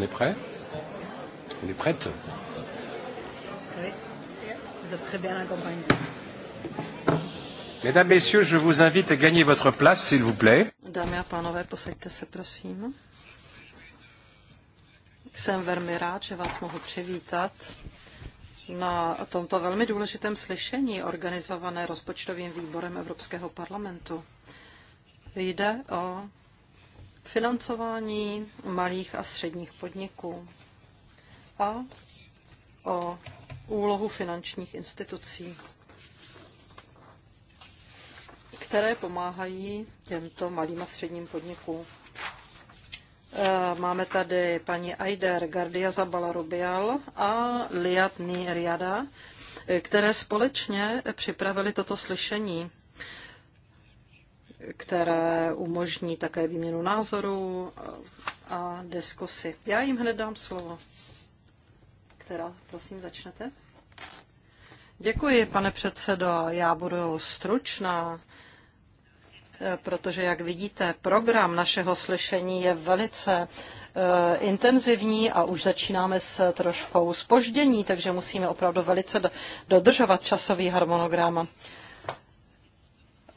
On est prêt On est prête Oui, vous êtes très bien accompagné. Mesdames, Messieurs, je vous invite à gagner votre place, s'il vous plaît. Dámy a pánové, posaďte se, prosím. Jsem velmi rád, že vás mohu přivítat na tomto velmi důležitém slyšení organizované rozpočtovým výborem Evropského parlamentu. Jde o financování malých a středních podniků a o úlohu finančních institucí, které pomáhají těmto malým a středním podnikům. Eh, máme tady paní Aider Gardia Zabala Rubial a Liatni Riada, eh, které společně připravili toto slyšení které umožní také výměnu názorů a diskusy. Já jim hned dám slovo. Která, prosím, začnete? Děkuji, pane předsedo. Já budu stručná, protože, jak vidíte, program našeho slyšení je velice eh, intenzivní a už začínáme s troškou spoždění, takže musíme opravdu velice dodržovat časový harmonogram.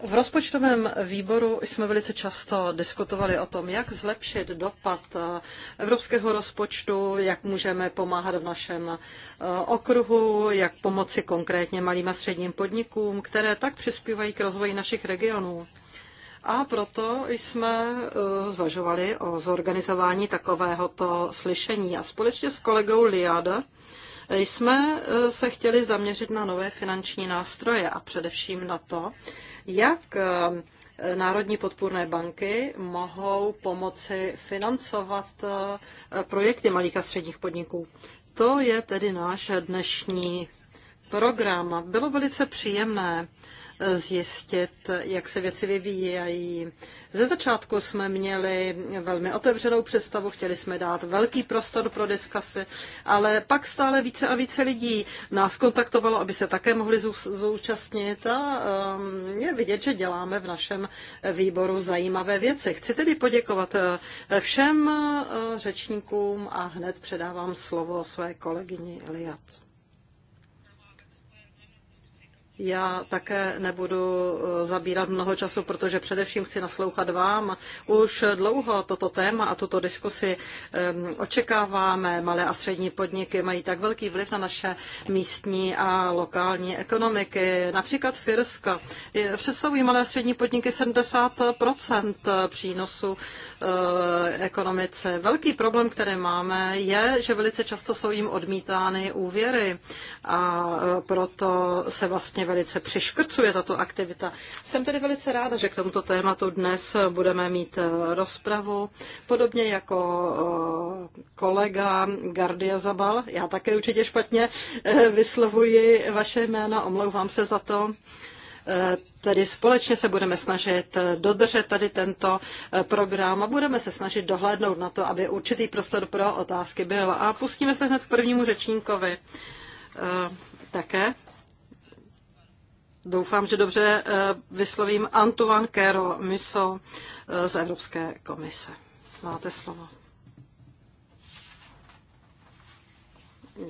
V rozpočtovém výboru jsme velice často diskutovali o tom, jak zlepšit dopad eh, evropského rozpočtu, jak můžeme pomáhat v našem eh, okruhu, jak pomoci konkrétně malým a středním podnikům, které tak přispívají k rozvoji našich regionů. A proto jsme eh, zvažovali o zorganizování takovéhoto slyšení. A společně s kolegou Liada jsme se chtěli zaměřit na nové finanční nástroje a především na to, jak eh, národní podpůrné banky mohou pomoci financovat eh, projekty malých a středních podniků. To je tedy náš dnešní program. Bylo velice příjemné zjistit, jak se věci vyvíjají. Ze začátku jsme měli velmi otevřenou představu, chtěli jsme dát velký prostor pro diskasy, ale pak stále více a více lidí nás kontaktovalo, aby se také mohli zúčastnit a um, je vidět, že děláme v našem výboru zajímavé věci. Chci tedy poděkovat uh, všem uh, řečníkům a hned předávám slovo své kolegyni Liat. Já také nebudu eh, zabírat mnoho času, protože především chci naslouchat vám. Už dlouho toto téma a tuto diskusi očekáváme. Malé a střední podniky mají tak velký vliv na naše místní a lokální ekonomiky. Například Firska. Představují malé a střední podniky 70 přínosu eh, ekonomice. Velký problém, který máme, je, že velice často jsou jim odmítány úvěry a eh, proto se vlastně vlastně velice přeškrcuje tato aktivita. Jsem tedy velice ráda, že k tomuto tématu dnes budeme mít eh, rozpravu. Podobně jako eh, kolega Gardia Zabal, já také určitě špatně eh, vyslovuji vaše jméno, omlouvám se za to. Tedy společně se budeme snažit dodržet tady tento program a budeme se snažit dohlédnout na to, aby určitý prostor pro otázky byl. A pustíme se hned k prvnímu řečníkovi. Také Doufám, že dobře eh, vyslovím Antoine Kero Miso eh, z Evropské komise. Máte slovo.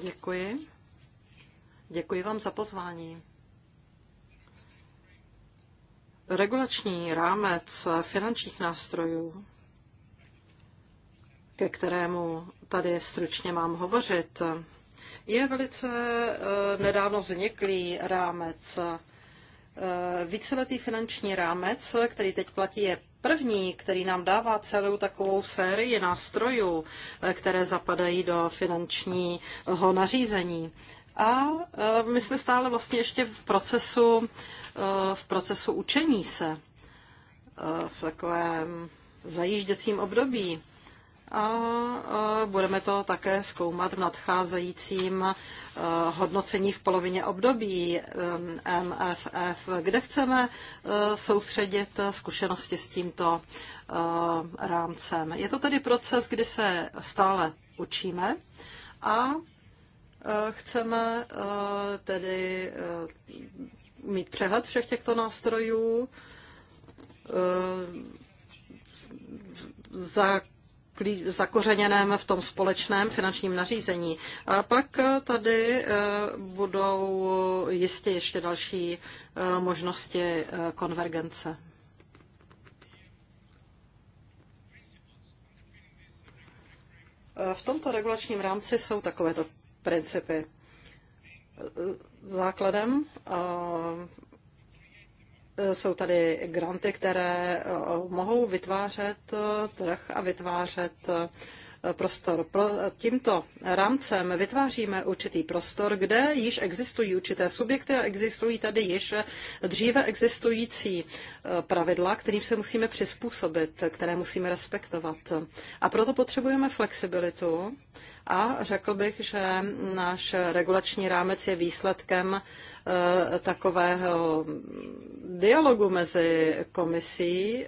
Děkuji. Děkuji vám za pozvání. Regulační rámec finančních nástrojů, ke kterému tady stručně mám hovořit, je velice eh, nedávno vzniklý rámec Eh, víceletý finanční rámec, který teď platí, je první, který nám dává celou takovou sérii nástrojů, eh, které zapadají do finančního nařízení. A eh, my jsme stále vlastně ještě v procesu, v procesu učení se, v takovém zajížděcím období a budeme to také zkoumat v nadcházejícím e, hodnocení v polovině období e, MFF, kde chceme e, soustředit zkušenosti s tímto rámcem. Je to tedy proces, kdy se stále učíme a chceme tedy mít přehled všech těchto nástrojů, za zakořeněném v tom společném finančním nařízení. A pak eh, tady eh, budou jistě ještě další eh, možnosti konvergence. V tomto regulačním rámci jsou takovéto principy. Základem jsou tady granty, které eh, mohou vytvářet eh, trh a vytvářet eh, prostor. Pro tímto rámcem vytváříme určitý prostor, kde již existují určité subjekty a existují tady již dříve existující eh, pravidla, kterým se musíme přizpůsobit, které musíme respektovat. A proto potřebujeme flexibilitu a řekl bych, že náš regulační rámec je výsledkem eh, takového dialogu mezi komisí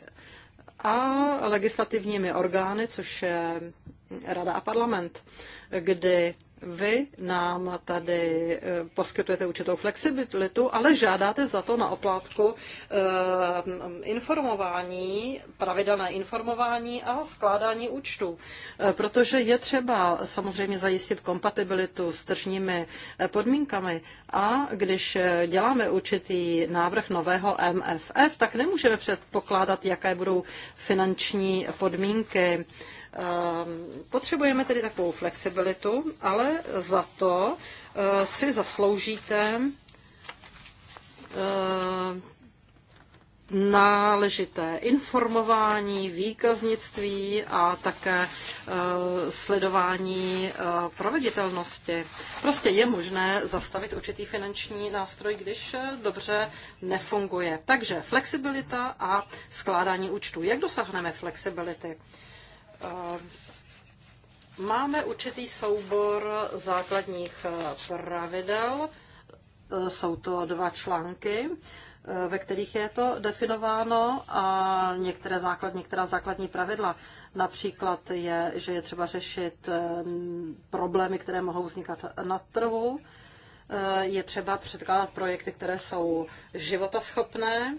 a legislativními orgány, což je Rada a parlament, kdy vy nám tady eh, poskytujete určitou flexibilitu, ale žádáte za to na oplátku eh, informování, pravidelné informování a skládání účtů. Eh, protože je třeba samozřejmě zajistit kompatibilitu s tržními podmínkami a když děláme určitý návrh nového MFF, tak nemůžeme předpokládat, jaké budou finanční podmínky Ehm, potřebujeme tedy takovou flexibilitu, ale za to eh, si zasloužíte eh, náležité informování, výkaznictví a také eh, sledování proveditelnosti. Prostě je možné zastavit určitý finanční nástroj, když dobře nefunguje. Takže flexibilita a skládání účtů. Jak dosáhneme flexibility? Ehm, máme určitý soubor základních eh, pravidel, eh, jsou to dva články, eh, ve kterých je to definováno a některé základní, některá základní pravidla. Například je, že je třeba řešit ehm, problémy, které mohou vznikat na trhu, Eh, je třeba předkládat projekty, které jsou životaschopné,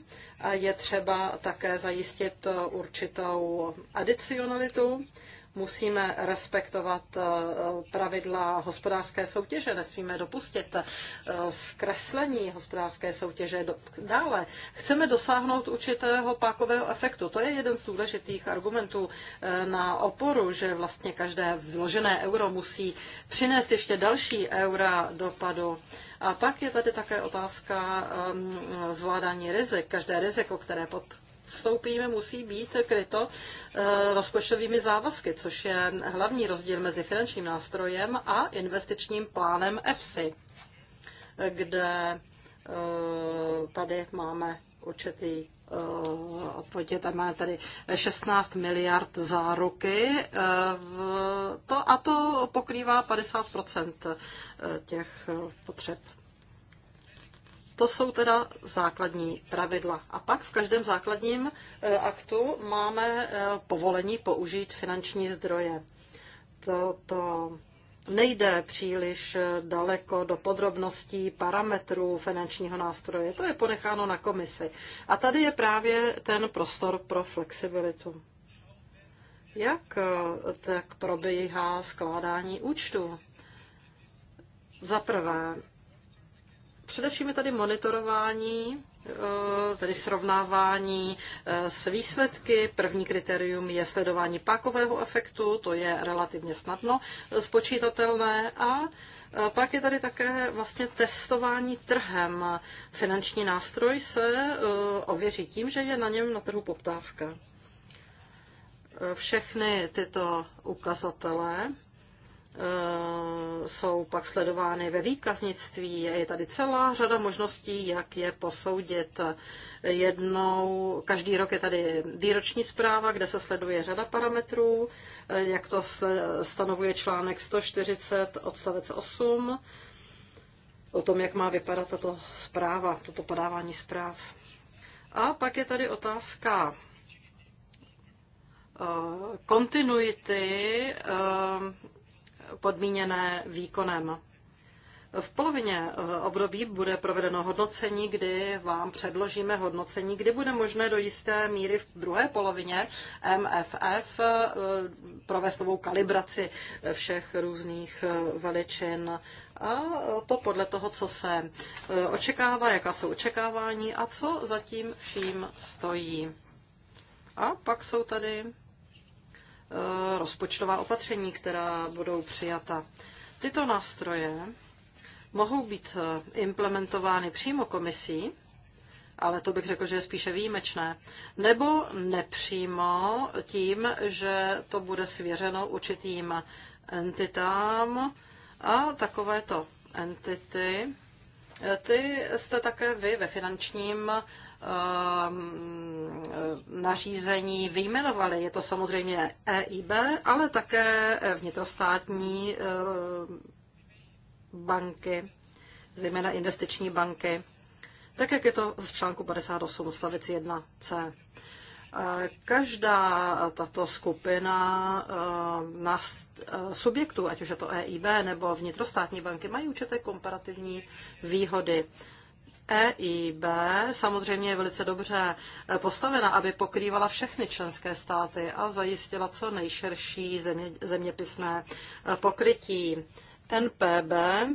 je třeba také zajistit eh, určitou adicionalitu Musíme respektovat eh, pravidla hospodářské soutěže, nesmíme dopustit eh, zkreslení hospodářské soutěže. Dále chceme dosáhnout určitého pákového efektu. To je jeden z důležitých argumentů eh, na oporu, že vlastně každé vložené euro musí přinést ještě další eura dopadu. A pak je tady také otázka ehm, zvládání rizik. Každé riziko, které pod, vstoupíme, musí být kryto eh, rozpočtovými závazky, což je hlavní rozdíl mezi finančním nástrojem a investičním plánem EFSI, kde eh, tady máme určitý eh, podívejte, tady máme tady 16 miliard záruky roky, to, a to pokrývá 50 těch potřeb. To jsou teda základní pravidla. A pak v každém základním eh, aktu máme eh, povolení použít finanční zdroje. To, to nejde příliš eh, daleko do podrobností parametrů finančního nástroje. To je ponecháno na komisi. A tady je právě ten prostor pro flexibilitu. Jak tak probíhá skládání účtu? Za prvé, Především je tady monitorování, eh, tedy srovnávání eh, s výsledky. První kritérium je sledování pákového efektu, to je relativně snadno eh, spočítatelné a pak je tady také vlastně testování trhem. Finanční nástroj se ověří tím, že je na něm na trhu poptávka. Všechny tyto ukazatele Eh, jsou pak sledovány ve výkaznictví. Je tady celá řada možností, jak je posoudit. Jednou, každý rok je tady výroční zpráva, kde se sleduje řada parametrů, eh, jak to stanovuje článek 140 odstavec 8 o tom, jak má vypadat tato zpráva, toto podávání zpráv. A pak je tady otázka eh, kontinuity podmíněné výkonem. V polovině eh, období bude provedeno hodnocení, kdy vám předložíme hodnocení, kdy bude možné do jisté míry v druhé polovině MFF eh, provést novou kalibraci eh, všech různých veličin a to podle toho, co se očekává, jaká jsou očekávání a co zatím vším stojí. A pak jsou tady Eh, rozpočtová opatření, která budou přijata. Tyto nástroje mohou být eh, implementovány přímo komisí, ale to bych řekl, že je spíše výjimečné, nebo nepřímo tím, že to bude svěřeno určitým entitám a takovéto entity. Eh, ty jste také vy ve finančním Um, nařízení vyjmenovali. Je to samozřejmě EIB, ale také vnitrostátní uh, banky, zejména investiční banky, tak jak je to v článku 58 slavec 1c. Každá tato skupina uh, na uh, subjektů, ať už je to EIB nebo vnitrostátní banky, mají určité komparativní výhody. EIB samozřejmě je velice dobře postavena, aby pokrývala všechny členské státy a zajistila co nejširší země, zeměpisné e, pokrytí. NPB e,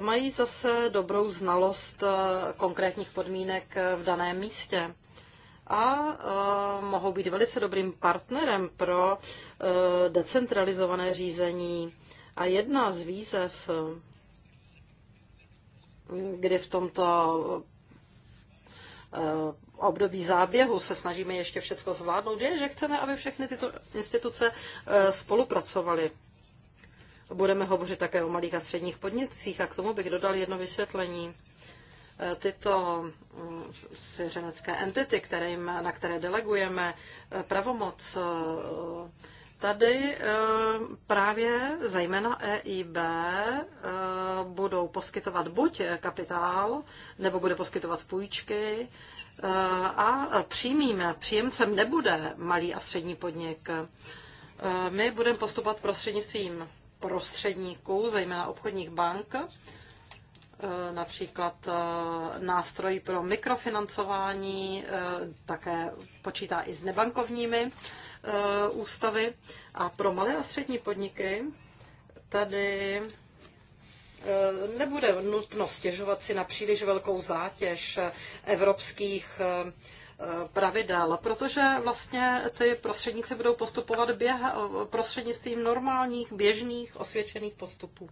mají zase dobrou znalost e, konkrétních podmínek v daném místě a mohou být velice dobrým partnerem pro decentralizované řízení. A jedna z výzev kdy v tomto eh, období záběhu se snažíme ještě všechno zvládnout, je, že chceme, aby všechny tyto instituce eh, spolupracovaly. Budeme hovořit také o malých a středních podnicích a k tomu bych dodal jedno vysvětlení. Eh, tyto mm, svěřenecké entity, kterým, na které delegujeme pravomoc Tady eh, právě zejména EIB eh, budou poskytovat buď kapitál, nebo bude poskytovat půjčky eh, a přímým příjemcem nebude malý a střední podnik. My budeme postupovat prostřednictvím prostředníků, zejména obchodních bank, například nástroj pro mikrofinancování, také počítá i s nebankovními Eh, ústavy. A pro malé a střední podniky tady eh, nebude nutno stěžovat si na příliš velkou zátěž evropských eh, pravidel, protože vlastně ty prostředníci budou postupovat běh, prostřednictvím normálních, běžných, osvědčených postupů.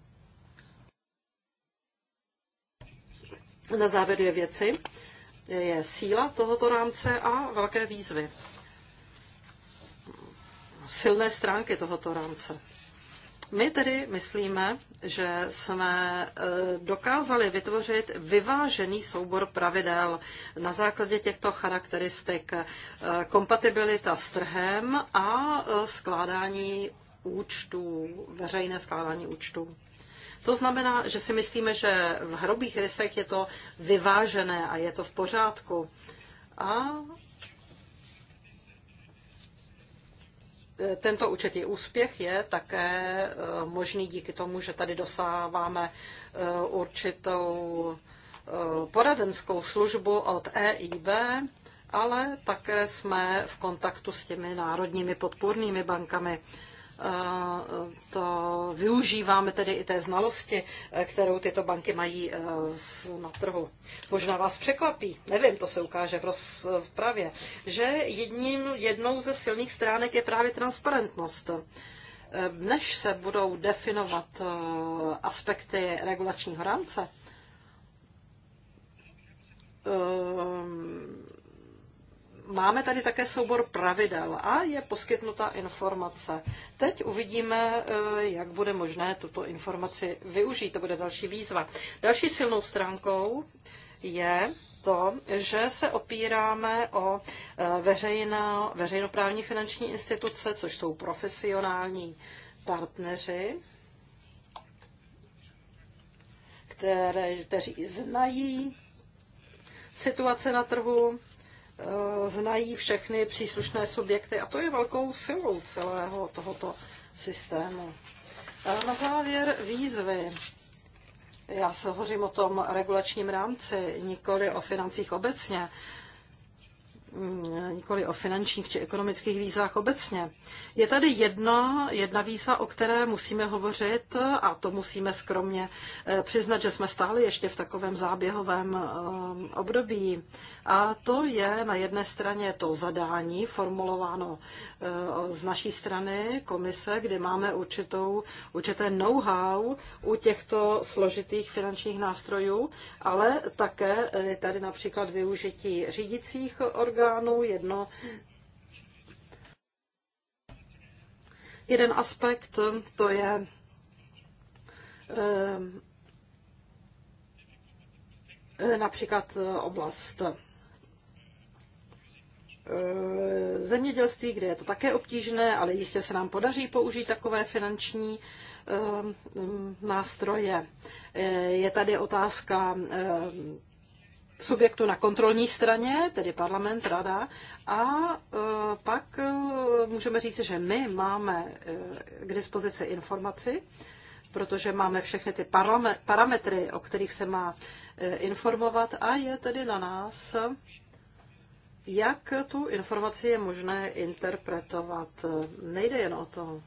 Na závěr dvě věci. Je síla tohoto rámce a velké výzvy silné stránky tohoto rámce. My tedy myslíme, že jsme eh, dokázali vytvořit vyvážený soubor pravidel na základě těchto charakteristik eh, kompatibilita s trhem a eh, skládání účtů, veřejné skládání účtů. To znamená, že si myslíme, že v hrobých rysech je to vyvážené a je to v pořádku. A tento určitý úspěch je také eh, možný díky tomu, že tady dosáváme eh, určitou eh, poradenskou službu od EIB, ale také jsme v kontaktu s těmi národními podpůrnými bankami to využíváme tedy i té znalosti, eh, kterou tyto banky mají eh, na trhu. Možná vás překvapí, nevím, to se ukáže v rozpravě, že jedním, jednou ze silných stránek je právě transparentnost. Eh, než se budou definovat aspekty regulačního rámce, máme tady také soubor pravidel a je poskytnuta informace. Teď uvidíme, eh, jak bude možné tuto informaci využít. To bude další výzva. Další silnou stránkou je to, že se opíráme o eh, veřejno, veřejnoprávní finanční instituce, což jsou profesionální partneři, které, kteří znají situace na trhu, Eh, znají všechny příslušné subjekty a to je velkou silou celého tohoto systému. Eh, na závěr výzvy. Já se hovořím o tom regulačním rámci, nikoli o financích obecně, Mm, nikoli o finančních či ekonomických výzvách obecně. Je tady jedno, jedna výzva, o které musíme hovořit a to musíme skromně eh, přiznat, že jsme stáli ještě v takovém záběhovém eh, období. A to je na jedné straně to zadání formulováno eh, z naší strany komise, kde máme určitou, určité know-how u těchto složitých finančních nástrojů, ale také tady například využití řídicích orgánů, orgánů. Jedno, jeden aspekt to je eh, například eh, oblast eh, zemědělství, kde je to také obtížné, ale jistě se nám podaří použít takové finanční nástroje. Je tady otázka subjektu na kontrolní straně, tedy parlament, rada, a e, pak e, můžeme říct, že my máme e, k dispozici informaci, protože máme všechny ty parametry, o kterých se má informovat a je tedy na nás, jak tu informaci je možné interpretovat. Nejde jen o to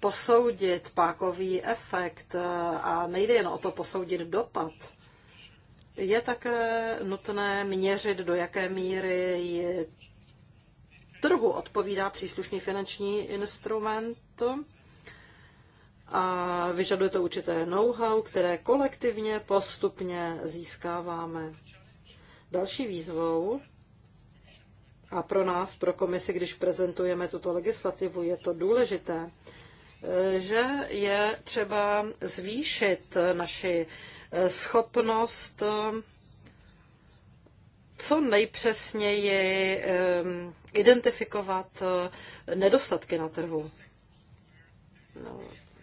posoudit pákový efekt a nejde jen o to posoudit dopad, je také nutné měřit, do jaké míry je trhu odpovídá příslušný finanční instrument a vyžaduje to určité know-how, které kolektivně postupně získáváme. Další výzvou a pro nás, pro komisi, když prezentujeme tuto legislativu, je to důležité, že je třeba zvýšit naši Eh, schopnost eh, co nejpřesněji eh, identifikovat nedostatky na trhu, no,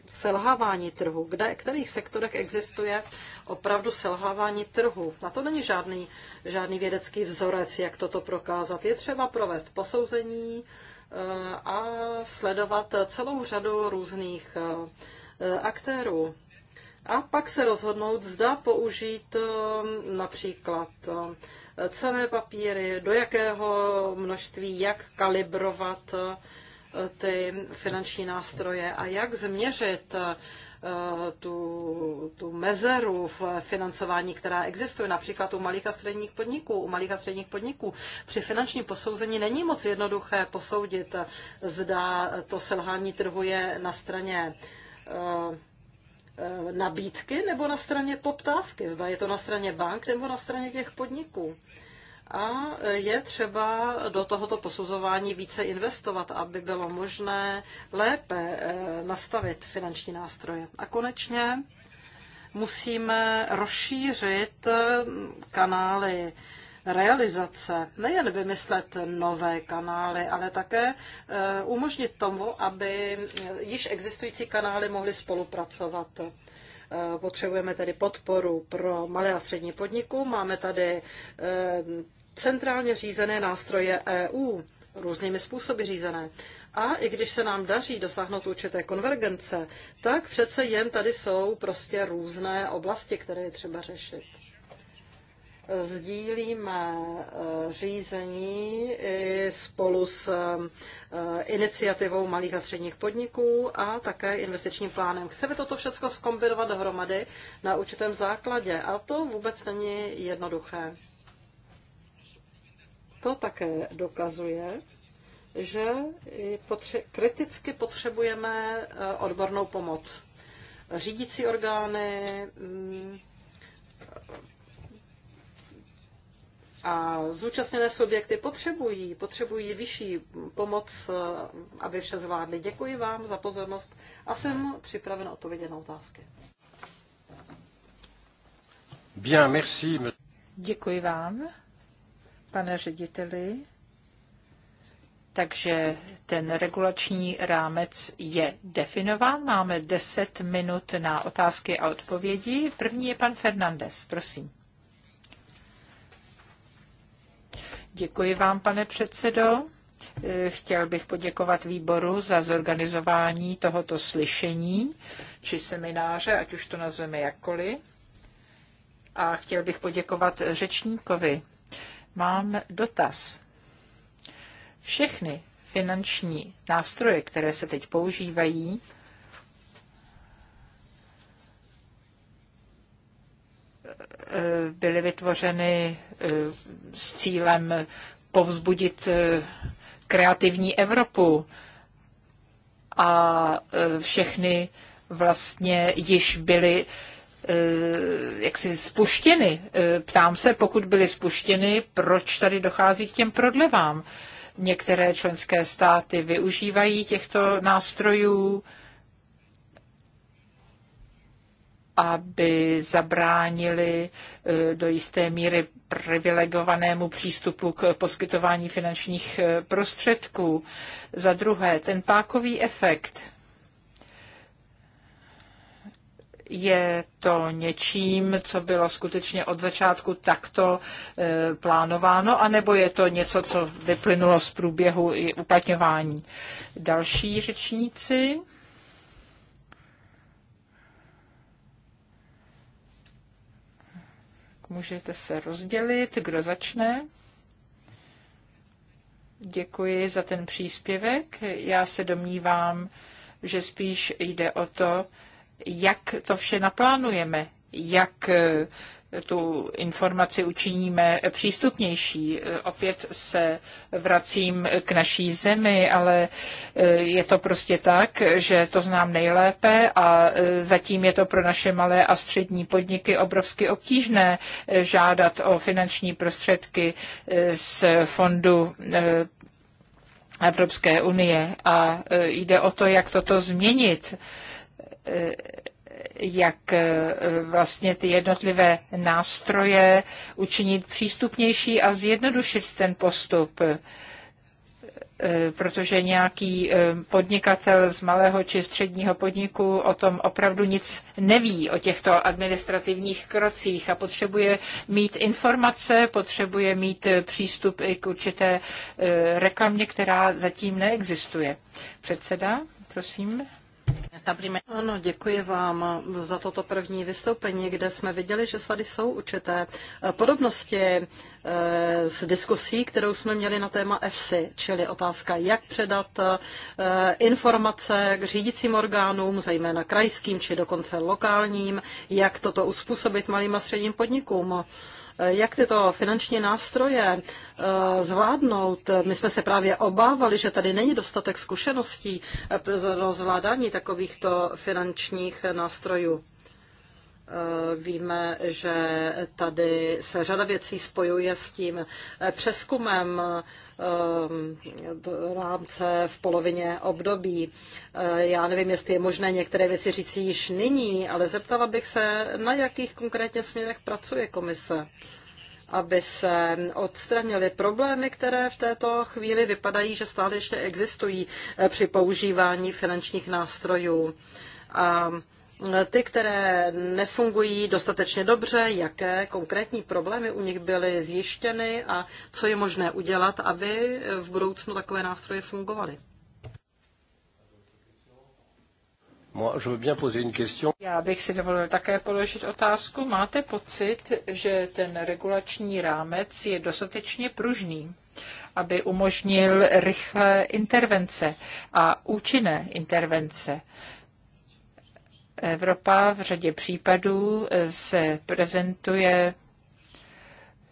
selhávání trhu, kde, v kterých sektorech existuje opravdu selhávání trhu. Na to není žádný, žádný vědecký vzorec, jak toto prokázat. Je třeba provést posouzení a sledovat celou řadu různých aktérů a pak se rozhodnout, zda použít eh, například eh, cené papíry, do jakého množství, jak kalibrovat eh, ty finanční nástroje a jak změřit tu, tu mezeru v financování, která existuje například u malých a středních podniků. U malých a středních podniků při finančním posouzení není moc jednoduché posoudit, zda to selhání trhu je na straně Eh, nabídky nebo na straně poptávky. Zda je to na straně bank nebo na straně těch podniků. A eh, je třeba do tohoto posuzování více investovat, aby bylo možné lépe eh, nastavit finanční nástroje. A konečně musíme rozšířit kanály realizace, nejen vymyslet nové kanály, ale také e, umožnit tomu, aby již existující kanály mohly spolupracovat. E, potřebujeme tedy podporu pro malé a střední podniku. Máme tady e, centrálně řízené nástroje EU, různými způsoby řízené. A i když se nám daří dosáhnout určité konvergence, tak přece jen tady jsou prostě různé oblasti, které je třeba řešit sdílíme eh, řízení spolu s eh, iniciativou malých a středních podniků a také investičním plánem. Chceme toto všechno zkombinovat dohromady na určitém základě a to vůbec není jednoduché. To také dokazuje, že potře- kriticky potřebujeme eh, odbornou pomoc. Řídící orgány, mm, a zúčastněné subjekty potřebují, potřebují vyšší pomoc, aby vše zvládli. Děkuji vám za pozornost a jsem připraven odpovědět na otázky. Bien, merci. Děkuji vám, pane řediteli. Takže ten regulační rámec je definován. Máme 10 minut na otázky a odpovědi. První je pan Fernandez, prosím. Děkuji vám, pane předsedo. Eh, chtěl bych poděkovat výboru za zorganizování tohoto slyšení či semináře, ať už to nazveme jakkoliv. A chtěl bych poděkovat řečníkovi. Mám dotaz. Všechny finanční nástroje, které se teď používají, Eh, byly vytvořeny eh, s cílem povzbudit eh, kreativní Evropu a všechny vlastně již byly jaksi spuštěny. Ptám se, pokud byly spuštěny, proč tady dochází k těm prodlevám? Některé členské státy využívají těchto nástrojů, aby zabránili e, do jisté míry privilegovanému přístupu k poskytování finančních e, prostředků. Za druhé, ten pákový efekt je to něčím, co bylo skutečně od začátku takto e, plánováno, anebo je to něco, co vyplynulo z průběhu i uplatňování. Další řečníci. Můžete se rozdělit, kdo začne. Děkuji za ten příspěvek. Já se domnívám, že spíš jde o to, jak to vše naplánujeme, jak tu informaci učiníme přístupnější. Opět se vracím k naší zemi, ale eh, je to prostě tak, že to znám nejlépe a eh, zatím je to pro naše malé a střední podniky obrovsky obtížné eh, žádat o finanční prostředky z fondu Evropské unie a jde o to, jak toto změnit jak eh, vlastně ty jednotlivé nástroje učinit přístupnější a zjednodušit ten postup eh, protože nějaký eh, podnikatel z malého či středního podniku o tom opravdu nic neví, o těchto administrativních krocích a potřebuje mít informace, potřebuje mít přístup i k určité reklamě, která zatím neexistuje. Předseda, prosím. Ano, děkuji vám za toto první vystoupení, kde jsme viděli, že tady jsou určité podobnosti eh, s diskusí, kterou jsme měli na téma EFSI, čili otázka, jak předat eh, informace k řídícím orgánům, zejména krajským či dokonce lokálním, jak toto uspůsobit malým a středním podnikům jak tyto finanční nástroje eh, zvládnout. My jsme se právě obávali, že tady není dostatek zkušeností eh, pro zvládání takovýchto finančních nástrojů. Eh, víme, že tady se řada věcí spojuje s tím eh, přeskumem eh, rámce v polovině období. Já nevím, jestli je možné některé věci říct již nyní, ale zeptala bych se, na jakých konkrétně směrech pracuje komise, aby se odstranily problémy, které v této chvíli vypadají, že stále ještě existují při používání finančních nástrojů. A ty, které nefungují dostatečně dobře, jaké konkrétní problémy u nich byly zjištěny a co je možné udělat, aby v budoucnu takové nástroje fungovaly. Já bych si dovolil také položit otázku. Máte pocit, že ten regulační rámec je dostatečně pružný, aby umožnil rychlé intervence a účinné intervence? Evropa v řadě případů eh, se prezentuje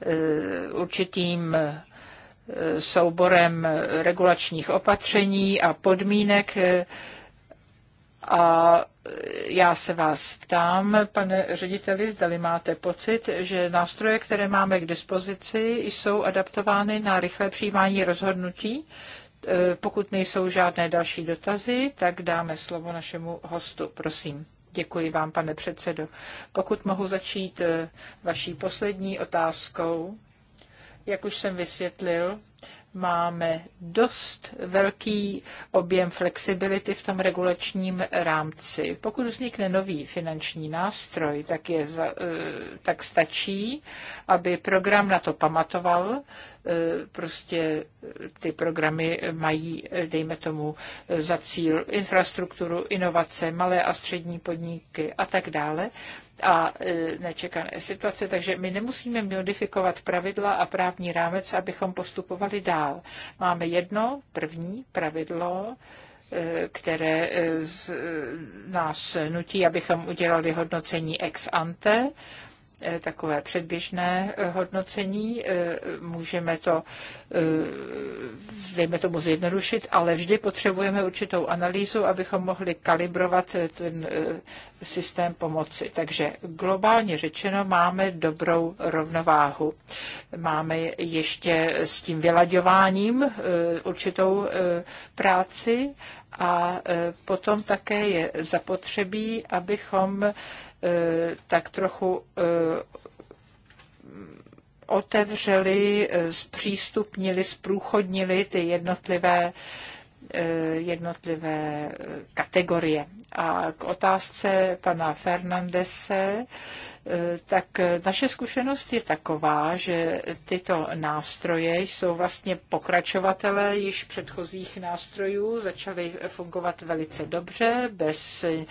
eh, určitým eh, souborem regulačních opatření a podmínek. A já se vás ptám, pane řediteli, zdali máte pocit, že nástroje, které máme k dispozici, jsou adaptovány na rychlé přijímání rozhodnutí. Pokud nejsou žádné další dotazy, tak dáme slovo našemu hostu. Prosím. Děkuji vám, pane předsedo. Pokud mohu začít eh, vaší poslední otázkou, jak už jsem vysvětlil, máme dost velký objem flexibility v tom regulačním rámci. Pokud vznikne nový finanční nástroj, tak, je, eh, tak stačí, aby program na to pamatoval, Eh, prostě eh, ty programy mají, eh, dejme tomu, za cíl infrastrukturu, inovace, malé a střední podniky a tak dále a nečekané situace, takže my nemusíme modifikovat pravidla a právní rámec, abychom postupovali dál. Máme jedno první pravidlo, které nás nutí, abychom udělali hodnocení ex ante, Eh, takové předběžné eh, hodnocení. Eh, můžeme to, dejme tomu, zjednodušit, ale vždy potřebujeme určitou analýzu, abychom mohli kalibrovat ten systém pomoci. Takže globálně řečeno máme dobrou rovnováhu. Máme ještě s tím vylaďováním určitou práci a potom také je zapotřebí, abychom Eh, tak trochu eh, otevřeli, eh, zpřístupnili, zprůchodnili ty jednotlivé jednotlivé kategorie. A k otázce pana Fernandese, tak naše zkušenost je taková, že tyto nástroje jsou vlastně pokračovatele již předchozích nástrojů, začaly fungovat velice dobře, bez eh,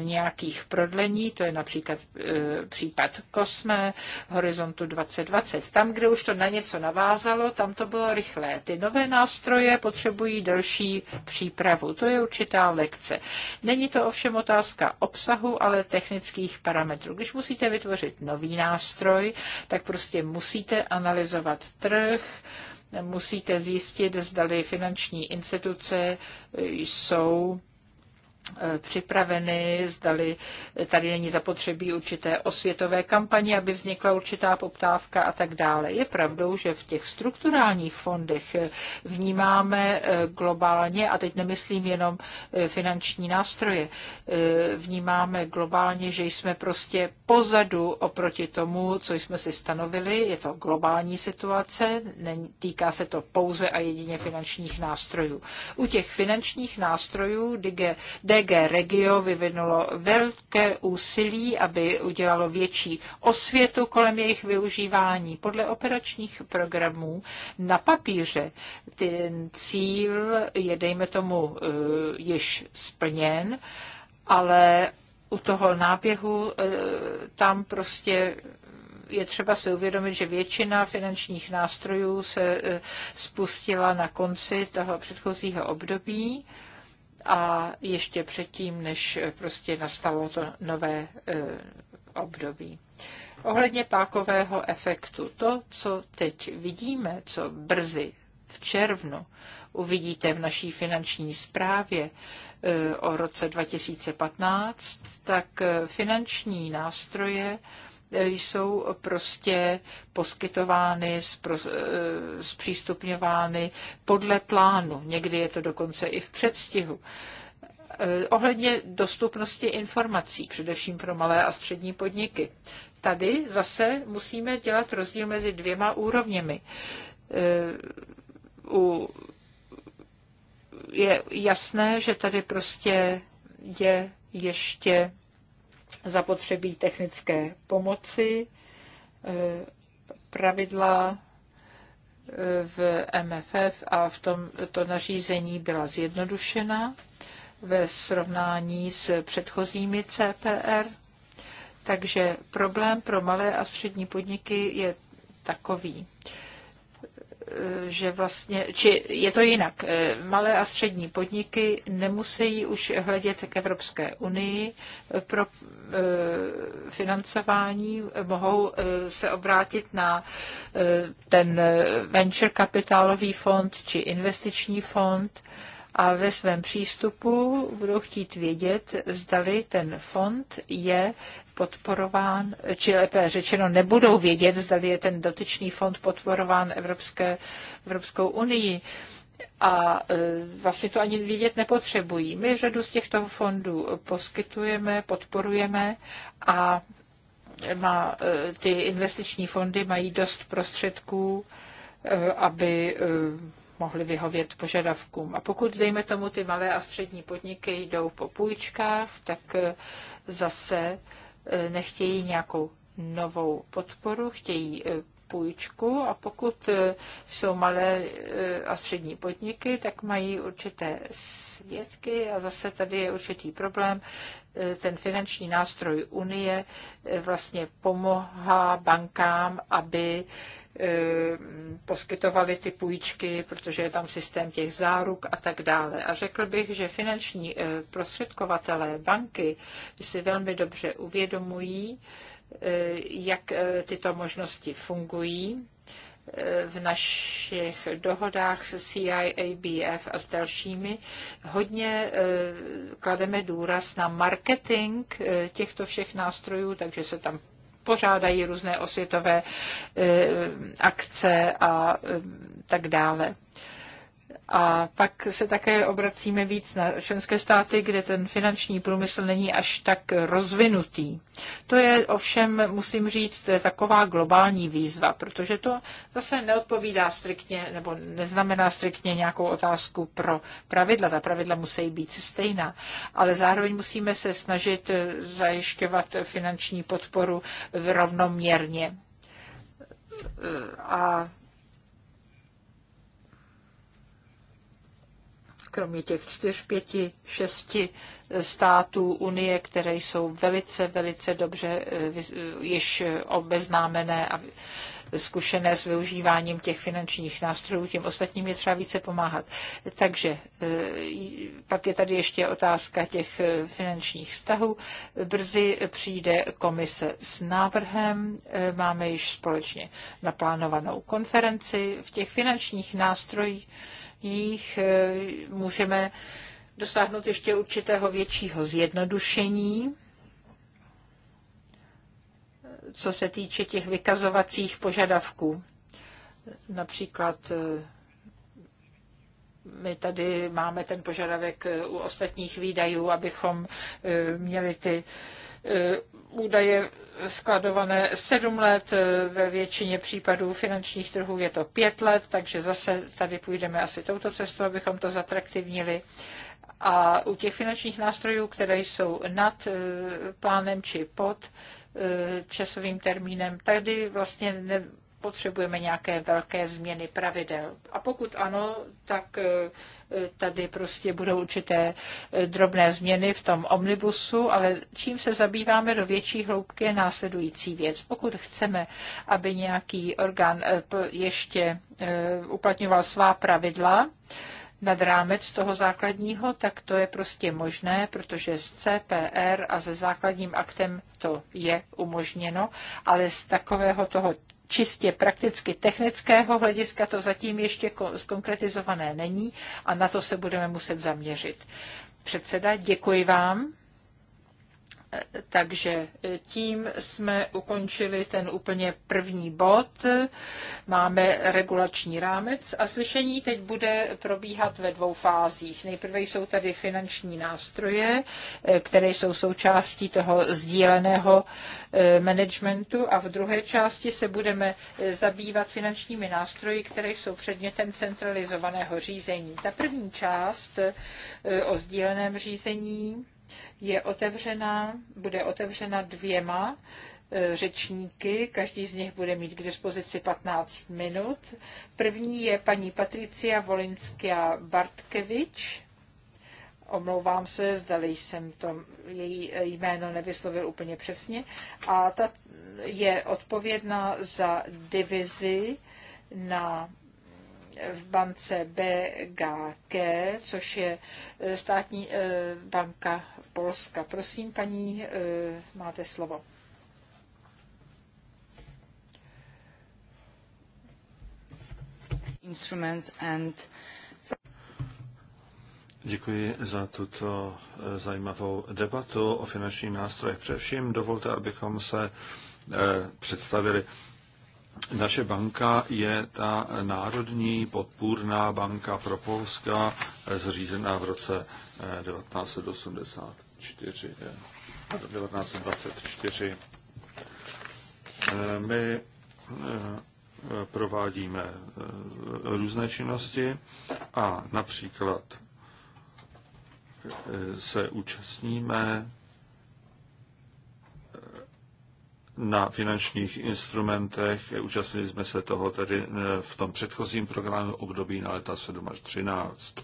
nějakých prodlení, to je například eh, případ Kosme, Horizontu 2020. Tam, kde už to na něco navázalo, tam to bylo rychlé. Ty nové nástroje potřebují delší přípravu. To je určitá lekce. Není to ovšem otázka obsahu, ale technických parametrů. Když musí musíte vytvořit nový nástroj, tak prostě musíte analyzovat trh, musíte zjistit, zdali finanční instituce jsou Eh, připraveny, zdali tady není zapotřebí určité osvětové kampaně, aby vznikla určitá poptávka a tak dále. Je pravdou, že v těch strukturálních fondech eh, vnímáme eh, globálně, a teď nemyslím jenom finanční nástroje, vnímáme globálně, že jsme prostě pozadu oproti tomu, co jsme si stanovili. Je to globální situace, týká se to pouze a jedině finančních nástrojů. U těch finančních nástrojů, DG, DG Regio vyvinulo velké úsilí, aby udělalo větší osvětu kolem jejich využívání. Podle operačních programů na papíře ten cíl je, dejme tomu, eh, již splněn, ale u toho náběhu eh, tam prostě je třeba si uvědomit, že většina finančních nástrojů se eh, spustila na konci toho předchozího období a ještě předtím, než prostě nastalo to nové e, období. Ohledně pákového efektu, to, co teď vidíme, co brzy v červnu uvidíte v naší finanční zprávě e, o roce 2015, tak e, finanční nástroje jsou prostě poskytovány, eh, zpřístupňovány podle plánu. Někdy je to dokonce i v předstihu. Eh, ohledně dostupnosti informací, především pro malé a střední podniky. Tady zase musíme dělat rozdíl mezi dvěma úrovněmi. Eh, je jasné, že tady prostě je ještě zapotřebí technické pomoci, eh, pravidla eh, v MFF a v tomto nařízení byla zjednodušena ve srovnání s předchozími CPR. Takže problém pro malé a střední podniky je takový že vlastně, či je to jinak, eh, malé a střední podniky nemusí už hledět k Evropské unii pro eh, financování, mohou eh, se obrátit na ten venture kapitálový fond či investiční fond a ve svém přístupu budou chtít vědět, zdali ten fond je podporován, či lépe řečeno nebudou vědět, zda je ten dotyčný fond podporován Evropské, Evropskou unii a e, vlastně to ani vědět nepotřebují. My řadu z těchto fondů poskytujeme, podporujeme a má, e, ty investiční fondy mají dost prostředků, e, aby mohli vyhovět požadavkům. A pokud, dejme tomu, ty malé a střední podniky jdou po půjčkách, tak zase Eh, nechtějí nějakou novou podporu, chtějí eh, půjčku a pokud eh, jsou malé a střední podniky, tak mají určité svědky a zase tady je určitý problém. Ten finanční nástroj Unie vlastně pomohá bankám, aby Eh, poskytovali ty půjčky, protože je tam systém těch záruk a tak dále. A řekl bych, že finanční eh, prostředkovatelé banky si velmi dobře uvědomují, eh, jak tyto možnosti fungují. V našich dohodách s CIABF a s dalšími hodně klademe důraz na marketing těchto všech nástrojů, takže se tam pořádají různé osvětové eh, akce a eh, tak dále. A pak se také obracíme víc na členské státy, kde ten finanční průmysl není až tak rozvinutý. To je ovšem, musím říct, taková globální výzva, protože to zase neodpovídá striktně nebo neznamená striktně nějakou otázku pro pravidla. Ta pravidla musí být stejná, ale zároveň musíme se snažit zajišťovat finanční podporu rovnoměrně. A kromě těch čtyř, pěti, šesti států Unie, které jsou velice, velice dobře eh, eh, již obeznámené a zkušené s využíváním těch finančních nástrojů, těm ostatním je třeba více pomáhat. Takže eh, pak je tady ještě otázka těch finančních vztahů. Brzy přijde komise s návrhem, máme již společně naplánovanou konferenci v těch finančních nástrojích nich eh, můžeme dosáhnout ještě určitého většího zjednodušení, co se týče těch vykazovacích požadavků. Například eh, my tady máme ten požadavek eh, u ostatních výdajů, abychom měli ty údaje skladované sedm let, e, ve většině případů finančních trhů je to pět let, takže zase tady půjdeme asi touto cestou, abychom to zatraktivnili. A u těch finančních nástrojů, které jsou nad e, plánem či pod e, časovým termínem, tady vlastně ne, potřebujeme nějaké velké změny pravidel. A pokud ano, tak eh, tady prostě budou určité eh, drobné změny v tom omnibusu, ale čím se zabýváme do větší hloubky je následující věc. Pokud chceme, aby nějaký orgán eh, ještě uplatňoval svá pravidla, nad rámec toho základního, tak to je prostě možné, protože s CPR a se základním aktem to je umožněno, ale z takového toho čistě prakticky technického hlediska to zatím ještě zkonkretizované není a na to se budeme muset zaměřit. Předseda, děkuji vám. Takže tím jsme ukončili ten úplně první bod. Máme regulační rámec a slyšení teď bude probíhat ve dvou fázích. Nejprve jsou tady finanční nástroje, které jsou součástí toho sdíleného eh, managementu a v druhé části se budeme eh, zabývat finančními nástroji, které jsou předmětem centralizovaného řízení. Ta první část eh, o sdíleném řízení je otevřena, bude otevřena dvěma e, řečníky, každý z nich bude mít k dispozici 15 minut. První je paní Patricia Volinská Bartkevič. Omlouvám se, zdali jsem to její e, jméno nevyslovil úplně přesně. A ta je odpovědná za divizi na e, v bance BGK, což je státní banka Polska. Prosím, paní, eh, máte slovo. and Děkuji za tuto eh, zajímavou debatu o finančních nástrojech. Především dovolte, abychom se eh, představili. Naše banka je ta národní podpůrná banka pro Polska, zřízená v roce 1980. 1924. Eh, my eh, provádíme eh, různé činnosti a například se účastníme na finančních instrumentech. Účastnili jsme se toho tedy v tom předchozím programu období na leta 7 až 13.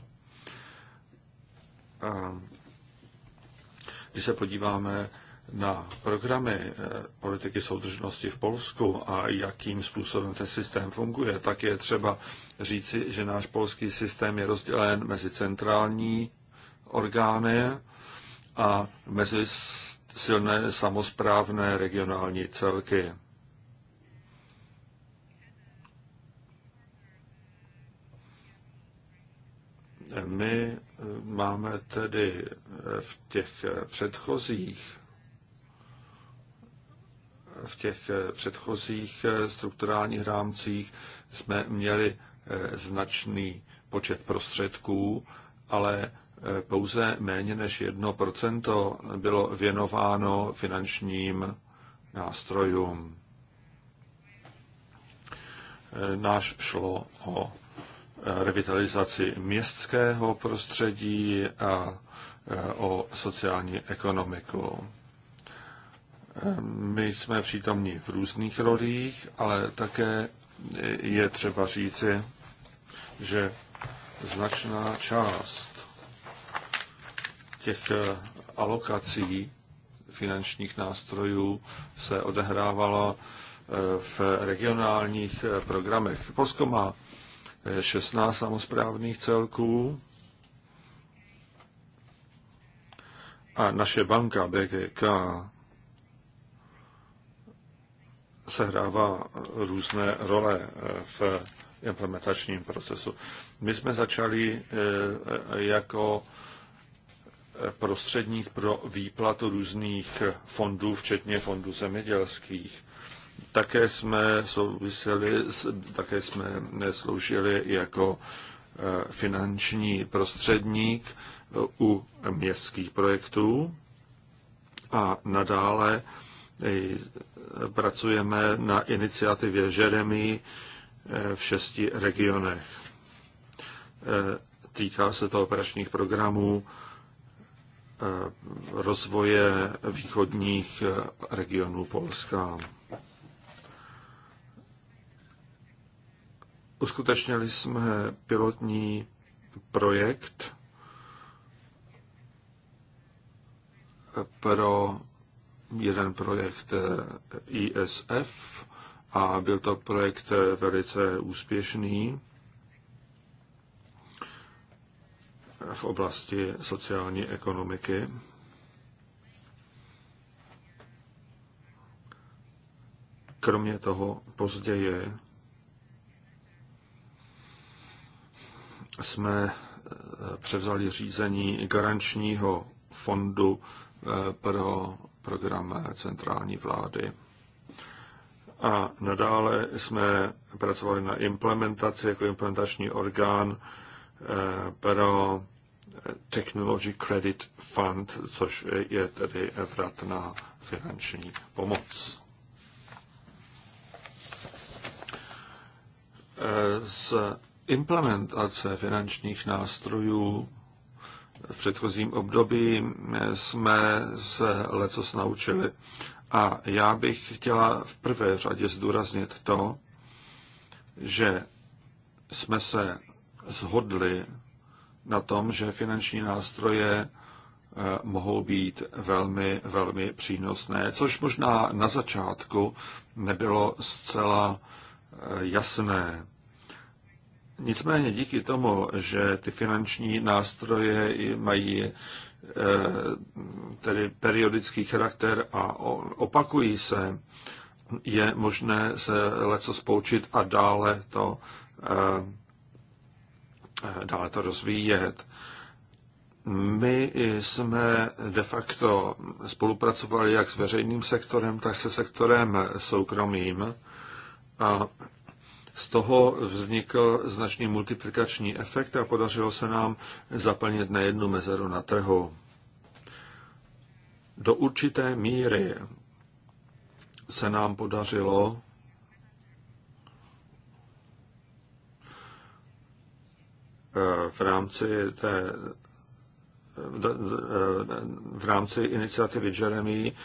Když se podíváme na programy eh, politiky soudržnosti v Polsku a jakým způsobem ten systém funguje, tak je třeba říci, že náš polský systém je rozdělen mezi centrální orgány a mezi silné samozprávné regionální celky. My máme tedy v těch předchozích v těch předchozích strukturálních rámcích jsme měli eh, značný počet prostředků, ale eh, pouze méně než 1% bylo věnováno finančním nástrojům. Eh, náš šlo o revitalizaci městského prostředí a e, o sociální ekonomiku. E, my jsme přítomní v různých rolích, ale také je třeba říci, že značná část těch e, alokací finančních nástrojů se odehrávala v regionálních programech. Polsko má 16 samozprávných celků a naše banka BGK sehrává různé role eh, v implementačním procesu. My jsme začali eh, jako eh, prostředník pro výplatu různých fondů, včetně fondů zemědělských. Také jsme, souviseli, také jsme sloužili jako eh, finanční prostředník eh, u městských projektů a nadále eh, pracujeme na iniciativě Jeremy v šesti regionech. Týká se to operačních programů rozvoje východních regionů Polska. Uskutečnili jsme pilotní projekt pro jeden projekt ISF a byl to projekt velice úspěšný v oblasti sociální ekonomiky. Kromě toho později jsme eh, převzali řízení garančního fondu eh, pro program centrální vlády. A nadále jsme pracovali na implementaci jako implementační orgán eh, pro Technology Credit Fund, což je tedy na finanční pomoc. Z implementace finančních nástrojů v předchozím období jsme se lecos naučili. A já bych chtěla v prvé řadě zdůraznit to, že jsme se zhodli na tom, že finanční nástroje eh, mohou být velmi, velmi přínosné, což možná na začátku nebylo zcela eh, jasné. Nicméně díky tomu, že ty finanční nástroje mají eh, tedy periodický charakter a opakují se, je možné se leco spoučit a dále to, eh, eh, dále to rozvíjet. My jsme de facto spolupracovali jak s veřejným sektorem, tak se sektorem soukromým a z toho vznikl značný multiplikační efekt a podařilo se nám zaplnit na jednu mezeru na trhu. Do určité míry se nám podařilo v rámci té Eh, v rámci iniciativy Jeremy eh,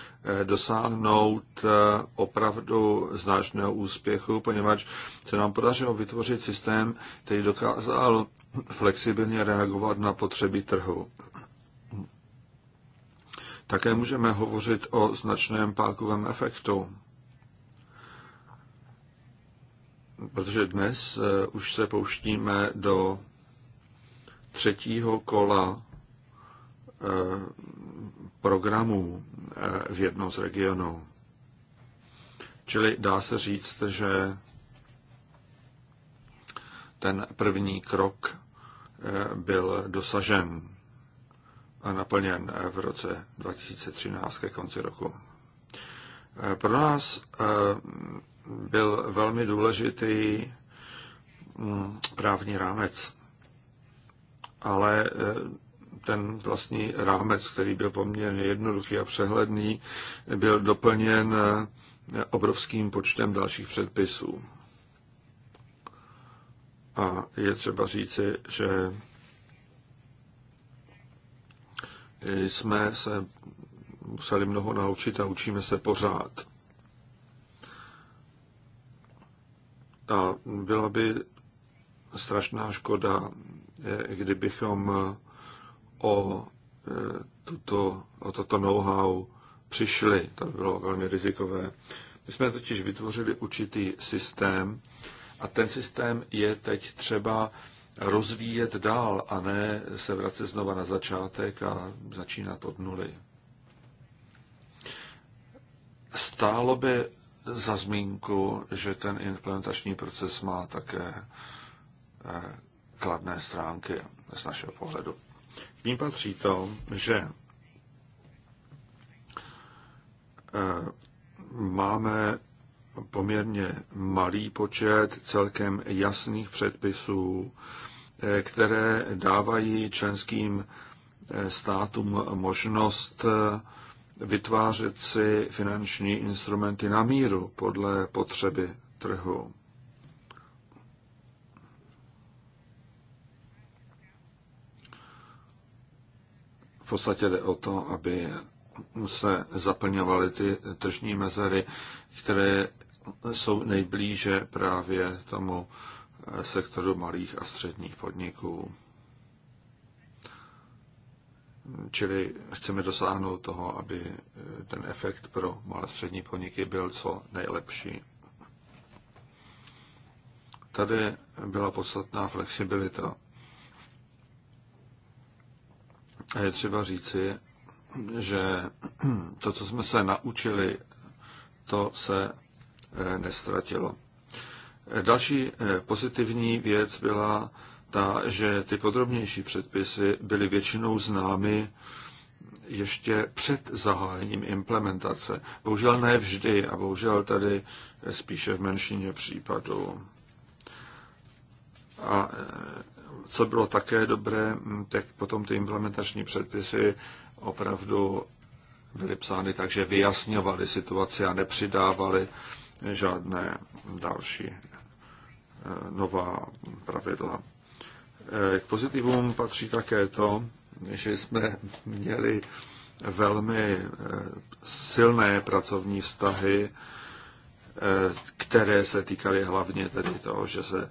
dosáhnout eh, opravdu značného úspěchu, poněvadž se nám podařilo vytvořit systém, který dokázal flexibilně reagovat na potřeby trhu. Také můžeme hovořit o značném pákovém efektu. Protože dnes už se pouštíme do třetího kola Eh, programů eh, v jednom z regionů. Čili dá se říct, že ten první krok eh, byl dosažen a naplněn v roce 2013 ke konci roku. Pro nás byl velmi důležitý mm, právní rámec, ale ten vlastní rámec, který byl poměrně jednoduchý a přehledný, byl doplněn obrovským počtem dalších předpisů. A je třeba říci, že jsme se museli mnoho naučit a učíme se pořád. A byla by strašná škoda, kdybychom o, e, tuto, o toto know-how přišli. To by bylo velmi rizikové. My jsme totiž vytvořili určitý systém a ten systém je teď třeba rozvíjet dál a ne se vracet znova na začátek a začínat od nuly. Stálo by za zmínku, že ten implementační proces má také e, kladné stránky z našeho pohledu. K patří to, že eh, máme poměrně malý počet celkem jasných předpisů, eh, které dávají členským eh, státům možnost vytvářet si finanční instrumenty na míru podle potřeby trhu. V podstatě jde o to, aby se zaplňovaly ty tržní mezery, které jsou nejblíže právě tomu sektoru malých a středních podniků. Čili chceme dosáhnout toho, aby ten efekt pro malé a střední podniky byl co nejlepší. Tady byla podstatná flexibilita je třeba říci, že to, co jsme se naučili, to se eh, nestratilo. Eh, další eh, pozitivní věc byla ta, že ty podrobnější předpisy byly většinou známy ještě před zahájením implementace. Bohužel ne vždy a bohužel tady spíše v menšině případů. A co bylo také dobré, tak potom ty implementační předpisy opravdu byly psány tak, že vyjasňovaly situaci a nepřidávaly žádné další e, nová pravidla. E, k pozitivům patří také to, že jsme měli velmi e, silné pracovní vztahy, které se týkaly hlavně tedy toho, že se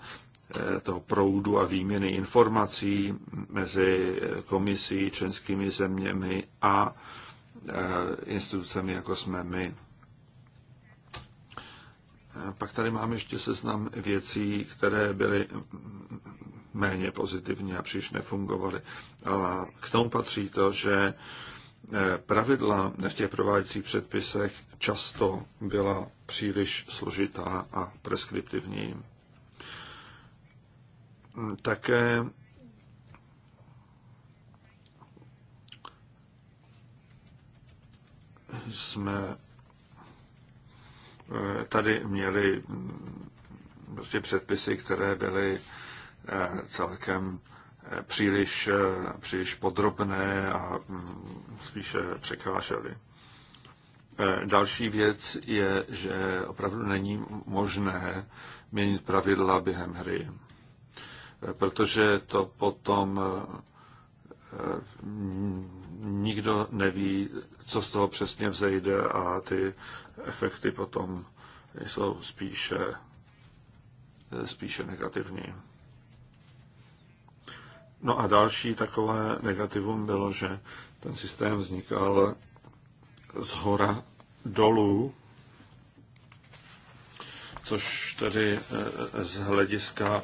Eh, toho proudu a výměny informací mezi komisí, členskými zeměmi a eh, institucemi, jako jsme my. Eh, pak tady máme ještě seznam věcí, které byly méně pozitivní a příliš nefungovaly. A k tomu patří to, že pravidla v těch prováděcích předpisech často byla příliš složitá a preskriptivní. Mm, také jsme eh, tady měli mm, prostě předpisy, které byly eh, celkem eh, příliš, příliš podrobné a mm, spíše překážely. Další věc je, že opravdu není možné měnit pravidla během hry protože to potom eh, nikdo neví, co z toho přesně vzejde a ty efekty potom jsou spíše, spíše negativní. No a další takové negativum bylo, že ten systém vznikal z hora dolů, což tedy eh, z hlediska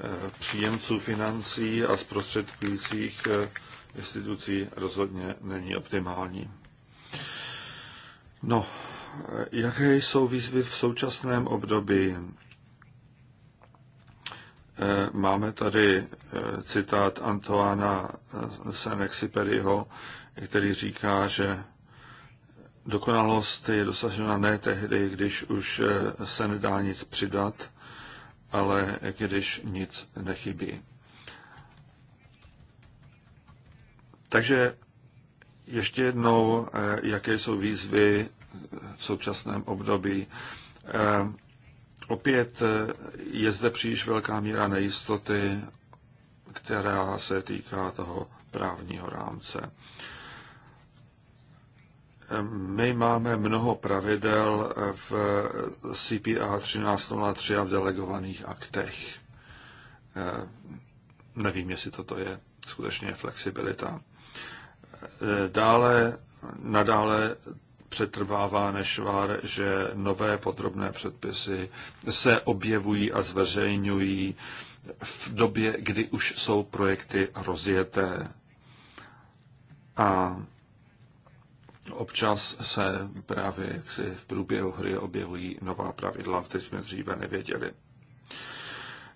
Eh, příjemců financí a zprostředkujících eh, institucí rozhodně není optimální. No, eh, jaké jsou výzvy v současném období? Máme tady citát Antoána Senexiperiho, který říká, že dokonalost je dosažena ne tehdy, když už se nedá nic přidat, ale když nic nechybí. Takže ještě jednou, eh, jaké jsou výzvy eh, v současném období. Eh, opět je zde příliš velká míra nejistoty, která se týká toho právního rámce. My máme mnoho pravidel v CPA 1303 a v delegovaných aktech. Eh, nevím, jestli toto je skutečně flexibilita. Eh, dále, nadále přetrvává nešvar, že nové podrobné předpisy se objevují a zveřejňují v době, kdy už jsou projekty rozjeté. A Občas se právě jaksi v průběhu hry objevují nová pravidla, které jsme dříve nevěděli.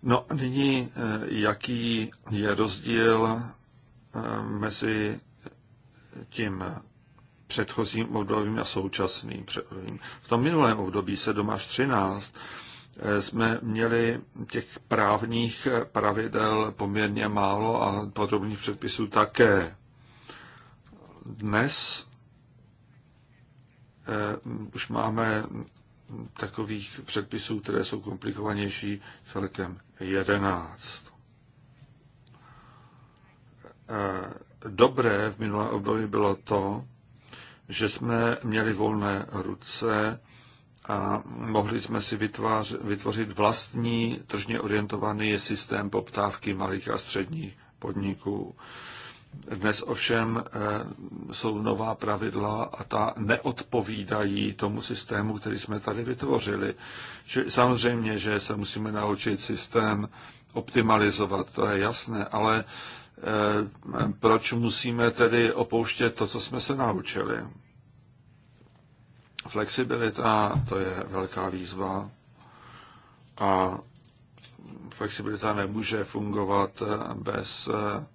No a nyní, eh, jaký je rozdíl eh, mezi tím předchozím obdobím a současným předchozím. V tom minulém období 7 až 13 eh, jsme měli těch právních pravidel poměrně málo a podrobných předpisů také. Dnes Eh, už máme takových předpisů, které jsou komplikovanější, celkem 11. Eh, dobré v minulém období bylo to, že jsme měli volné ruce a mohli jsme si vytvář, vytvořit vlastní tržně orientovaný systém poptávky malých a středních podniků. Dnes ovšem eh, jsou nová pravidla a ta neodpovídají tomu systému, který jsme tady vytvořili. Samozřejmě, že se musíme naučit systém optimalizovat, to je jasné, ale eh, proč musíme tedy opouštět to, co jsme se naučili? Flexibilita, to je velká výzva a flexibilita nemůže fungovat bez eh,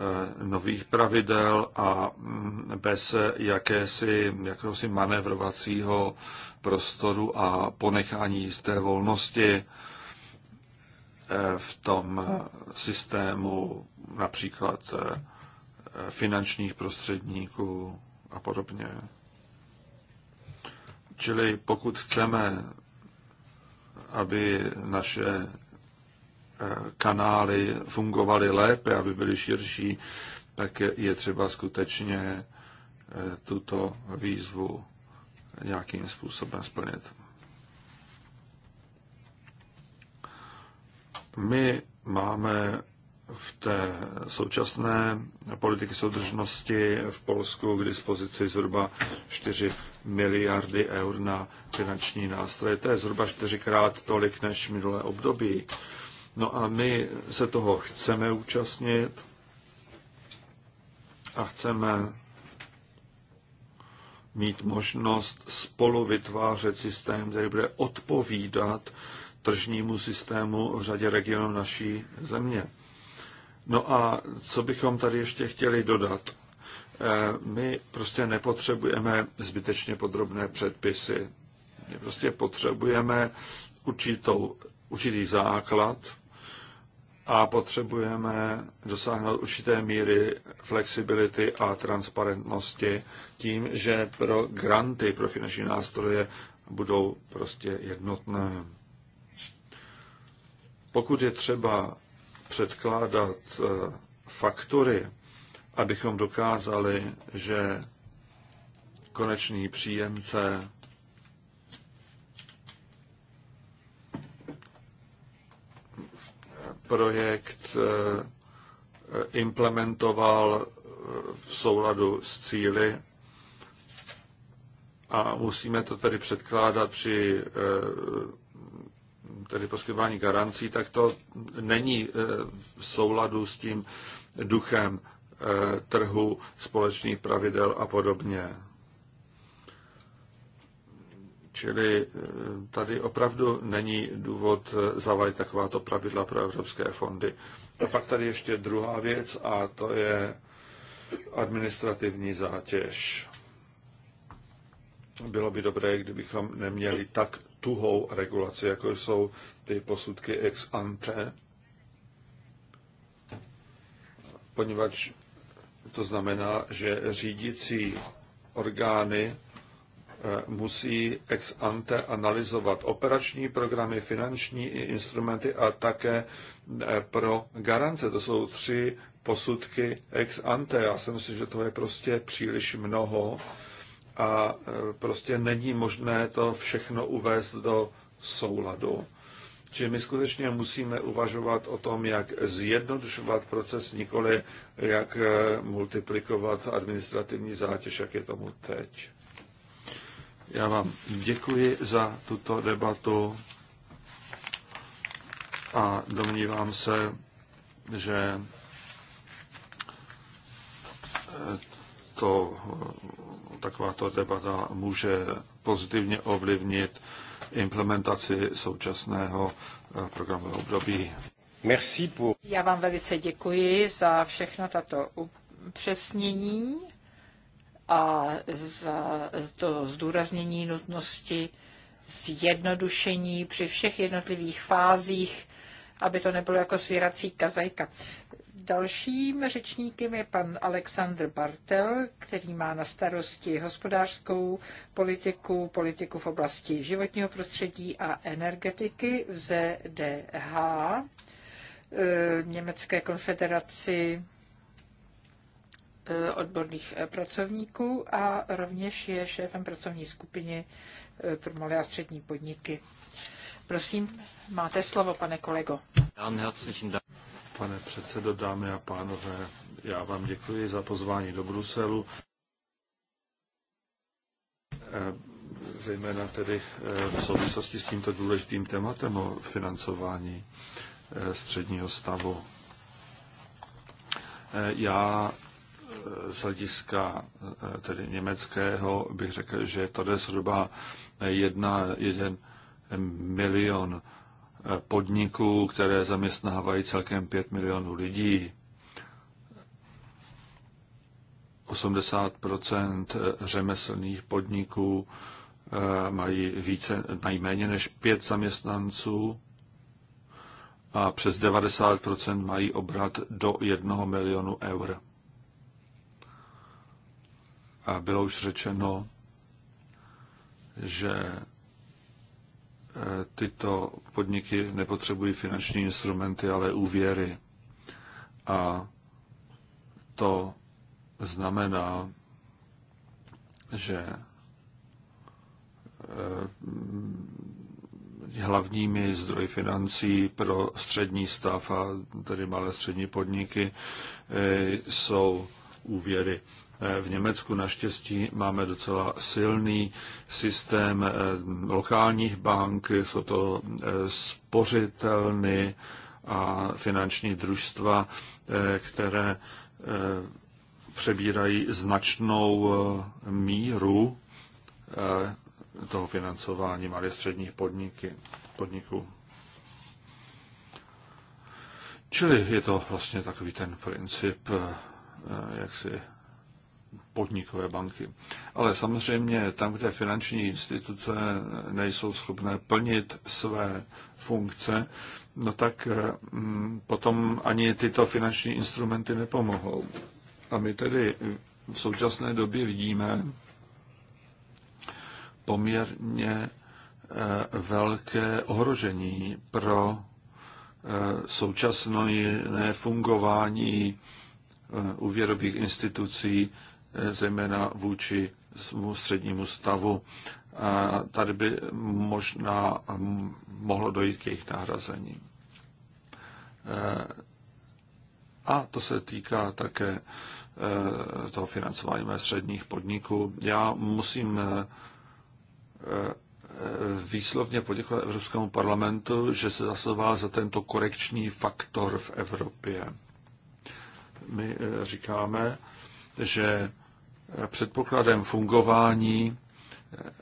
Eh, nových pravidel a mm, bez jakési, jakéhosi manevrovacího prostoru a ponechání jisté volnosti eh, v tom eh, systému například finančních prostředníků a podobně. Čili pokud chceme, aby naše kanály fungovaly lépe, aby byly širší, tak je třeba skutečně eh, tuto výzvu nějakým způsobem splnit. My máme v té současné politiky soudržnosti v Polsku k dispozici zhruba 4 miliardy eur na finanční nástroje. To je zhruba čtyřikrát tolik než minulé období. No a my se toho chceme účastnit a chceme mít možnost spolu vytvářet systém, který bude odpovídat tržnímu systému v řadě regionů naší země. No a co bychom tady ještě chtěli dodat? Eh, my prostě nepotřebujeme zbytečně podrobné předpisy. My prostě potřebujeme určitou, určitý základ, a potřebujeme dosáhnout určité míry flexibility a transparentnosti tím, že pro granty, pro finanční nástroje budou prostě jednotné. Pokud je třeba předkládat eh, faktory, abychom dokázali, že konečný příjemce projekt eh, implementoval eh, v souladu s cíly a musíme to tedy předkládat při eh, tedy poskytování garancí, tak to není v souladu s tím duchem trhu, společných pravidel a podobně. Čili eh, tady opravdu není důvod zavádět takováto pravidla pro evropské fondy. A pak tady ještě druhá věc a to je administrativní zátěž. Bylo by dobré, kdybychom neměli tak tuhou regulaci, jako jsou ty posudky ex ante, poněvadž to znamená, že řídící orgány Eh, musí ex ante analyzovat operační programy, finanční instrumenty a také eh, pro garance. To jsou tři posudky ex ante. Já si myslím, že to je prostě příliš mnoho a eh, prostě není možné to všechno uvést do souladu. Či my skutečně musíme uvažovat o tom, jak zjednodušovat proces, nikoli jak multiplikovat administrativní zátěž, jak je tomu teď. Já vám děkuji za tuto debatu a domnívám se, že eh, to, takováto debata může pozitivně ovlivnit implementaci současného eh, programového období. Merci pour... Já vám velice děkuji za všechno tato upřesnění a za to zdůraznění nutnosti zjednodušení při všech jednotlivých fázích, aby to nebylo jako svěrací kazajka. Dalším řečníkem je pan Alexandr Bartel, který má na starosti hospodářskou politiku, politiku v oblasti životního prostředí a energetiky v ZDH, e, Německé konfederaci Eh, odborných eh, pracovníků a rovněž je šéfem pracovní skupiny eh, pro malé a střední podniky. Prosím, máte slovo, pane kolego. Pane předsedo, dámy a pánové, já vám děkuji za pozvání do Bruselu. Zejména tedy v souvislosti s tímto důležitým tématem o financování středního stavu. Já z hlediska eh, tedy německého bych řekl, že tady zhruba jedna, jeden milion eh, podniků, které zaměstnávají celkem 5 milionů lidí. 80 eh, řemeslných podniků mají, více, mají méně než 5 zaměstnanců a přes 90 mají obrat do 1 milionu eur. A bylo už řečeno, že e, tyto podniky nepotřebují finanční instrumenty, ale úvěry. A to znamená, že e, hlavními zdroji financí pro střední stav a tedy malé střední podniky e, jsou úvěry. Eh, v Německu naštěstí máme docela silný systém eh, lokálních bank, jsou to eh, spořitelny a finanční družstva, které přebírají značnou míru toho financování malých středních podniky, podniků. Čili je to vlastně takový ten princip, jak si podnikové banky. Ale samozřejmě tam, kde finanční instituce nejsou schopné plnit své funkce, no tak eh, mm, potom ani tyto finanční instrumenty nepomohou. A my tedy v současné době vidíme poměrně eh, velké ohrožení pro eh, současné fungování úvěrových institucí zejména vůči svému střednímu stavu. A tady by možná mohlo dojít k jejich nahrazení. A to se týká také e, toho financování středních podniků. Já musím e, e, výslovně poděkovat Evropskému parlamentu, že se zasoval za tento korekční faktor v Evropě. My říkáme, že předpokladem fungování eh,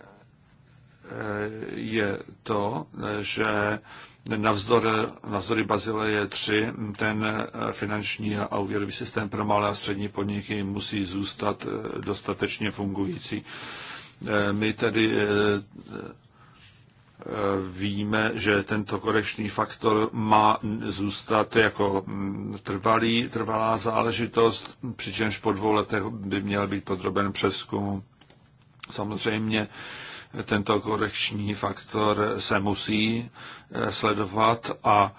je to, že navzdory, navzdory Bazileje 3 ten finanční a úvěrový systém pro malé a střední podniky musí zůstat eh, dostatečně fungující. Eh, my tedy víme, že tento korekční faktor má zůstat jako mm, trvalý, trvalá záležitost, přičemž po dvou letech by měl být podroben přeskumu. Samozřejmě tento korekční faktor se musí eh, sledovat a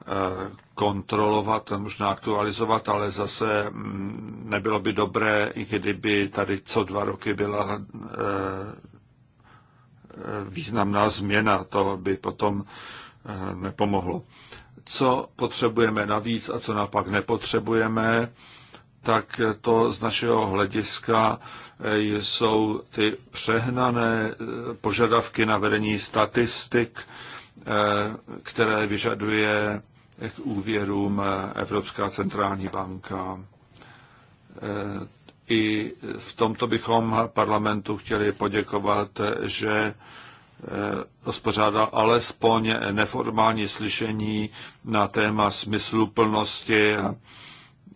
eh, kontrolovat, možná aktualizovat, ale zase mm, nebylo by dobré, i kdyby tady co dva roky byla eh, významná změna, to by potom eh, nepomohlo. Co potřebujeme navíc a co naopak nepotřebujeme, tak to z našeho hlediska eh, jsou ty přehnané eh, požadavky na vedení statistik, které vyžaduje k úvěrům Evropská centrální banka. I v tomto bychom parlamentu chtěli poděkovat, že spořádal eh, alespoň neformální slyšení na téma smyslu plnosti eh,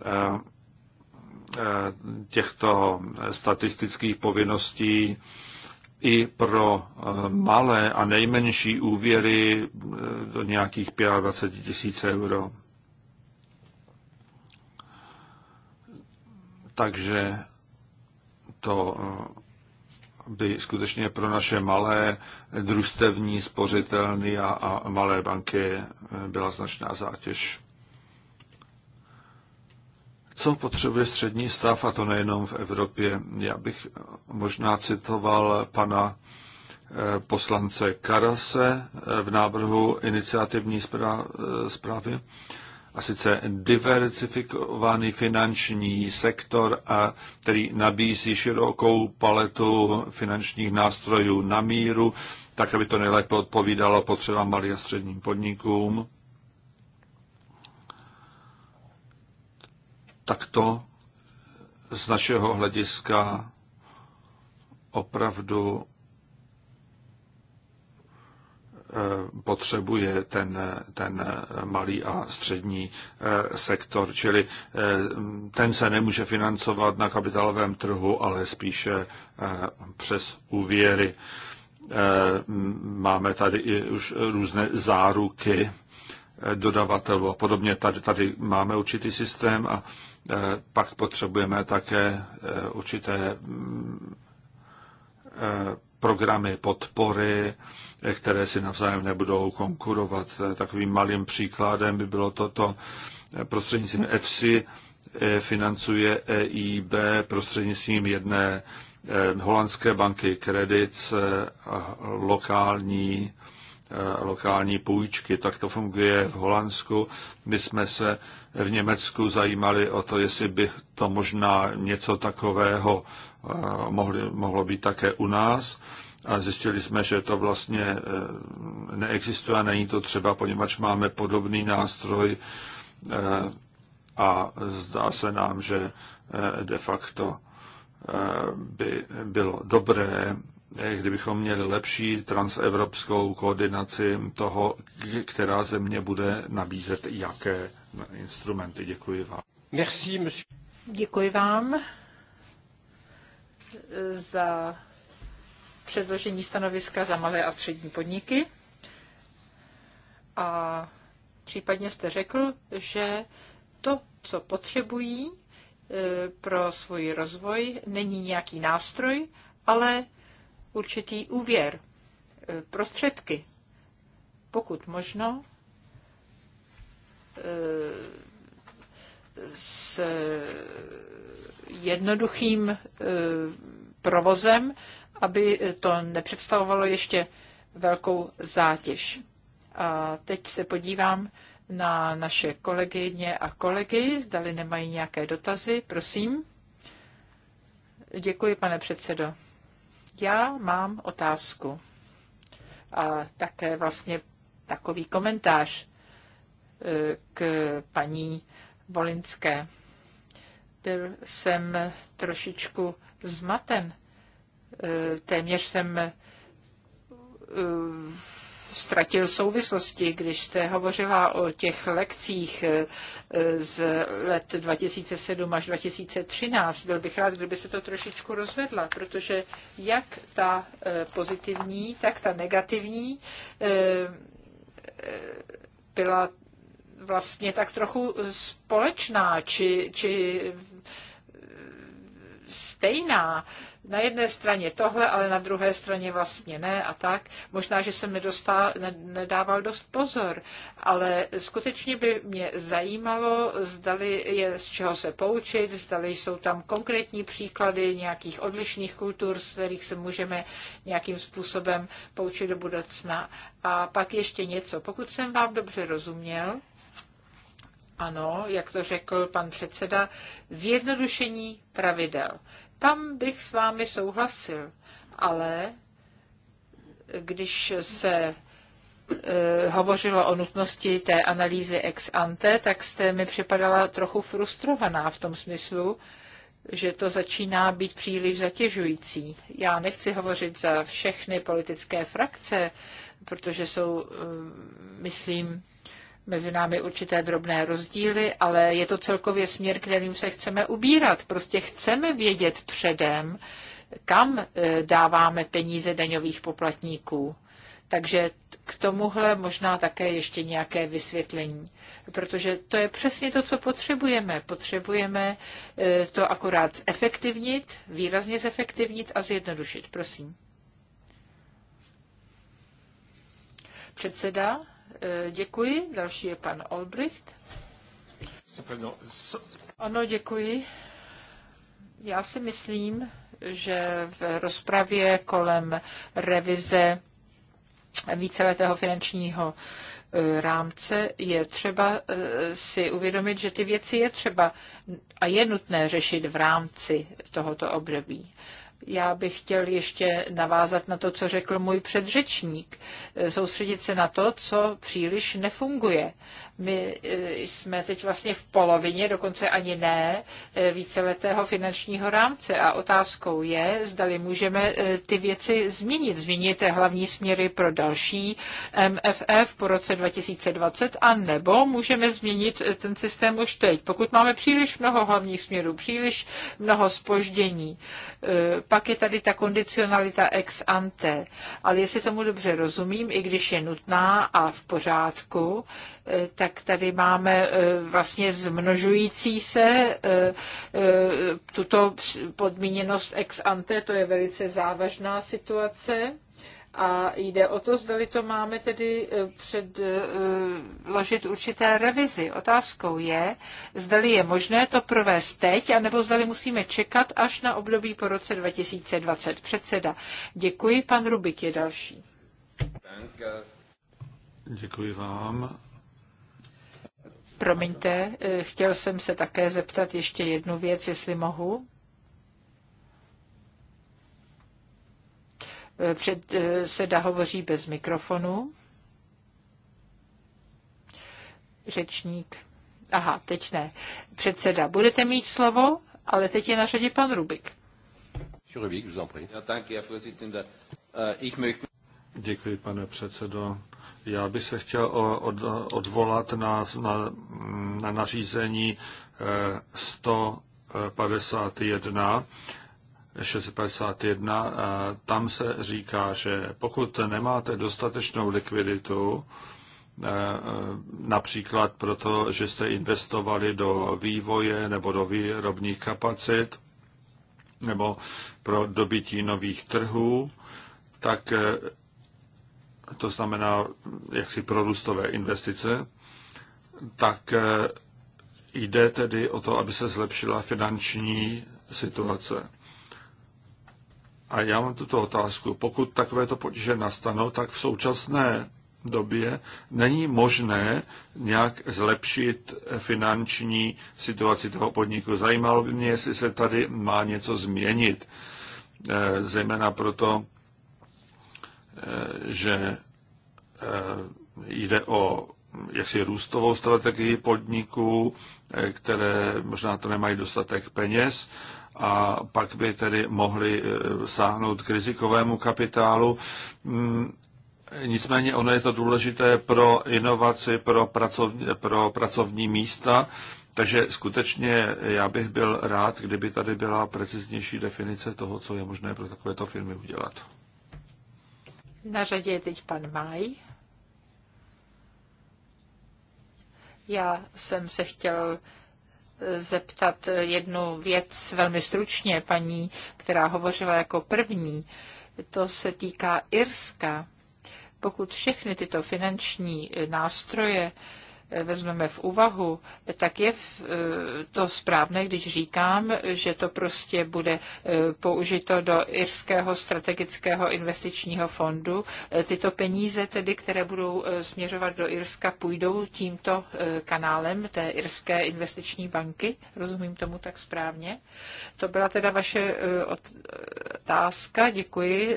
eh, těchto statistických povinností i pro malé a nejmenší úvěry do nějakých 25 tisíc euro. Takže to eh, by skutečně pro naše malé družstevní spořitelny a, a malé banky eh, byla značná zátěž. Co potřebuje střední stav, a to nejenom v Evropě? Já bych eh, možná citoval pana poslance Karase v návrhu iniciativní zprávy a sice diversifikovaný finanční sektor, a který nabízí širokou paletu finančních nástrojů na míru, tak, aby to nejlépe odpovídalo potřebám malých a středním podnikům. Tak to z našeho hlediska opravdu Eh, potřebuje ten, ten malý a střední eh, sektor, čili eh, ten se nemůže financovat na kapitálovém trhu, ale spíše přes úvěry. Máme tady i už různé záruky dodavatelů a podobně. Tady, tady máme určitý systém a pak potřebujeme také určité mm, programy podpory které si navzájem nebudou konkurovat. Eh, takovým malým příkladem by bylo toto eh, prostřednictvím EFSI eh, financuje EIB prostřednictvím jedné holandské banky kredit lokální lokální půjčky. Tak to funguje v Holandsku. My jsme se v Německu zajímali o to, jestli by to možná něco takového mohlo, mohlo být také u nás a zjistili jsme, že to vlastně eh, neexistuje a není to třeba, poněvadž máme podobný nástroj eh, a zdá se nám, že eh, de facto by bylo dobré, kdybychom měli lepší transevropskou koordinaci toho, která země bude nabízet jaké instrumenty. Děkuji vám. Merci, monsieur. Děkuji vám za předložení stanoviska za malé a střední podniky. A případně jste řekl, že to, co potřebují e, pro svůj rozvoj, není nějaký nástroj, ale určitý úvěr, e, prostředky. Pokud možno, e, s jednoduchým provozem aby to nepředstavovalo ještě velkou zátěž. A teď se podívám na naše kolegyně a kolegy, zdali nemají nějaké dotazy, prosím. Děkuji, pane předsedo. Já mám otázku a také vlastně takový komentář e, k paní Volinské. Byl jsem trošičku zmaten Eh, téměř jsem eh, ztratil souvislosti, když jste hovořila o těch lekcích eh, z let 2007 až 2013. Byl bych rád, kdyby se to trošičku rozvedla, protože jak ta pozitivní, tak ta negativní byla vlastně tak trochu společná či, či stejná na jedné straně tohle, ale na druhé straně vlastně ne a tak. Možná, že jsem nedostal, nedával dost pozor, ale skutečně by mě zajímalo, zdali je z čeho se poučit, zdali jsou tam konkrétní příklady nějakých odlišných kultur, z kterých se můžeme nějakým způsobem poučit do budoucna. A pak ještě něco. Pokud jsem vám dobře rozuměl, ano, jak to řekl pan předseda, zjednodušení pravidel. Tam bych s vámi souhlasil, ale když se eh, hovořilo o nutnosti té analýzy ex ante, tak jste mi připadala trochu frustrovaná v tom smyslu, že to začíná být příliš zatěžující. Já nechci hovořit za všechny politické frakce, protože jsou, eh, myslím, mezi námi určité drobné rozdíly, ale je to celkově směr, kterým se chceme ubírat. Prostě chceme vědět předem, kam e, dáváme peníze daňových poplatníků. Takže k tomuhle možná také ještě nějaké vysvětlení, protože to je přesně to, co potřebujeme. Potřebujeme e, to akorát zefektivnit, výrazně zefektivnit a zjednodušit. Prosím. Předseda? Eh, děkuji. Další je pan Olbricht. Ano, děkuji. Já si myslím, že v rozpravě kolem revize víceletého finančního eh, rámce je třeba eh, si uvědomit, že ty věci je třeba a je nutné řešit v rámci tohoto období. Já bych chtěl ještě navázat na to, co řekl můj předřečník. Soustředit se na to, co příliš nefunguje. My eh, jsme teď vlastně v polovině, dokonce ani ne, eh, víceletého finančního rámce a otázkou je, zdali můžeme eh, ty věci změnit. Změnit hlavní směry pro další MFF po roce 2020 a nebo můžeme změnit ten systém už teď. Pokud máme příliš mnoho hlavních směrů, příliš mnoho spoždění, pak je tady ta kondicionalita ex ante. Ale jestli tomu dobře rozumím, i když je nutná a v pořádku, tak tady máme e, vlastně zmnožující se e, e, tuto podmíněnost ex ante, to je velice závažná situace. A jde o to, zda to máme tedy předložit určité revizi. Otázkou je, zda je možné to provést teď, anebo zda musíme čekat až na období po roce 2020. Předseda, děkuji. Pan Rubik je další. Děkuji vám. Promiňte, eh, chtěl jsem se také zeptat ještě jednu věc, jestli mohu. Eh, před, eh, seda hovoří bez mikrofonu. Řečník. Aha, teď ne. Předseda, budete mít slovo, ale teď je na řadě pan Rubik. Äh, Děkuji, pane předsedo. Já bych se chtěl odvolat na, na, na nařízení 151, eh, 651. Tam se říká, že pokud nemáte dostatečnou likviditu, eh, eh, například proto, že jste investovali do vývoje nebo do výrobních kapacit, nebo pro dobytí nových trhů, tak to znamená jaksi prorůstové investice, tak eh, jde tedy o to, aby se zlepšila finanční situace. A já mám tuto otázku. Pokud takovéto potíže nastanou, tak v současné době není možné nějak zlepšit finanční situaci toho podniku. Zajímalo by mě, jestli se tady má něco změnit. Eh, zejména proto, že eh, jde o jaksi růstovou strategii podniků, eh, které možná to nemají dostatek peněz a pak by tedy mohli eh, sáhnout k rizikovému kapitálu. Hmm, nicméně ono je to důležité pro inovaci, pro pracovní, pro pracovní místa, takže skutečně já bych byl rád, kdyby tady byla preciznější definice toho, co je možné pro takovéto firmy udělat. Na řadě je teď pan Maj. Já jsem se chtěl zeptat jednu věc velmi stručně, paní, která hovořila jako první. To se týká Irska. Pokud všechny tyto finanční nástroje vezmeme v úvahu, tak je eh, to správné, když říkám, že to prostě bude eh, použito do Irského strategického investičního fondu. Eh, tyto peníze tedy, které budou směřovat do Irska, půjdou tímto kanálem té Irské investiční banky. Rozumím tomu tak správně. To byla teda vaše otázka. Děkuji.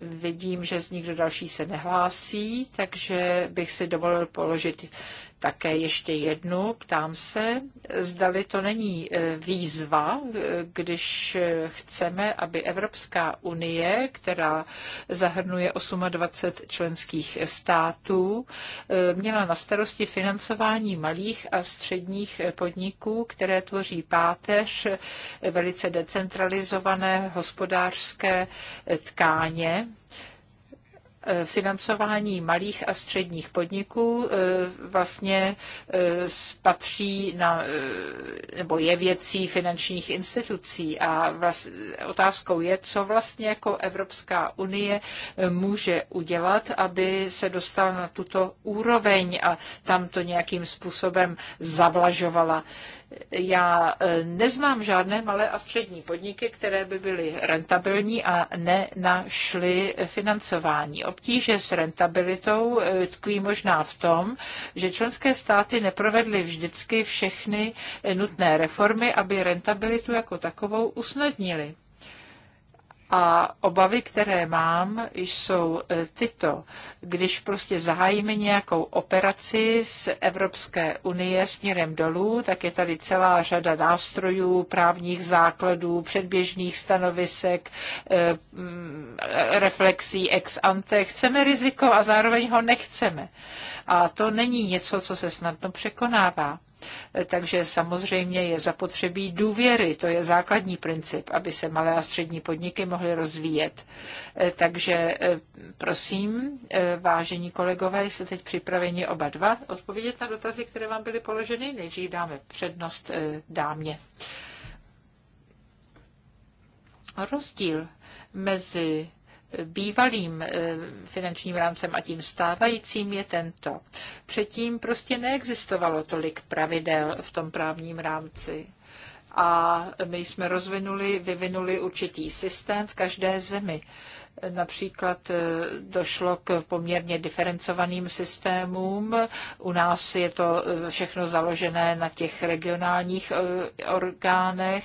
Vidím, že nikdo další se nehlásí, takže bych si dovolil položit také ještě jednu. Ptám se, zdali to není e, výzva, e, když chceme, aby Evropská unie, která zahrnuje 28 členských států, e, měla na starosti financování malých a středních podniků, které tvoří páteř velice decentralizované hospodářské tkáně financování malých a středních podniků e, vlastně e, spatří na, e, nebo je věcí finančních institucí a vlastně, otázkou je, co vlastně jako Evropská unie může udělat, aby se dostala na tuto úroveň a tam to nějakým způsobem zavlažovala. Já eh, neznám žádné malé a střední podniky, které by byly rentabilní a nenašly financování. Obtíže s rentabilitou eh, tkví možná v tom, že členské státy neprovedly vždycky všechny eh, nutné reformy, aby rentabilitu jako takovou usnadnili. A obavy, které mám, jsou e, tyto. Když prostě zahájíme nějakou operaci z Evropské unie směrem dolů, tak je tady celá řada nástrojů, právních základů, předběžných stanovisek, e, mm, reflexí ex ante. Chceme riziko a zároveň ho nechceme. A to není něco, co se snadno překonává. Takže samozřejmě je zapotřebí důvěry, to je základní princip, aby se malé a střední podniky mohly rozvíjet. Eh, takže eh, prosím, eh, vážení kolegové, jste teď připraveni oba dva odpovědět na dotazy, které vám byly položeny. Nejdřív dáme přednost dámě. Rozdíl mezi bývalým eh, finančním rámcem a tím stávajícím je tento. Předtím prostě neexistovalo tolik pravidel v tom právním rámci a my jsme rozvinuli, vyvinuli určitý systém v každé zemi. Například eh, došlo k poměrně diferencovaným systémům. U nás je to eh, všechno založené na těch regionálních eh, orgánech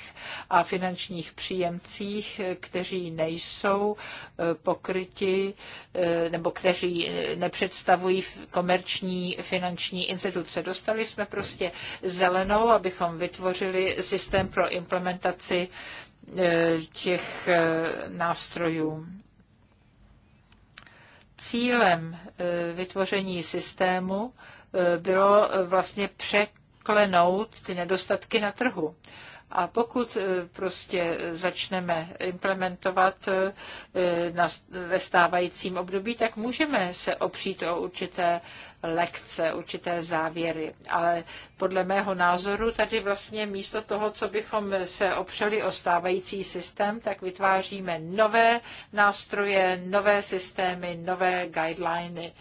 a finančních příjemcích, kteří nejsou pokryti nebo kteří nepředstavují komerční finanční instituce. Dostali jsme prostě zelenou, abychom vytvořili systém pro implementaci těch nástrojů cílem e, vytvoření systému e, bylo e, vlastně překlenout ty nedostatky na trhu. A pokud prostě začneme implementovat na, ve stávajícím období, tak můžeme se opřít o určité lekce, určité závěry. Ale podle mého názoru tady vlastně místo toho, co bychom se opřeli o stávající systém, tak vytváříme nové nástroje, nové systémy, nové guideliny.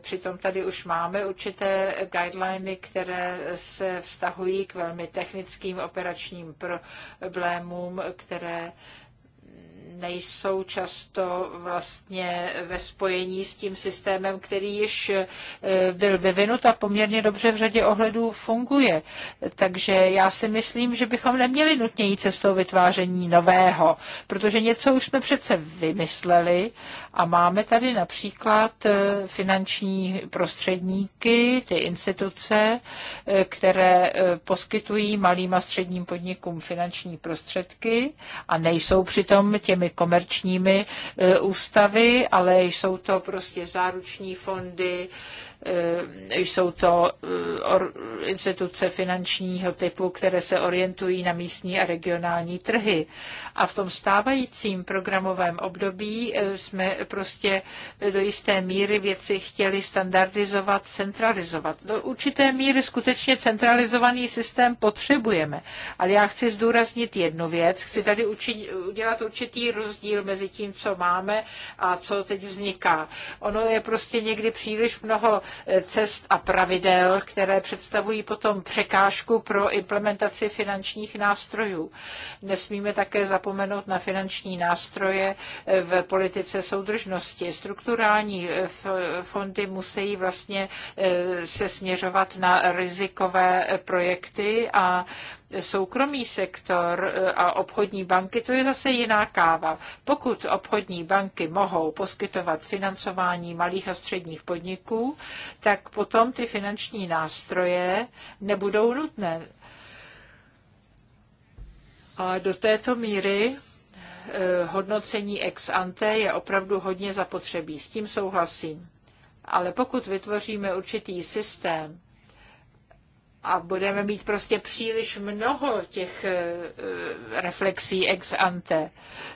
Přitom tady už máme určité guideliny, které se vztahují k velmi technickým operačním problémům, které nejsou často vlastně ve spojení s tím systémem, který již eh, byl vyvinut a poměrně dobře v řadě ohledů funguje. Takže já si myslím, že bychom neměli nutně jít cestou vytváření nového, protože něco už jsme přece vymysleli a máme tady například eh, finanční prostředníky, ty instituce, eh, které eh, poskytují malým a středním podnikům finanční prostředky a nejsou přitom těmi komerčními ústavy, ale jsou to prostě záruční fondy, Eh, jsou to eh, instituce finančního typu, které se orientují na místní a regionální trhy. A v tom stávajícím programovém období eh, jsme prostě do jisté míry věci chtěli standardizovat, centralizovat. Do určité míry skutečně centralizovaný systém potřebujeme. Ale já chci zdůraznit jednu věc. Chci tady uči, udělat určitý rozdíl mezi tím, co máme a co teď vzniká. Ono je prostě někdy příliš mnoho cest a pravidel, které představují potom překážku pro implementaci finančních nástrojů. Nesmíme také zapomenout na finanční nástroje v politice soudržnosti. Strukturální fondy musí vlastně eh, se směřovat na rizikové projekty a soukromý sektor e, a obchodní banky, to je zase jiná káva. Pokud obchodní banky mohou poskytovat financování malých a středních podniků, tak potom ty finanční nástroje nebudou nutné. A do této míry e, hodnocení ex ante je opravdu hodně zapotřebí. S tím souhlasím. Ale pokud vytvoříme určitý systém, a budeme mít prostě příliš mnoho těch eh, eh, reflexí ex ante,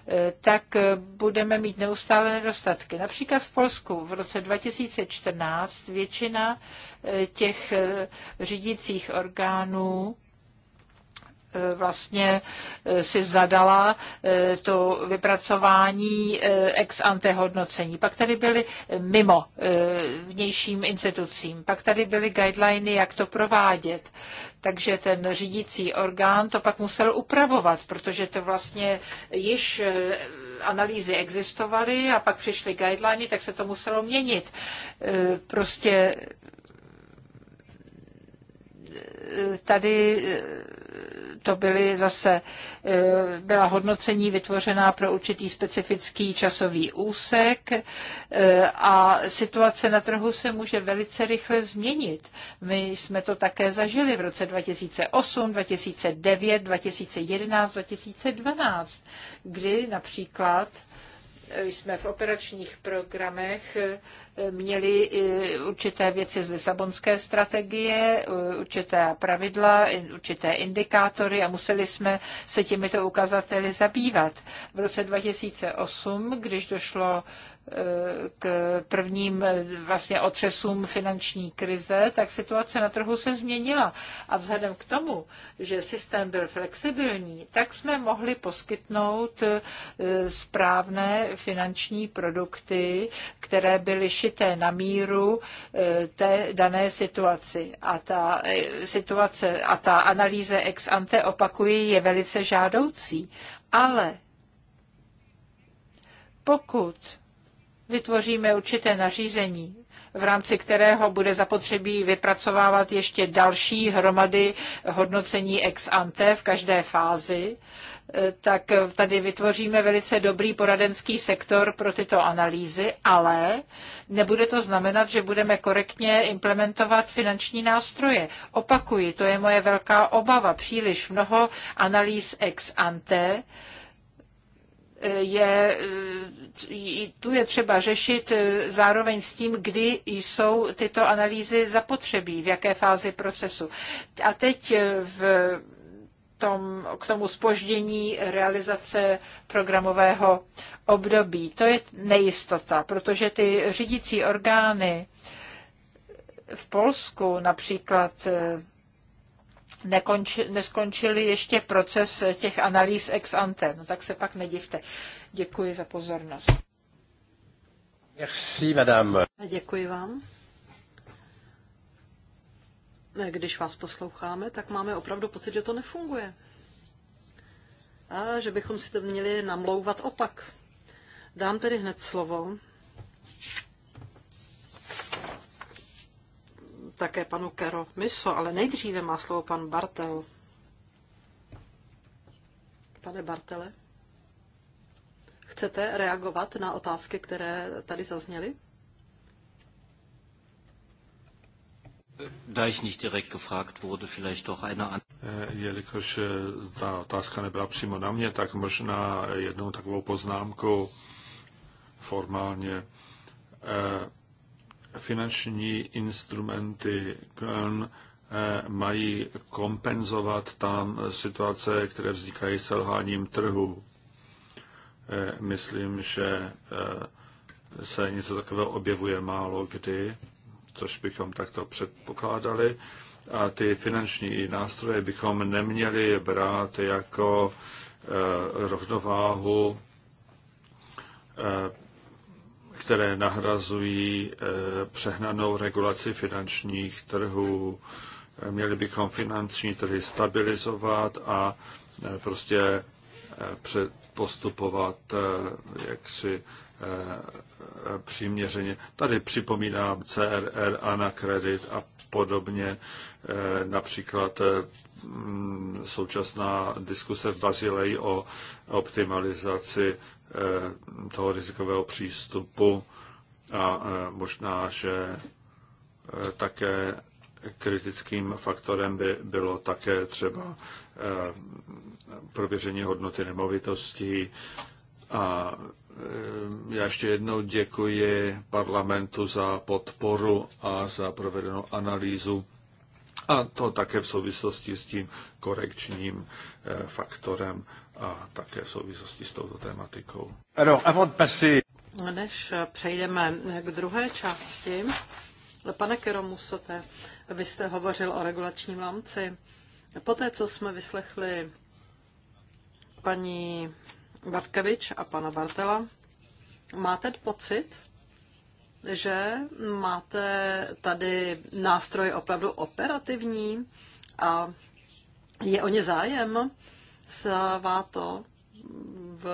eh, tak budeme mít neustále nedostatky. Například v Polsku v roce 2014 většina těch řídících orgánů Eh, vlastně eh, si zadala eh, to vypracování ex ante hodnocení. Pak tady byly mimo vnějším institucím, pak tady byly guideliny, jak to provádět. Takže ten řídící orgán to pak musel upravovat, protože to vlastně již analýzy existovaly a pak přišly guideliny, tak se to muselo měnit. Prostě tady to byly zase, e, byla hodnocení vytvořená pro určitý specifický časový úsek e, a situace na trhu se může velice rychle změnit. My jsme to také zažili v roce 2008, 2009, 2011, 2012, kdy například jsme v operačních programech eh, měli eh, určité věci z Lisabonské strategie, eh, určité pravidla, určité indikátory a museli jsme se těmito ukazateli zabývat. V roce 2008, když došlo k prvním eh, vlastně otřesům finanční krize, tak situace na trhu se změnila. A vzhledem k tomu, že systém byl flexibilní, tak jsme mohli poskytnout eh, správné finanční produkty, které byly šité na míru eh, té dané situaci. A ta situace a ta analýze ex ante, opakuji, je velice žádoucí. Ale pokud vytvoříme určité nařízení, v rámci kterého bude zapotřebí vypracovávat ještě další hromady hodnocení ex ante v každé fázi, eh, tak tady vytvoříme velice dobrý poradenský sektor pro tyto analýzy, ale nebude to znamenat, že budeme korektně implementovat finanční nástroje. Opakuji, to je moje velká obava. Příliš mnoho analýz ex ante je, tu je třeba řešit zároveň s tím, kdy jsou tyto analýzy zapotřebí, v jaké fázi procesu. A teď v tom, k tomu spoždění realizace programového období. To je nejistota, protože ty řídící orgány v Polsku například neskončili ještě proces těch analýz ex ante. No tak se pak nedivte. Děkuji za pozornost. Merci, madame. Děkuji vám. Když vás posloucháme, tak máme opravdu pocit, že to nefunguje. A že bychom si to měli namlouvat opak. Dám tedy hned slovo také panu Kero Miso, ale nejdříve má slovo pan Bartel. Pane Bartele, chcete reagovat na otázky, které tady zazněly? Da ich nicht direkt gefragt wurde, vielleicht doch eine andere. Eh, jelikož eh, ta otázka nebyla přímo na mě, tak možná jednou takovou poznámku formálně. Eh, finanční instrumenty KN eh, mají kompenzovat tam situace, které vznikají selháním trhu. Eh, myslím, že eh, se něco takového objevuje málo kdy, což bychom takto předpokládali. A ty finanční nástroje bychom neměli brát jako rovnováhu které nahrazují eh, přehnanou regulaci finančních trhů. Eh, měli bychom finanční trhy stabilizovat a eh, prostě postupovat jaksi přiměřeně. Tady připomínám CRR, a na kredit a podobně. Například mm, současná diskuse v Bazileji o optimalizaci Eh, toho rizikového přístupu a eh, možná, že eh, také kritickým faktorem by bylo také třeba prověření hodnoty nemovitostí. A já ještě jednou děkuji parlamentu za podporu a za provedenou analýzu. A to také v souvislosti s tím korekčním faktorem a také v souvislosti s touto tématikou. Než přejdeme k druhé části, pane Keromusete, vy jste hovořil o regulačním lámci. Poté, co jsme vyslechli paní Bartkevič a pana Bartela, máte pocit, že máte tady nástroj opravdu operativní a je o ně zájem? svá to v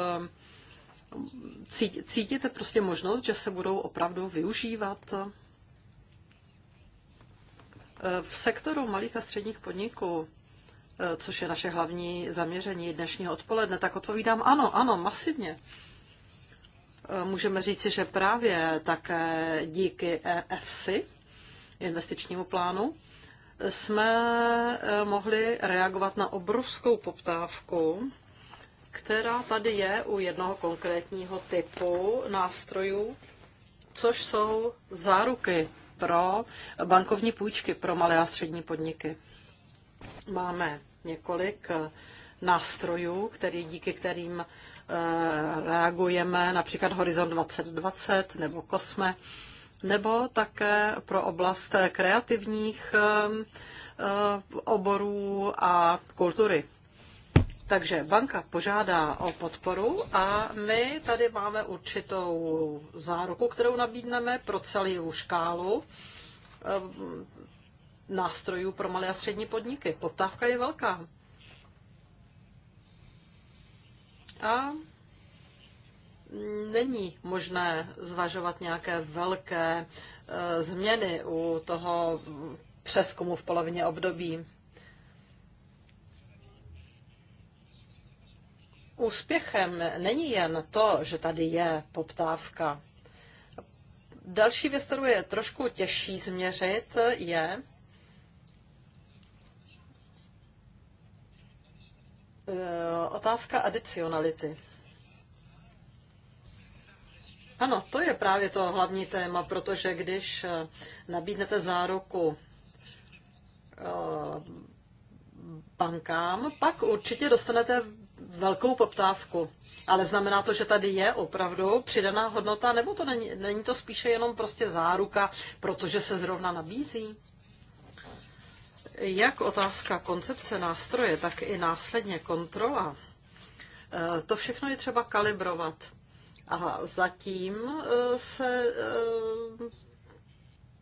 cítíte prostě možnost, že se budou opravdu využívat eh, v sektoru malých a středních podniků, eh, což je naše hlavní zaměření dnešního odpoledne, tak odpovídám ano, ano, masivně. Eh, můžeme říci, že právě také díky EFSI, investičnímu plánu, jsme eh, mohli reagovat na obrovskou poptávku, která tady je u jednoho konkrétního typu nástrojů, což jsou záruky pro bankovní půjčky pro malé a střední podniky. Máme několik eh, nástrojů, který, díky kterým eh, reagujeme, například Horizon 2020 nebo Kosme nebo také pro oblast kreativních eh, oborů a kultury. Takže banka požádá o podporu a my tady máme určitou záruku, kterou nabídneme pro celou škálu nástrojů pro malé a střední podniky. Poptávka je velká. A není možné zvažovat nějaké velké eh, změny u toho přeskumu v polovině období. Úspěchem není jen to, že tady je poptávka. Další věc, kterou je trošku těžší změřit, je, eh, otázka adicionality. Ano, to je právě to hlavní téma, protože když eh, nabídnete záruku eh, bankám, pak určitě dostanete velkou poptávku. Ale znamená to, že tady je opravdu přidaná hodnota, nebo to není, není to spíše jenom prostě záruka, protože se zrovna nabízí? Jak otázka koncepce nástroje, tak i následně kontrola. Eh, to všechno je třeba kalibrovat. A zatím e, se e,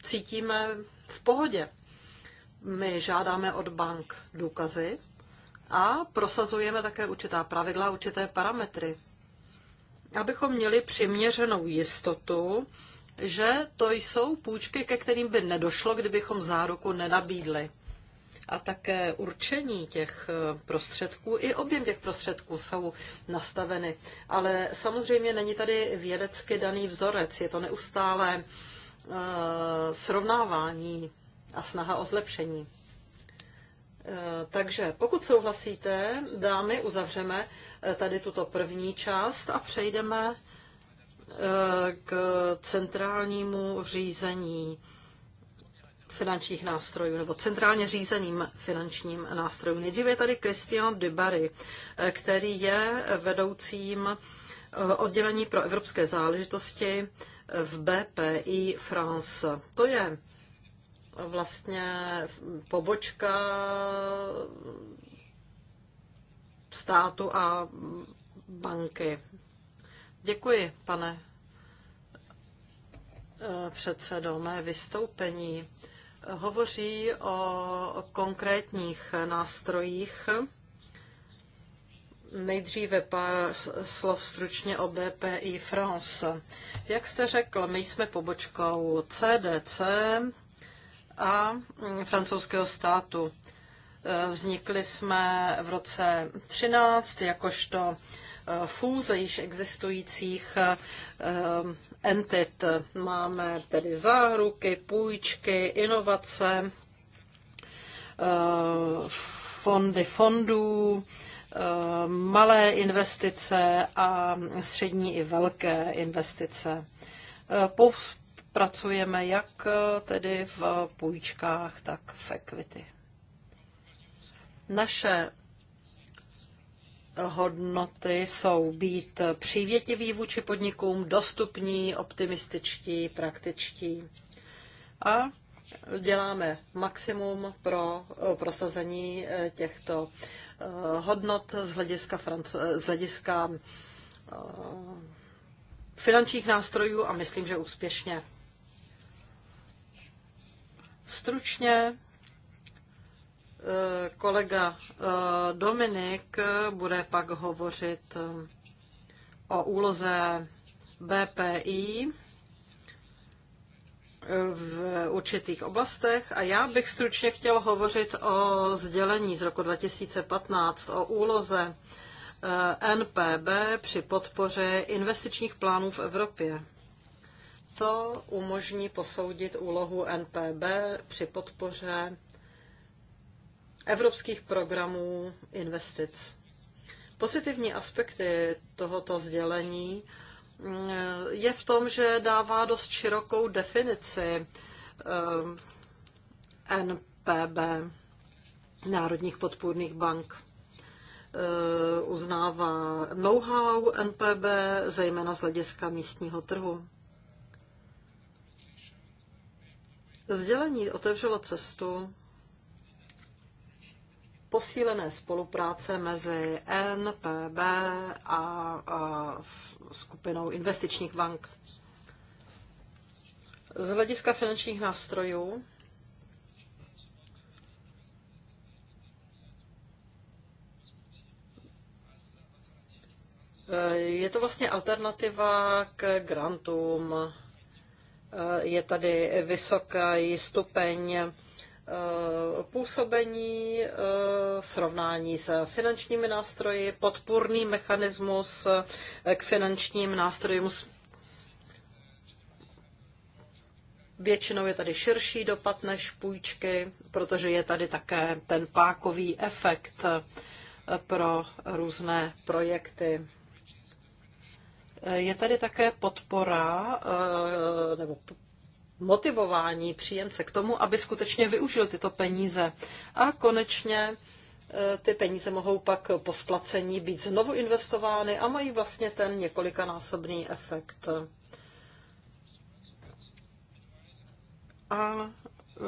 cítíme v pohodě. My žádáme od bank důkazy a prosazujeme také určitá pravidla, určité parametry, abychom měli přiměřenou jistotu, že to jsou půjčky, ke kterým by nedošlo, kdybychom záruku nenabídli a také určení těch eh, prostředků i objem těch prostředků jsou nastaveny. Ale samozřejmě není tady vědecky daný vzorec, je to neustále eh, srovnávání a snaha o zlepšení. Eh, takže pokud souhlasíte, dámy, uzavřeme tady tuto první část a přejdeme k centrálnímu řízení finančních nástrojů nebo centrálně řízeným finančním nástrojům. Nejdříve je tady Christian Dubary, eh, který je vedoucím eh, oddělení pro evropské záležitosti eh, v BPI France. To je vlastně pobočka státu a banky. Děkuji, pane předsedo. Mé vystoupení hovoří o konkrétních nástrojích. Nejdříve pár slov stručně o BPI France. Jak jste řekl, my jsme pobočkou CDC a francouzského státu. Vznikli jsme v roce 13 jakožto fůze již existujících entit. Máme tedy záruky, půjčky, inovace, eh, fondy fondů, eh, malé investice a střední i velké investice. Eh, Pracujeme jak tedy v půjčkách, tak v equity. Naše hodnoty jsou být přívětiví vůči podnikům, dostupní, optimističtí, praktičtí. A děláme maximum pro eh, prosazení eh, těchto eh, hodnot z hlediska, franc- z hlediska finančních nástrojů a myslím, že úspěšně. Stručně Eh, kolega eh, Dominik bude pak hovořit eh, o úloze BPI v určitých oblastech a já bych stručně chtěl hovořit o sdělení z roku 2015 o úloze NPB při podpoře investičních plánů v Evropě. To umožní posoudit úlohu NPB při podpoře evropských programů investic. Pozitivní aspekty tohoto sdělení mm, je v tom, že dává dost širokou definici eh, NPB, Národních podpůrných bank. Eh, uznává know-how NPB, zejména z hlediska místního trhu. Sdělení otevřelo cestu posílené spolupráce mezi NPB a, a skupinou investičních bank. Z hlediska finančních nástrojů je to vlastně alternativa k grantům. Je tady vysoký stupeň Eh, působení, eh, srovnání s finančními nástroji, podpůrný mechanismus k finančním nástrojům. Většinou je tady širší dopad než půjčky, protože je tady také ten pákový efekt eh, pro různé projekty. Je tady také podpora nebo motivování příjemce k tomu, aby skutečně využil tyto peníze. A konečně eh, ty peníze mohou pak po splacení být znovu investovány a mají vlastně ten několikanásobný efekt. A eh,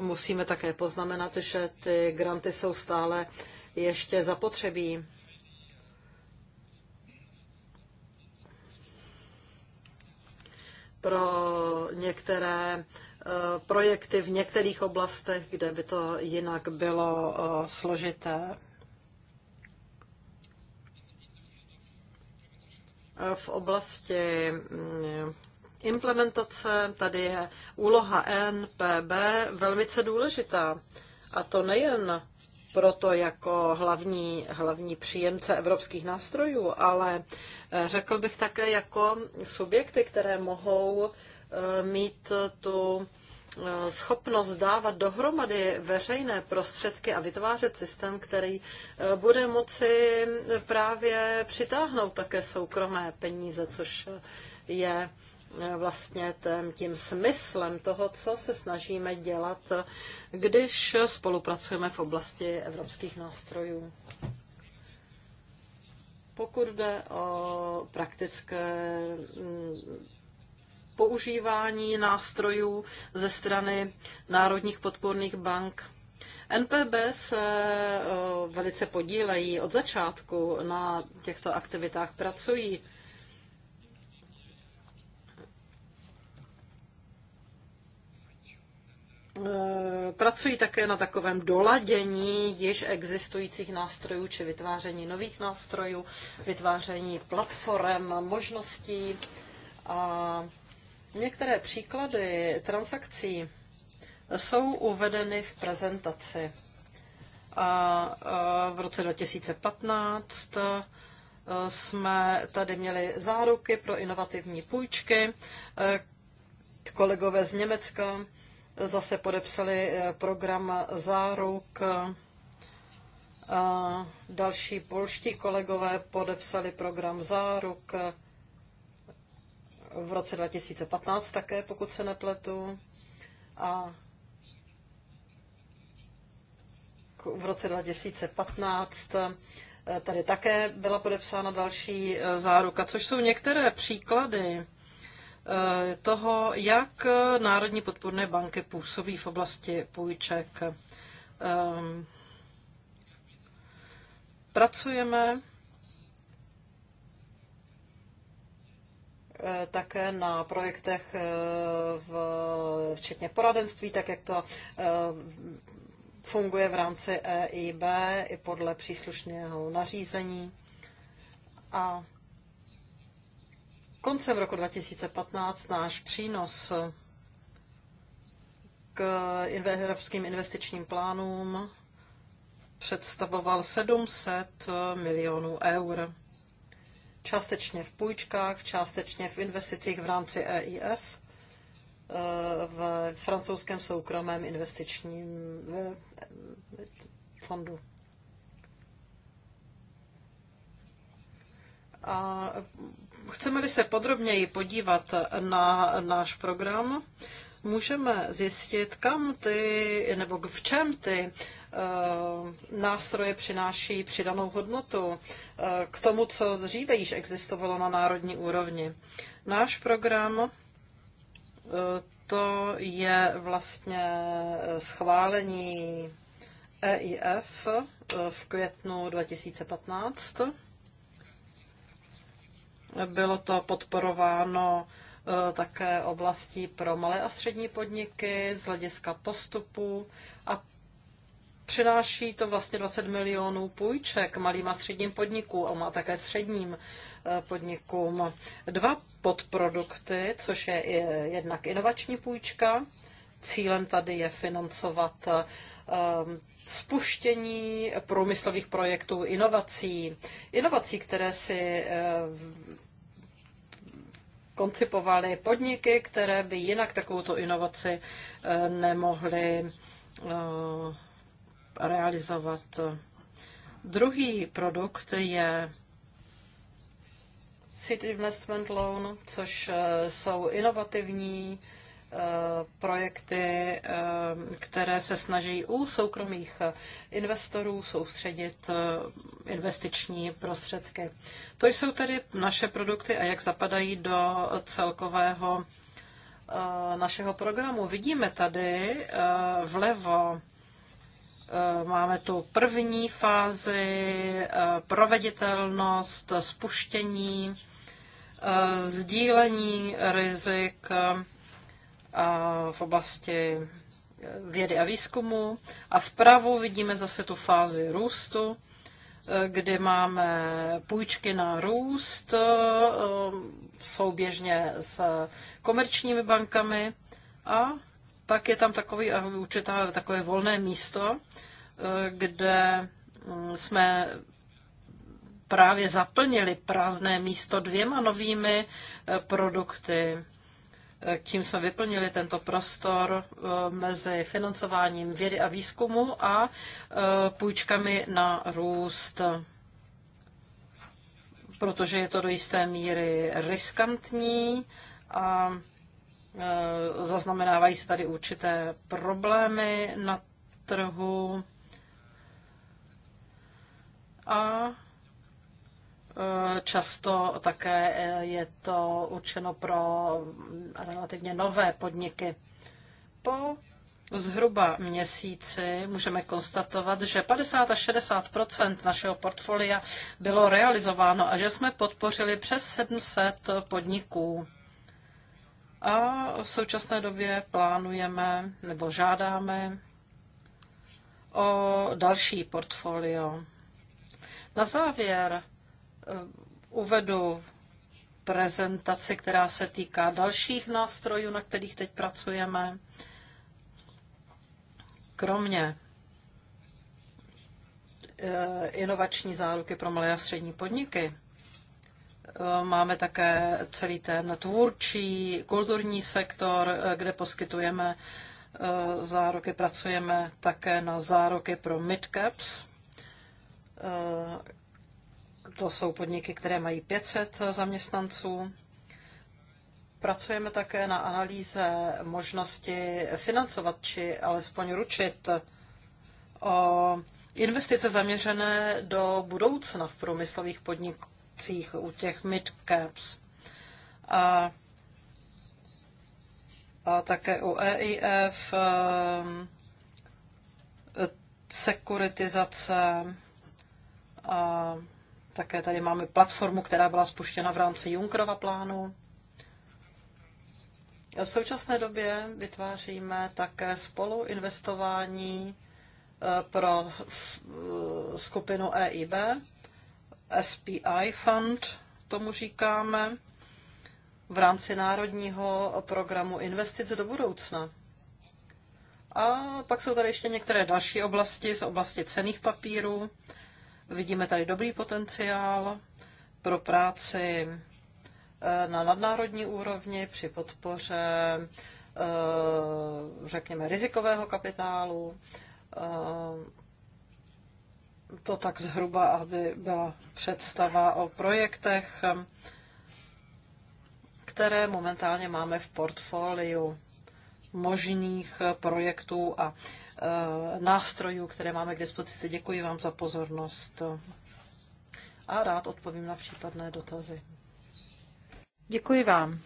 musíme také poznamenat, že ty granty jsou stále ještě zapotřebí. pro některé eh, projekty v některých oblastech, kde by to jinak bylo eh, složité. Eh, v oblasti mm, implementace tady je úloha NPB velmi důležitá. A to nejen proto jako hlavní, hlavní příjemce evropských nástrojů, ale eh, řekl bych také jako subjekty, které mohou eh, mít tu eh, schopnost dávat dohromady veřejné prostředky a vytvářet systém, který bude moci právě přitáhnout také soukromé peníze, což je vlastně tím smyslem toho, co se snažíme dělat, když spolupracujeme v oblasti evropských nástrojů. Pokud jde o praktické mm, používání nástrojů ze strany národních podporných bank, NPB se eh, velice podílejí od začátku na těchto aktivitách, pracují Eh, pracují také na takovém doladění již existujících nástrojů či vytváření nových nástrojů, vytváření platform, možností. A některé příklady transakcí jsou uvedeny v prezentaci. A eh, v roce 2015 eh, jsme tady měli záruky pro inovativní půjčky. Kolegové z Německa zase podepsali eh, program záruk. Eh, další polští kolegové podepsali program záruk eh, v roce 2015 také, pokud se nepletu. A v roce 2015 tady také byla podepsána další záruka, což jsou některé příklady Eh, toho, jak Národní podporné banky působí v oblasti půjček. Ehm, pracujeme eh, také na projektech, eh, v, včetně poradenství, tak jak to funguje v rámci EIB i podle příslušného nařízení. A koncem roku 2015 náš přínos k evropským investičním plánům představoval 700 milionů eur. Částečně v půjčkách, částečně v investicích v rámci EIF, eh, v francouzském soukromém investičním eh, fondu. A Chceme-li se podrobněji podívat na náš program, můžeme zjistit, kam ty, nebo v čem ty eh, nástroje přináší přidanou hodnotu eh, k tomu, co dříve již existovalo na národní úrovni. Náš program eh, to je vlastně schválení EIF v květnu 2015 bylo to podporováno eh, také oblastí pro malé a střední podniky z hlediska postupu a přináší to vlastně 20 milionů půjček malým a středním podnikům a má také středním eh, podnikům dva podprodukty, což je eh, jednak inovační půjčka. Cílem tady je financovat ehm, spuštění průmyslových projektů inovací. Inovací, které si koncipovali podniky, které by jinak takovouto inovaci eh, nemohly eh, realizovat. Druhý produkt je City Investment Loan, což eh, jsou inovativní Eh, projekty, eh, které se snaží u soukromých investorů soustředit eh, investiční prostředky. To jsou tedy naše produkty a jak zapadají do celkového našeho programu. Vidíme tady vlevo Máme tu první fázi, proveditelnost, spuštění, sdílení rizik, v oblasti vědy a výzkumu. A vpravo vidíme zase tu fázi růstu, kdy máme půjčky na růst um, souběžně s komerčními bankami a pak je tam takový, eh, určitá, takové volné místo, eh, kde mm, jsme právě zaplnili prázdné místo dvěma novými eh, produkty tím jsme vyplnili tento prostor eh, mezi financováním vědy a výzkumu a eh, půjčkami na růst, protože je to do jisté míry riskantní a eh, zaznamenávají se tady určité problémy na trhu a Často také eh, je to určeno pro relativně nové podniky. Po zhruba měsíci můžeme konstatovat, že 50 až 60 našeho portfolia bylo realizováno a že jsme podpořili přes 700 podniků. A v současné době plánujeme nebo žádáme o další portfolio. Na závěr Eh, uvedu prezentaci, která se týká dalších nástrojů, na kterých teď pracujeme. Kromě eh, inovační záruky pro malé a střední podniky. Eh, máme také celý ten tvůrčí, kulturní sektor, kde poskytujeme záruky. Pracujeme také na záruky pro midcaps, to jsou podniky, které mají 500 zaměstnanců. Pracujeme také na analýze možnosti financovat či alespoň ručit o investice zaměřené do budoucna v průmyslových podnicích u těch mid-caps. A, a také u EIF, eh, sekuritizace, a také tady máme platformu, která byla spuštěna v rámci Junkerova plánu. V současné době vytváříme také spoluinvestování eh, pro eh, skupinu EIB, SPI Fund, tomu říkáme, v rámci národního programu investic do budoucna. A pak jsou tady ještě některé další oblasti z oblasti cených papírů, Vidíme tady dobrý potenciál pro práci eh, na nadnárodní úrovni při podpoře, eh, řekněme, rizikového kapitálu. Eh, to tak zhruba, aby byla představa o projektech, které momentálně máme v portfoliu možných projektů a Eh, nástrojů, které máme k dispozici. Děkuji vám za pozornost a rád odpovím na případné dotazy. Děkuji vám.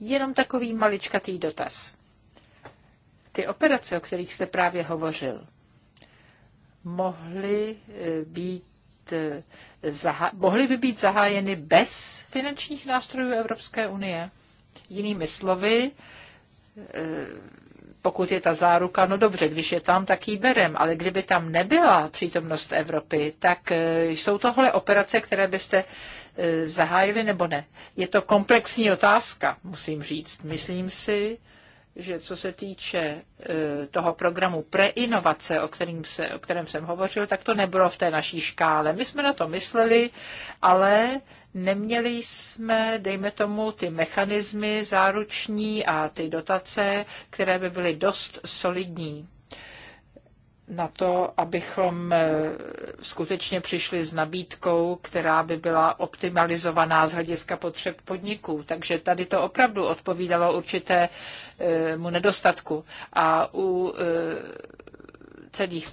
Jenom takový maličkatý dotaz. Ty operace, o kterých jste právě hovořil, mohly eh, být eh, mohly by být zahájeny bez finančních nástrojů Evropské unie? Jinými slovy, pokud je ta záruka, no dobře, když je tam, tak ji berem, ale kdyby tam nebyla přítomnost Evropy, tak e, jsou tohle operace, které byste e, zahájili nebo ne. Je to komplexní otázka, musím říct. Myslím si, že co se týče e, toho programu preinovace, o, kterým se, o kterém jsem hovořil, tak to nebylo v té naší škále. My jsme na to mysleli, ale Neměli jsme, dejme tomu, ty mechanismy záruční a ty dotace, které by byly dost solidní na to, abychom eh, skutečně přišli s nabídkou, která by byla optimalizovaná z hlediska potřeb podniků. Takže tady to opravdu odpovídalo určitému eh, nedostatku. A u eh, celých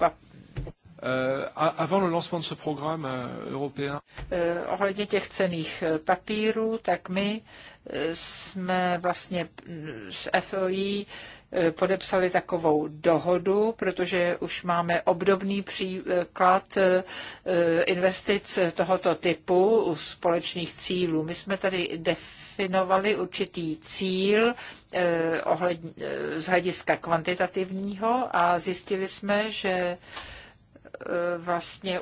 Eh, avant le lancement de ce programme euh, européen. Eh, ohledně těch cených eh, papírů, tak my jsme vlastně mm, s FOI podepsali takovou dohodu, protože už máme obdobný příklad investic tohoto typu u společných cílů. My jsme tady definovali určitý cíl ohledně, z hlediska kvantitativního a zjistili jsme, že Eh, vlastně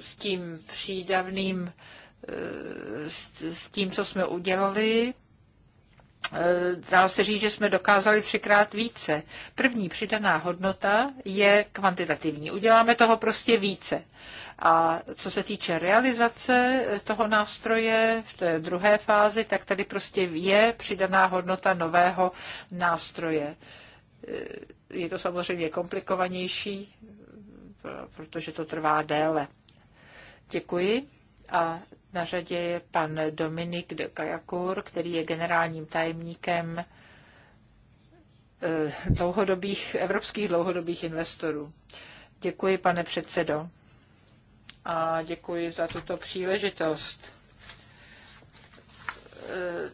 s tím přídavným, eh, s tím, co jsme udělali, eh, dá se říct, že jsme dokázali třikrát více. První přidaná hodnota je kvantitativní. Uděláme toho prostě více. A co se týče realizace toho nástroje v té druhé fázi, tak tady prostě je přidaná hodnota nového nástroje. Je to samozřejmě komplikovanější, protože to trvá déle. Děkuji. A na řadě je pan Dominik de Kajakur, který je generálním tajemníkem eh, dlouhodobých, evropských dlouhodobých investorů. Děkuji, pane předsedo. A děkuji za tuto příležitost eh,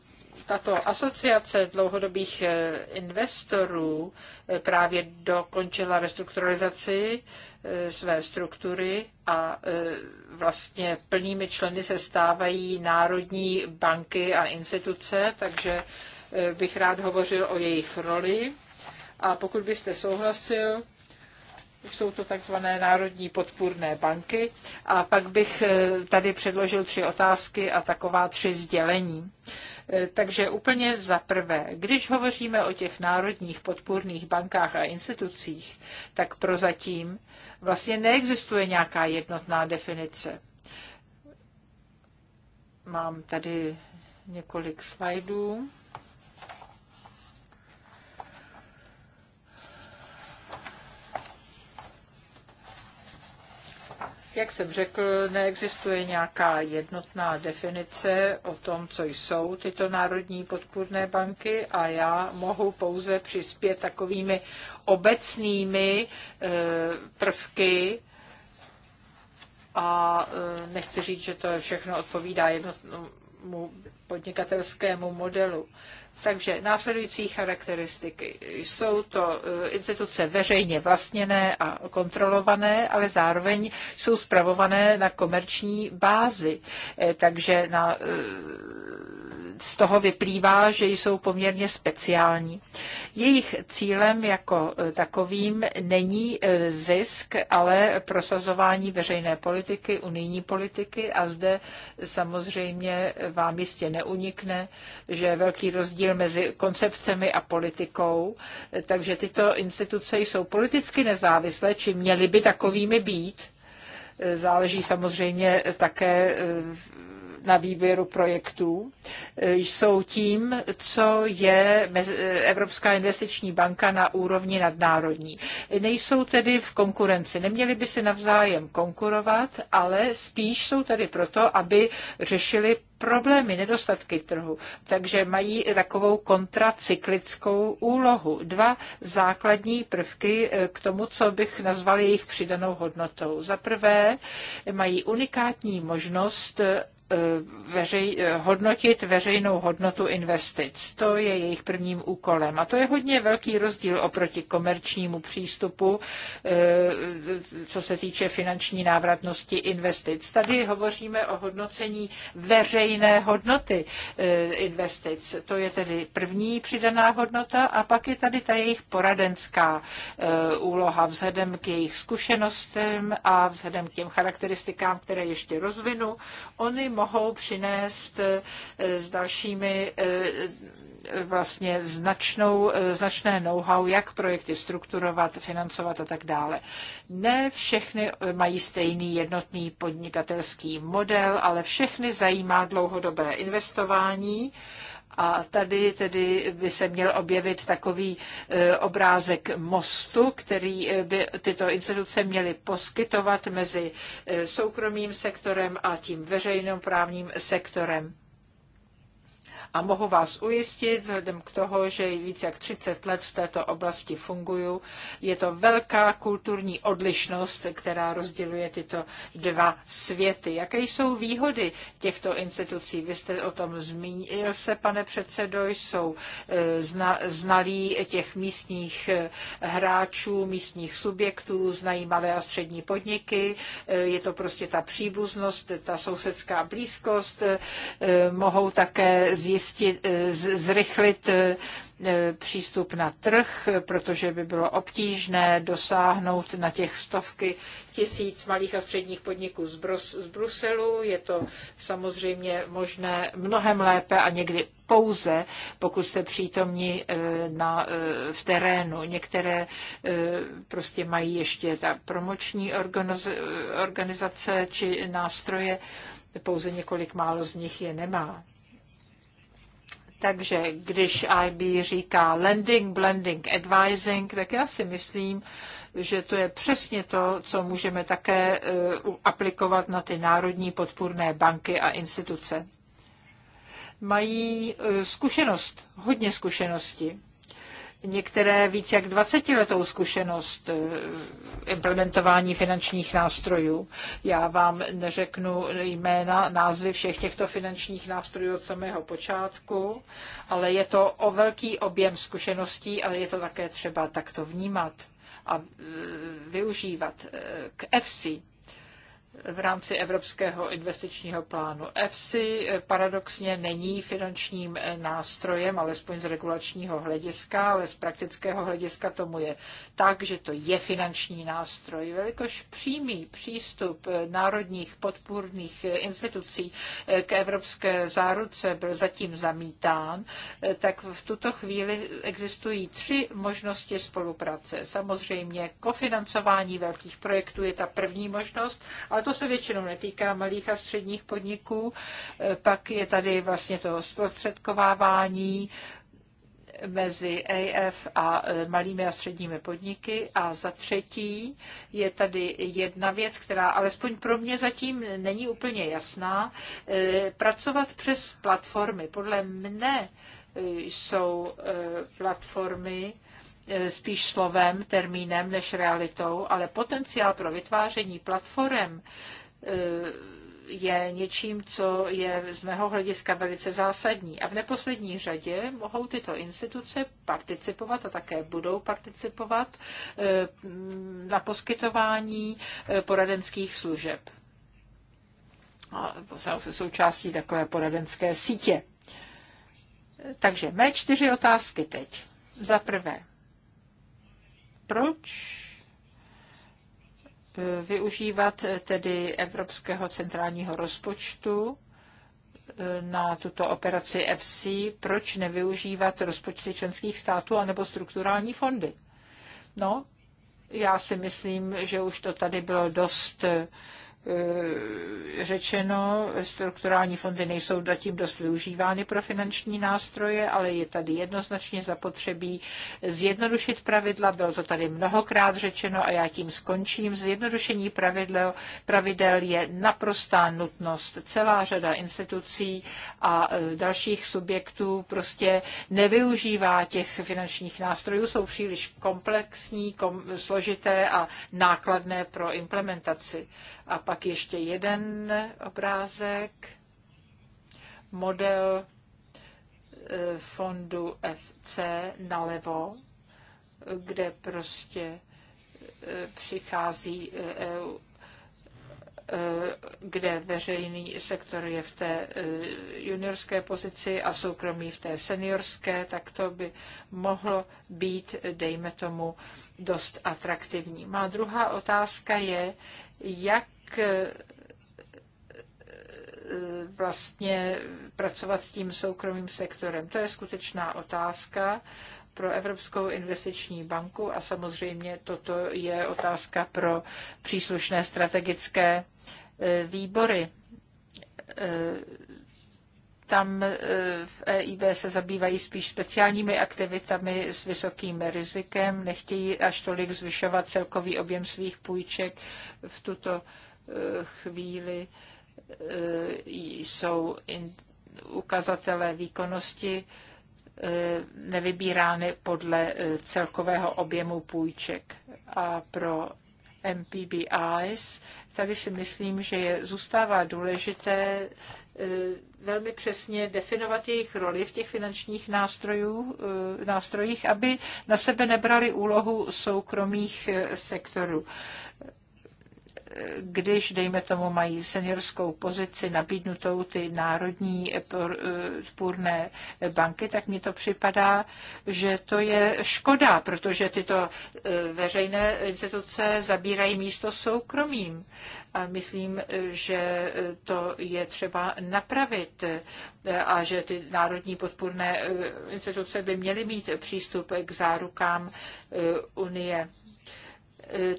tato asociace dlouhodobých eh, investorů eh, právě dokončila restrukturalizaci eh, své struktury a vlastně plnými členy se stávají národní banky a instituce, takže bych rád hovořil o jejich roli. A pokud byste souhlasil, jsou to takzvané národní podpůrné banky. A pak bych tady předložil tři otázky a taková tři sdělení. Takže úplně za prvé, když hovoříme o těch národních podpůrných bankách a institucích, tak prozatím vlastně neexistuje nějaká jednotná definice. Mám tady několik slajdů. Jak jsem řekl, neexistuje nějaká jednotná definice o tom, co jsou tyto národní podpůrné banky a já mohu pouze přispět takovými obecnými eh, prvky, a eh, nechci říct, že to všechno odpovídá jednotnému podnikatelskému modelu. Takže následující charakteristiky. Jsou to eh, instituce veřejně vlastněné a kontrolované, ale zároveň jsou zpravované na komerční bázi. Eh, takže na eh, z toho vyplývá, že jsou poměrně speciální. Jejich cílem jako e, takovým není e, zisk, ale prosazování veřejné politiky, unijní politiky a zde samozřejmě vám jistě neunikne, že je velký rozdíl mezi koncepcemi a politikou, takže tyto instituce jsou politicky nezávislé, či měly by takovými být e, záleží samozřejmě také na výběru projektů e, jsou tím, co je e, Evropská investiční banka na úrovni nadnárodní. Nejsou tedy v konkurenci, neměli by si navzájem konkurovat, ale spíš jsou tady proto, aby řešili problémy, nedostatky trhu, takže mají takovou kontracyklickou úlohu. Dva základní prvky e, k tomu, co bych nazval jejich přidanou hodnotou. Za prvé, mají unikátní možnost Eh, veřej, eh, hodnotit veřejnou hodnotu investic. To je jejich prvním úkolem. A to je hodně velký rozdíl oproti komerčnímu přístupu, eh, co se týče finanční návratnosti investic. Tady hovoříme o hodnocení veřejné hodnoty investic. To je tedy první přidaná hodnota a pak je tady ta jejich poradenská úloha vzhledem k jejich zkušenostem a vzhledem k těm charakteristikám, které ještě rozvinu. Oni mohou přinést eh, s dalšími eh, vlastně značnou, eh, značné know-how, jak projekty strukturovat, financovat a tak dále. Ne všechny mají stejný jednotný podnikatelský model, ale všechny zajímá dlouhodobé investování a tady tedy by se měl objevit takový e, obrázek mostu, který e, by tyto instituce měly poskytovat mezi e, soukromým sektorem a tím veřejnoprávním sektorem a mohu vás ujistit, vzhledem k toho, že více jak 30 let v této oblasti funguju, je to velká kulturní odlišnost, která rozděluje tyto dva světy. Jaké jsou výhody těchto institucí? Vy jste o tom zmínil se, pane předsedo, jsou e, zna, znalí těch místních e, hráčů, místních subjektů, znají malé a střední podniky, e, je to prostě ta příbuznost, ta sousedská blízkost, mohou také zjistit, zjistit, eh, zrychlit eh, eh, přístup na trh, protože by bylo obtížné dosáhnout na těch stovky tisíc malých a středních podniků z, Brus- z Bruselu. Je to samozřejmě možné mnohem lépe a někdy pouze, pokud jste přítomní na, v terénu. Některé prostě mají ještě ta promoční organizace či nástroje, pouze několik málo z nich je nemá. Takže když IB říká lending, blending, advising, tak já si myslím, že to je přesně to, co můžeme také eh, aplikovat na ty národní podpůrné banky a instituce. Mají eh, zkušenost, hodně zkušenosti některé víc jak 20 letou zkušenost eh, implementování finančních nástrojů. Já vám neřeknu jména, názvy všech těchto finančních nástrojů od samého počátku, ale je to o velký objem zkušeností, ale je to také třeba takto vnímat a eh, využívat eh, k EFSI v rámci Evropského investičního plánu. EFSI eh, paradoxně není finančním eh, nástrojem, alespoň z regulačního hlediska, ale z praktického hlediska tomu je tak, že to je finanční nástroj. Velikož přímý přístup eh, národních podpůrných institucí k evropské záruce byl zatím zamítán, tak v tuto chvíli existují tři možnosti spolupráce. Samozřejmě kofinancování velkých projektů je ta první možnost, ale to to se většinou netýká malých a středních podniků. Eh, pak je tady vlastně to zprostředkovávání mezi AF a eh, malými a středními podniky. A za třetí je tady jedna věc, která alespoň pro mě zatím není úplně jasná. Eh, pracovat přes platformy. Podle mne jsou platformy, Eh, spíš slovem, termínem než realitou, ale potenciál pro vytváření platform eh, je něčím, co je z mého hlediska velice zásadní. A v neposlední řadě mohou tyto instituce participovat a také budou participovat eh, na poskytování poradenských služeb. A se součástí takové poradenské sítě. Takže mé čtyři otázky teď. Za prvé, proč eh, využívat tedy Evropského centrálního rozpočtu eh, na tuto operaci FC, proč nevyužívat rozpočty členských států anebo strukturální fondy? No, já si myslím, že už to tady bylo dost eh, Eh, řečeno, strukturální fondy nejsou zatím dost využívány pro finanční nástroje, ale je tady jednoznačně zapotřebí zjednodušit pravidla. Bylo to tady mnohokrát řečeno a já tím skončím. Zjednodušení pravidel, pravidel je naprostá nutnost. Celá řada institucí a eh, dalších subjektů prostě nevyužívá těch finančních nástrojů, jsou příliš komplexní, kom, složité a nákladné pro implementaci. A pak ještě jeden obrázek, model e, fondu FC nalevo, kde prostě e, přichází EU, e, kde veřejný sektor je v té juniorské pozici a soukromí v té seniorské, tak to by mohlo být, dejme tomu, dost atraktivní. Má druhá otázka je, jak Eh, vlastně pracovat s tím soukromým sektorem. To je skutečná otázka pro Evropskou investiční banku a samozřejmě toto je otázka pro příslušné strategické eh, výbory. Eh, tam v EIB se zabývají spíš speciálními aktivitami s vysokým rizikem, nechtějí až tolik zvyšovat celkový objem svých půjček v tuto chvíli eh, jsou ukazatele výkonnosti eh, nevybírány podle eh, celkového objemu půjček. A pro MPBIs tady si myslím, že je, zůstává důležité velmi přesně definovat jejich roli v těch finančních nástrojů, nástrojích, aby na sebe nebrali úlohu soukromých sektorů když, dejme tomu, mají seniorskou pozici nabídnutou ty národní spůrné banky, tak mi to připadá, že to je škoda, protože tyto e, veřejné instituce zabírají místo soukromým. A myslím, že to je třeba napravit a že ty národní podpůrné e, instituce by měly mít přístup k zárukám e, Unie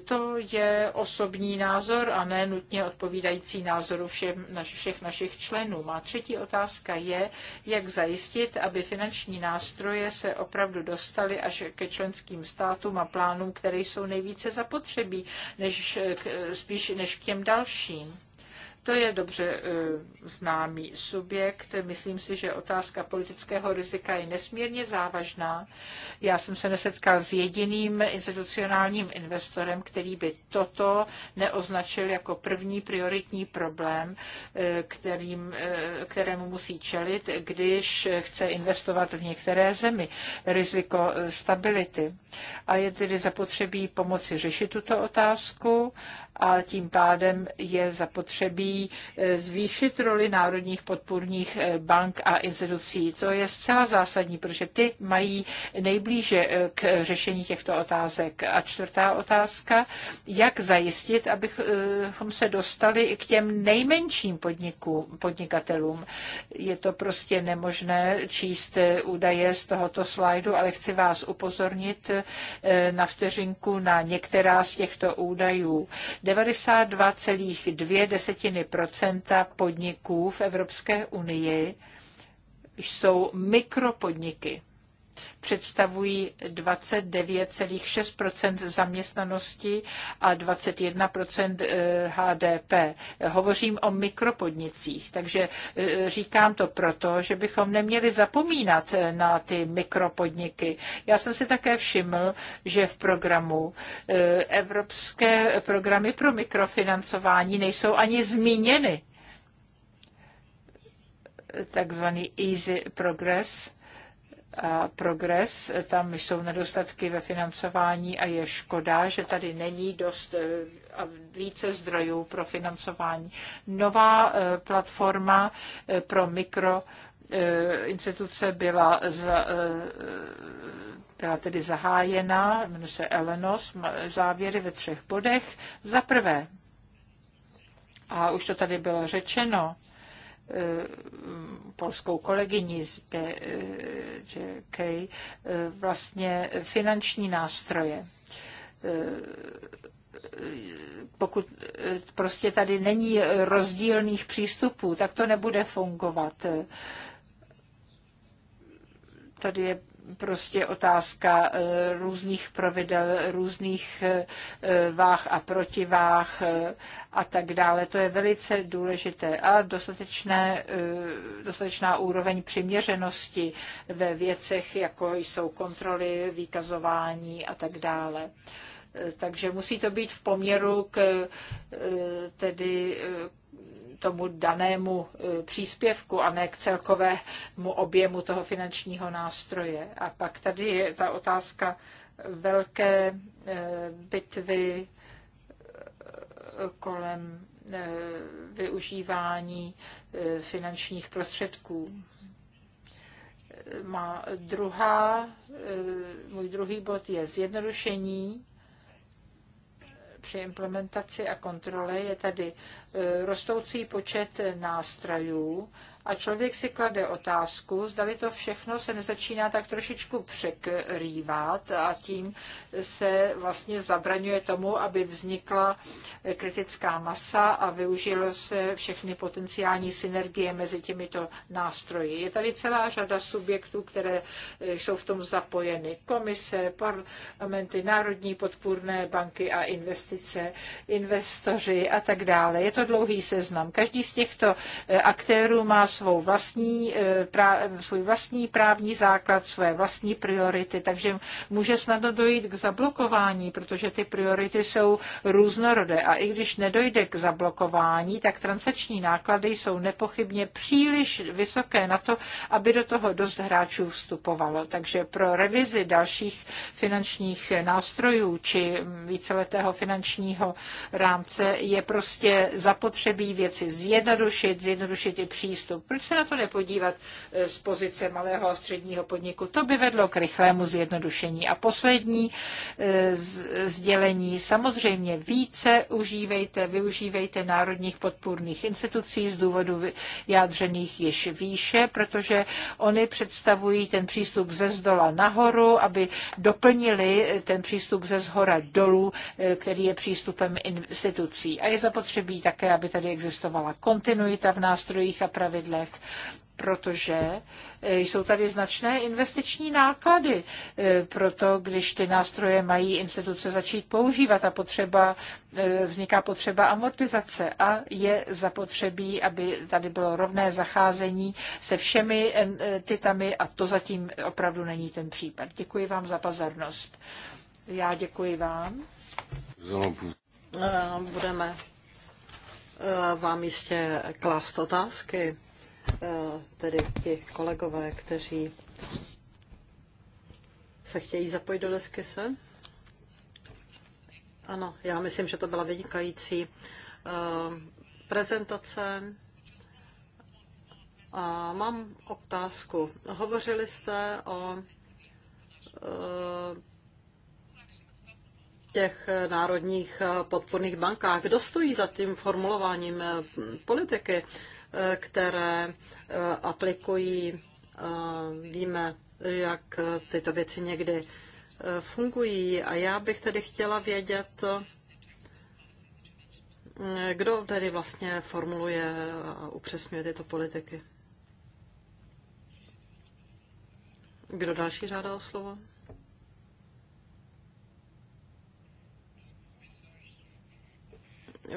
to je osobní názor a ne nutně odpovídající názoru všem, naš, všech našich členů. Má třetí otázka je, jak zajistit, aby finanční nástroje se opravdu dostaly až ke členským státům a plánům, které jsou nejvíce zapotřebí, než, spíš než k těm dalším. To je dobře eh, známý subjekt. Myslím si, že otázka politického rizika je nesmírně závažná. Já jsem se nesetkal s jediným institucionálním investorem, který by toto neoznačil jako první prioritní problém, eh, kterým, eh, kterému musí čelit, když chce investovat v některé zemi. Riziko stability. A je tedy zapotřebí pomoci řešit tuto otázku a tím pádem je zapotřebí eh, zvýšit roli národních podpůrních eh, bank a institucí. To je zcela zásadní, protože ty mají nejblíže eh, k řešení těchto otázek. A čtvrtá otázka, jak zajistit, abychom se dostali i k těm nejmenším podnikům, podnikatelům. Je to prostě nemožné číst údaje z tohoto slajdu, ale chci vás upozornit na vteřinku na některá z těchto údajů. 92,2 podniků v Evropské unii jsou mikropodniky představují 29,6 zaměstnanosti a 21 eh, HDP. Hovořím o mikropodnicích, takže eh, říkám to proto, že bychom neměli zapomínat eh, na ty mikropodniky. Já jsem si také všiml, že v programu evropské programy pro mikrofinancování nejsou ani zmíněny takzvaný Easy Progress progres. Tam jsou nedostatky ve financování a je škoda, že tady není dost eh, a více zdrojů pro financování. Nová eh, platforma eh, pro mikro instituce byla, za, byla tedy zahájena, jmenuje se Elenos, závěry ve třech bodech. Za prvé, a už to tady bylo řečeno, Eh, polskou kolegyni z BJK eh, eh, vlastně finanční nástroje pokud prostě tady není rozdílných přístupů, tak to nebude fungovat. Tady je prostě otázka eh, různých pravidel, různých eh, váh a protiváh eh, a tak dále. To je velice důležité a dostatečné, dostatečná úroveň přiměřenosti ve věcech, jako jsou kontroly, výkazování a tak dále. Takže musí to být v poměru k tedy tomu danému e, příspěvku a ne k celkovému objemu toho finančního nástroje. A pak tady je ta otázka velké e, bitvy e, kolem využívání finančních prostředků. Má druhá, můj druhý bod je zjednodušení při implementaci a kontrole je tady eh, rostoucí počet nástrojů, a člověk si klade otázku, zdali to všechno se nezačíná tak trošičku překrývat a tím se vlastně zabraňuje tomu, aby vznikla kritická masa a využilo se všechny potenciální synergie mezi těmito nástroji. Je tady celá řada subjektů, které eh, jsou v tom zapojeny. Komise, parlamenty, národní podpůrné banky a investice, investoři a tak dále. Je to dlouhý seznam. Každý z těchto eh, aktérů má svou vlastní, eh, prá, svůj vlastní právní základ, své vlastní priority, takže může snadno dojít k zablokování, protože ty priority jsou různorodé. A i když nedojde k zablokování, tak transakční náklady jsou nepochybně příliš vysoké na to, aby do toho dost hráčů vstupovalo. Takže pro revizi dalších finančních nástrojů či víceletého finančního rámce je prostě zapotřebí věci zjednodušit, zjednodušit i přístup proč se na to nepodívat eh, z pozice malého a středního podniku? To by vedlo k rychlému zjednodušení. A poslední eh, sdělení. Samozřejmě více užívejte, využívejte národních podpůrných institucí z důvodu jádřených již výše, protože oni představují ten přístup ze zdola nahoru, aby doplnili eh, ten přístup ze zhora dolů, který je přístupem institucí. A je zapotřebí také, aby tady existovala kontinuita v nástrojích a pravidlech pravidlech, protože e, jsou tady značné investiční náklady. E, proto, když ty nástroje mají instituce začít používat a potřeba, e, vzniká potřeba amortizace a je zapotřebí, aby tady bylo rovné zacházení se všemi titami a to zatím opravdu není ten případ. Děkuji vám za pozornost. Já děkuji vám. Budeme vám jistě klást otázky. Eh, tedy ti kolegové, kteří se chtějí zapojit do diskuse. Ano, já myslím, že to byla vynikající eh, prezentace. A mám otázku. Hovořili jste o eh, těch národních podporných bankách. Kdo stojí za tím formulováním politiky? které eh, aplikují. Eh, víme, jak tyto věci někdy eh, fungují a já bych tedy chtěla vědět, kdo tedy vlastně formuluje a upřesňuje tyto politiky. Kdo další žádá o slovo?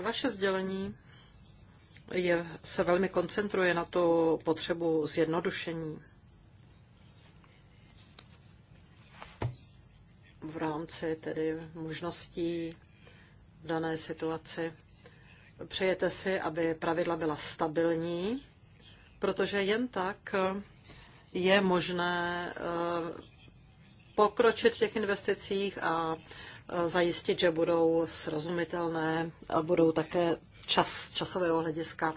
Vaše sdělení je, se velmi koncentruje na tu potřebu zjednodušení v rámci tedy možností v dané situaci. Přejete si, aby pravidla byla stabilní, protože jen tak je možné eh, pokročit v těch investicích a eh, zajistit, že budou srozumitelné a budou také čas, časového hlediska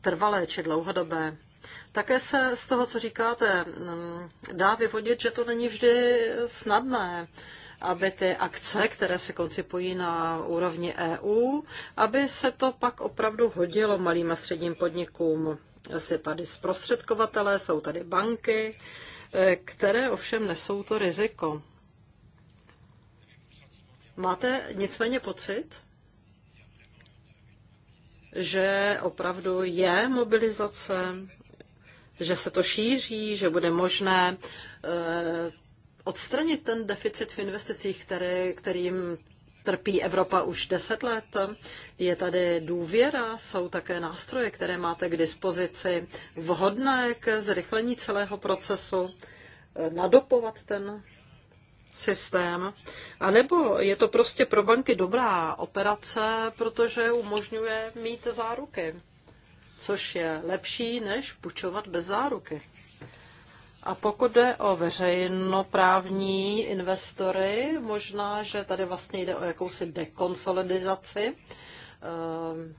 trvalé či dlouhodobé. Také se z toho, co říkáte, mm, dá vyvodit, že to není vždy snadné, aby ty akce, které se koncipují na úrovni EU, aby se to pak opravdu hodilo malým a středním podnikům. Jsou tady zprostředkovatelé, jsou tady banky, eh, které ovšem nesou to riziko. Máte nicméně pocit, že opravdu je mobilizace, že se to šíří, že bude možné eh, odstranit ten deficit v investicích, který, kterým trpí Evropa už deset let. Je tady důvěra, jsou také nástroje, které máte k dispozici, vhodné k zrychlení celého procesu, eh, nadopovat ten systém, a nebo je to prostě pro banky dobrá operace, protože umožňuje mít záruky, což je lepší, než půjčovat bez záruky. A pokud jde o veřejnoprávní investory, možná, že tady vlastně jde o jakousi dekonsolidizaci ehm,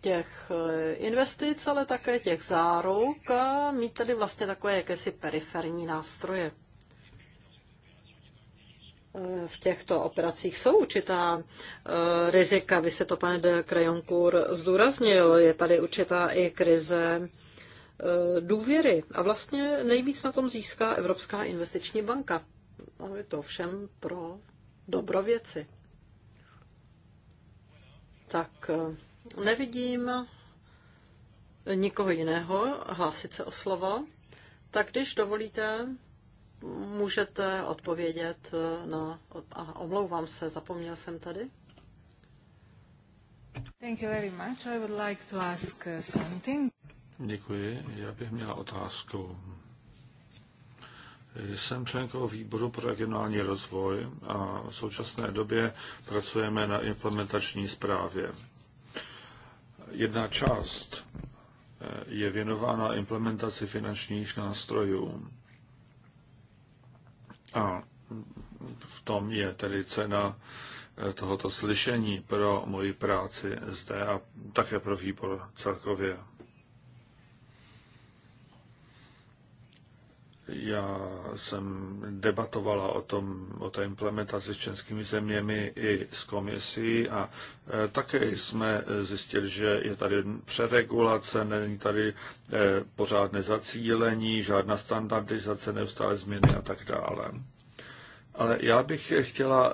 těch eh, investic, ale také těch záruk a mít tady vlastně takové jakési periferní nástroje v těchto operacích jsou určitá e, rizika. Vy jste to, pane de Krajonkur, zdůraznil. Je tady určitá i krize e, důvěry. A vlastně nejvíc na tom získá Evropská investiční banka. A no, je to všem pro dobro věci. Tak e, nevidím nikoho jiného hlásit se o slovo. Tak když dovolíte, můžete odpovědět eh, na... A omlouvám se, zapomněl jsem tady. Thank you very much. I would like to ask eh, something. Děkuji. Já bych měla otázku. Jsem členkou výboru pro regionální rozvoj a v současné době pracujeme na implementační zprávě. Jedna část eh, je věnována implementaci finančních nástrojů. A v tom je tedy cena eh, tohoto slyšení pro moji práci zde a také pro výbor celkově. Já jsem debatovala o, tom, o té implementaci s českými zeměmi i s komisí a e, také jsme zjistili, že je tady přeregulace, není tady e, pořádné zacílení, žádná standardizace, neustále změny a tak dále. Ale já bych chtěla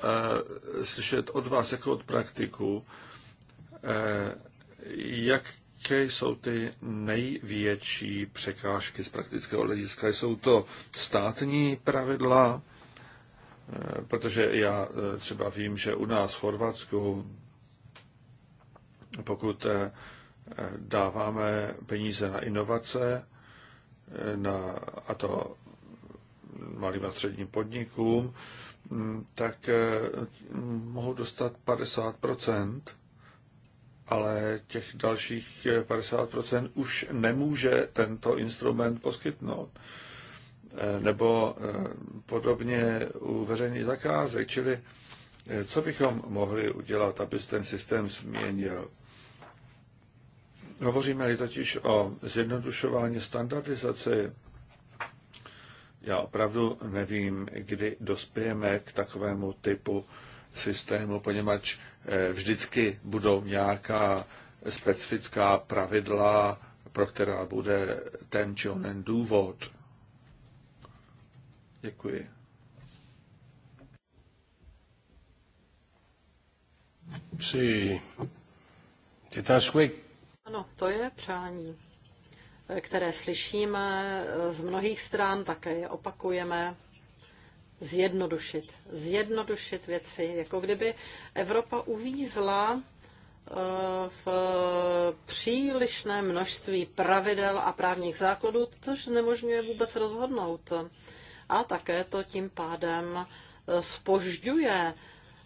e, slyšet od vás jako od praktiku, jak jaké jsou ty největší překážky z praktického hlediska? Jsou to státní pravidla, eh, protože já eh, třeba vím, že u nás v Chorvatsku, pokud eh, dáváme peníze na inovace, na, a to malým a středním podnikům, mm, tak mohou dostat 50 ale těch dalších 50% už nemůže tento instrument poskytnout. Eh, nebo eh, podobně u veřejných zakázek. Čili eh, co bychom mohli udělat, aby ten systém změnil? Hovoříme-li totiž o zjednodušování standardizace, já opravdu nevím, kdy dospějeme k takovému typu systému, poněvadž Eh, vždycky budou nějaká specifická pravidla, pro která bude ten či onen důvod. Děkuji. Sí. Ano, to je přání, eh, které slyšíme eh, z mnohých stran, také je opakujeme zjednodušit. Zjednodušit věci, jako kdyby Evropa uvízla eh, v přílišném množství pravidel a právních základů, což znemožňuje vůbec rozhodnout. A také to tím pádem eh, spožďuje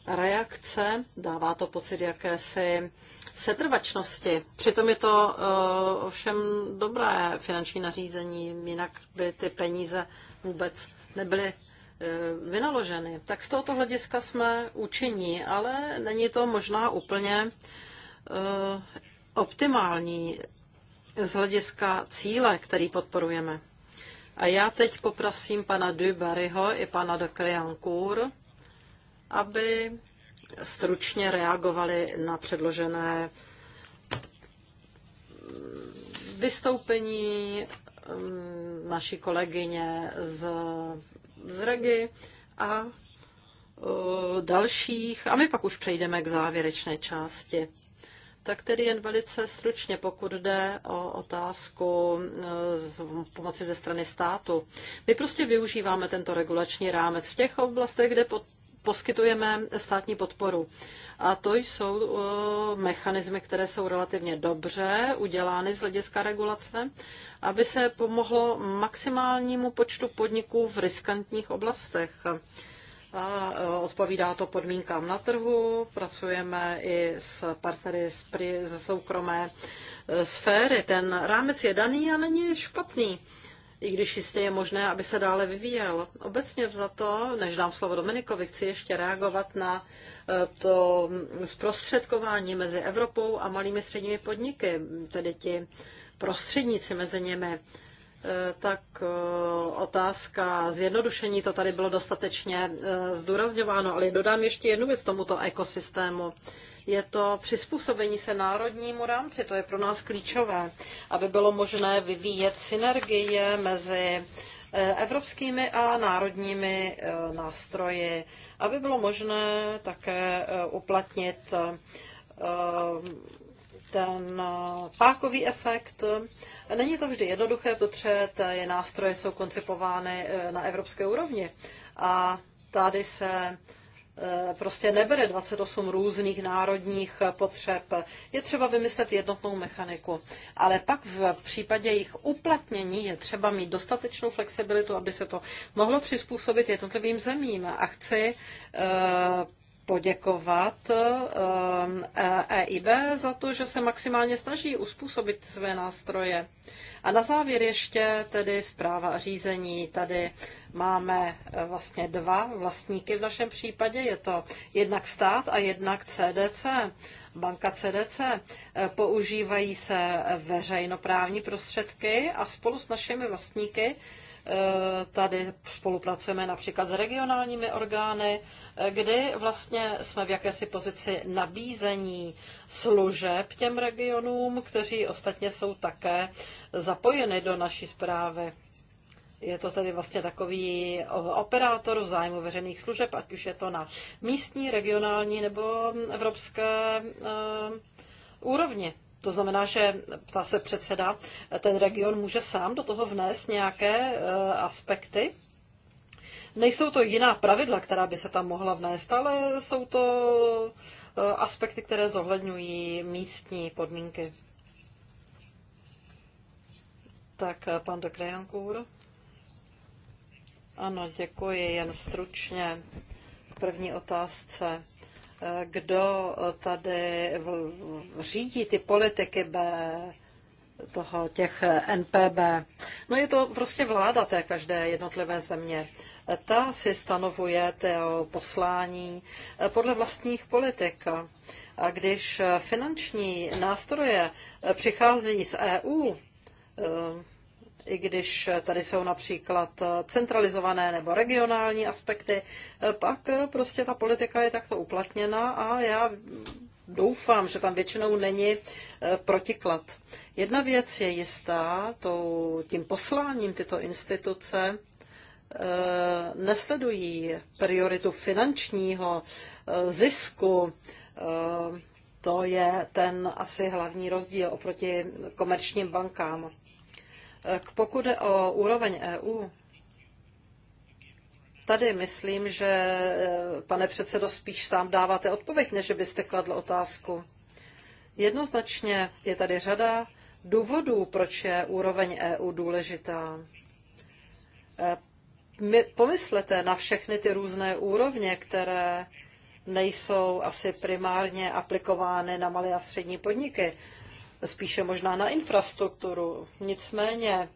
reakce, dává to pocit jakési setrvačnosti. Přitom je to eh, ovšem dobré finanční nařízení, jinak by ty peníze vůbec nebyly Eh, vynaloženy. Tak z tohoto hlediska jsme učení, ale není to možná úplně eh, optimální z hlediska cíle, který podporujeme. A já teď poprosím pana Dubaryho i pana de Kriancourt, aby stručně reagovali na předložené vystoupení Eh, naší kolegyně z, z Regi a eh, dalších. A my pak už přejdeme k závěrečné části. Tak tedy jen velice stručně, pokud jde o otázku eh, z pomoci ze strany státu. My prostě využíváme tento regulační rámec v těch oblastech, kde poskytujeme státní podporu. A to jsou uh, mechanismy, které jsou relativně dobře udělány z hlediska regulace, aby se pomohlo maximálnímu počtu podniků v riskantních oblastech. A uh, odpovídá to podmínkám na trhu, pracujeme i s partnery ze soukromé uh, sféry. Ten rámec je daný a není špatný i když jistě je možné, aby se dále vyvíjel. Obecně za to, než dám slovo Dominikovi, chci ještě reagovat na eh, to zprostředkování mezi Evropou a malými středními podniky, tedy ti prostředníci mezi nimi. Eh, tak eh, otázka zjednodušení, to tady bylo dostatečně zdůrazňováno, ale dodám ještě jednu věc tomuto ekosystému je to přizpůsobení se národnímu rámci. To je pro nás klíčové, aby bylo možné vyvíjet synergie mezi eh, evropskými a národními eh, nástroji, aby bylo možné také eh, uplatnit ten pákový efekt. Není to vždy jednoduché, protože ty nástroje jsou koncipovány na evropské úrovni. A tady se E, prostě nebere 28 různých národních potřeb. Je třeba vymyslet jednotnou mechaniku. Ale pak v případě jejich uplatnění je třeba mít dostatečnou flexibilitu, aby se to mohlo přizpůsobit jednotlivým zemím. A chci e, poděkovat EIB e, za to, že se maximálně snaží uspůsobit své nástroje. A na závěr ještě tedy zpráva a řízení. Tady máme eh, vlastně dva vlastníky v našem případě. Je to jednak stát a jednak CDC. Banka CDC. Eh, používají se veřejnoprávní prostředky a spolu s našimi vlastníky Eh, tady spolupracujeme například s regionálními orgány, eh, kdy vlastně jsme v jakési pozici nabízení služeb těm regionům, kteří ostatně jsou také zapojeny do naší zprávy. Je to tedy vlastně takový operátor v zájmu veřejných služeb, ať už je to na místní, regionální nebo evropské e, úrovni. To znamená, že ptá se předseda, ten region může sám do toho vnést nějaké e, aspekty? Nejsou to jiná pravidla, která by se tam mohla vnést, ale jsou to e, aspekty, které zohledňují místní podmínky. Tak e, pan de Krejankůr. Ano, děkuji. Jen stručně k první otázce kdo tady řídí ty politiky B, toho, těch NPB. No je to prostě vláda té každé jednotlivé země. Ta si stanovuje to poslání eh, podle vlastních politik. A když finanční nástroje eh, přichází z EU, eh, i když tady jsou například eh, centralizované nebo regionální aspekty, eh, pak eh, prostě ta politika je takto uplatněna a já doufám, že tam většinou není protiklad. Jedna věc je jistá, tou, tím posláním tyto instituce nesledují prioritu finančního zisku, to je ten asi hlavní rozdíl oproti komerčním bankám. Eh, pokud jde o úroveň EU, tady myslím, že, eh, pane předsedo, spíš sám dáváte odpověď, než byste kladl otázku. Jednoznačně je tady řada důvodů, proč je úroveň EU důležitá. Eh, my pomyslete na všechny ty různé úrovně, které nejsou asi primárně aplikovány na malé a střední podniky spíše možná na infrastrukturu. Nicméně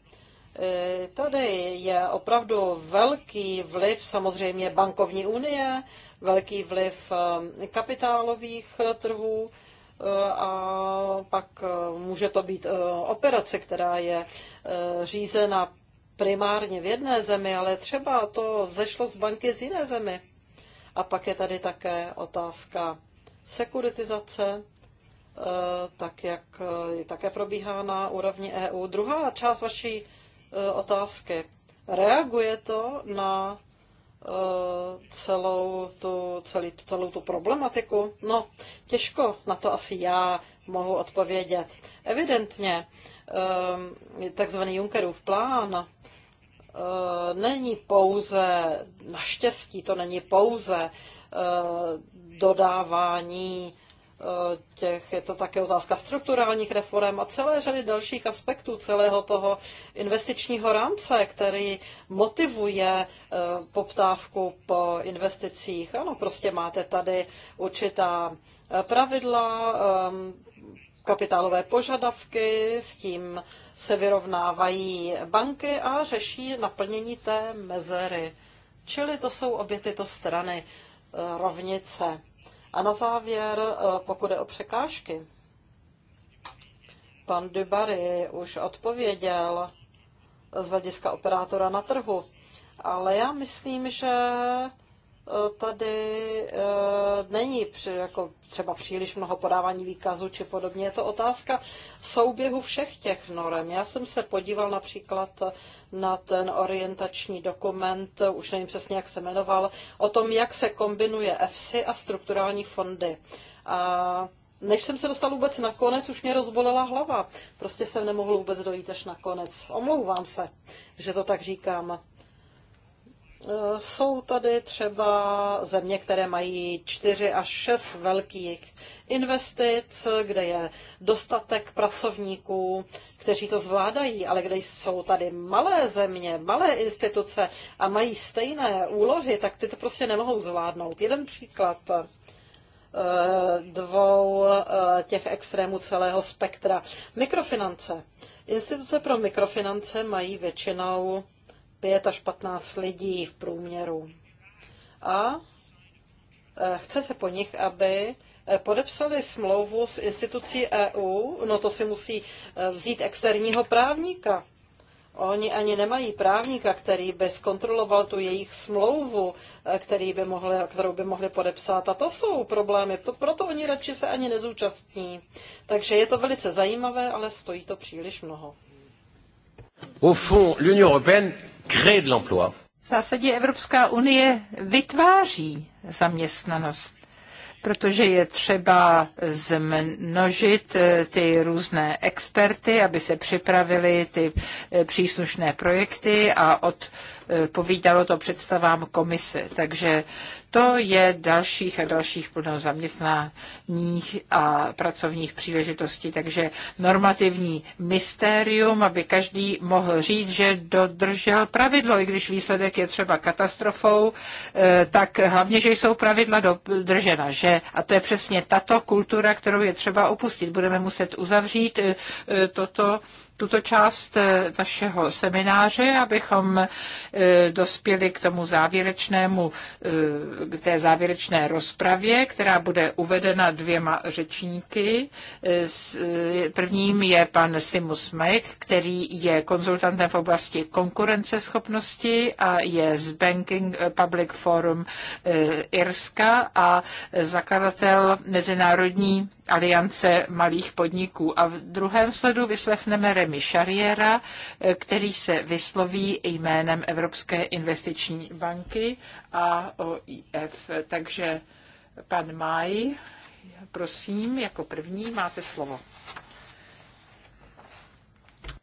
e, tady je opravdu velký vliv samozřejmě bankovní unie, velký vliv e, kapitálových trhů e, a pak může to být operace, která je řízena primárně v jedné zemi, ale třeba to vzešlo z banky z jiné zemi. A pak je tady také otázka sekuritizace Eh, tak jak eh, také probíhá na úrovni EU. Druhá část vaší eh, otázky. Reaguje to na celou tu, celý, celou tu problematiku? No, těžko na to asi já mohu odpovědět. Evidentně takzvaný Junckerův plán není pouze, naštěstí to není pouze dodávání Eh, těch, je to také otázka strukturálních reform a celé řady dalších aspektů celého toho investičního rámce, který motivuje eh, poptávku po investicích. Ano, prostě máte tady určitá eh, pravidla, kapitálové požadavky, s tím se vyrovnávají banky a řeší naplnění té mezery. Čili to jsou obě tyto strany rovnice. A na závěr, eh, pokud je o překážky, pan Dubary už odpověděl z hlediska operátora na trhu, ale já myslím, že tady eh, není při, jako třeba příliš mnoho podávání výkazu či podobně. Je to otázka souběhu všech těch norem. Já jsem se podíval například na ten orientační dokument, už nevím přesně, jak se jmenoval, o tom, jak se kombinuje EFSI a strukturální fondy. A než jsem se dostal vůbec na konec, už mě rozbolela hlava. Prostě jsem nemohl vůbec dojít až na konec. Omlouvám se, že to tak říkám. Jsou tady třeba země, které mají čtyři až šest velkých investic, kde je dostatek pracovníků, kteří to zvládají, ale kde jsou tady malé země, malé instituce a mají stejné úlohy, tak ty to prostě nemohou zvládnout. Jeden příklad eh, dvou eh, těch extrémů celého spektra. Mikrofinance. Instituce pro mikrofinance mají většinou 5 až 15 lidí v průměru. A e, chce se po nich, aby e, podepsali smlouvu s institucí EU, no to si musí e, vzít externího právníka. Oni ani nemají právníka, který by zkontroloval tu jejich smlouvu, který by mohli, kterou by mohli podepsat. A to jsou problémy, to, proto oni radši se ani nezúčastní. Takže je to velice zajímavé, ale stojí to příliš mnoho. Au fond, l'Union européenne créer de l'emploi. V zásadě Evropská unie vytváří zaměstnanost protože je třeba zmnožit eh, ty různé experty, aby se připravili ty eh, příslušné projekty a od Eh, povídalo to představám komise. Takže to je dalších a dalších plno zaměstnáních a pracovních příležitostí. Takže normativní mystérium, aby každý mohl říct, že dodržel pravidlo, i když výsledek je třeba katastrofou, eh, tak hlavně, že jsou pravidla dodržena. Že? A to je přesně tato kultura, kterou je třeba opustit. Budeme muset uzavřít eh, toto, tuto část našeho semináře, abychom E, dospěli k tomu závěrečnému, e, k té závěrečné rozpravě, která bude uvedena dvěma řečníky. E, prvním je pan Simus Mech, který je konzultantem v oblasti konkurenceschopnosti a je z Banking Public Forum Irska a zakladatel Mezinárodní aliance malých podniků. A v druhém sledu vyslechneme Remi Šariera, eh, který se vysloví jménem Evropské investiční banky a OIF. Takže pan Maj, prosím, jako první máte slovo.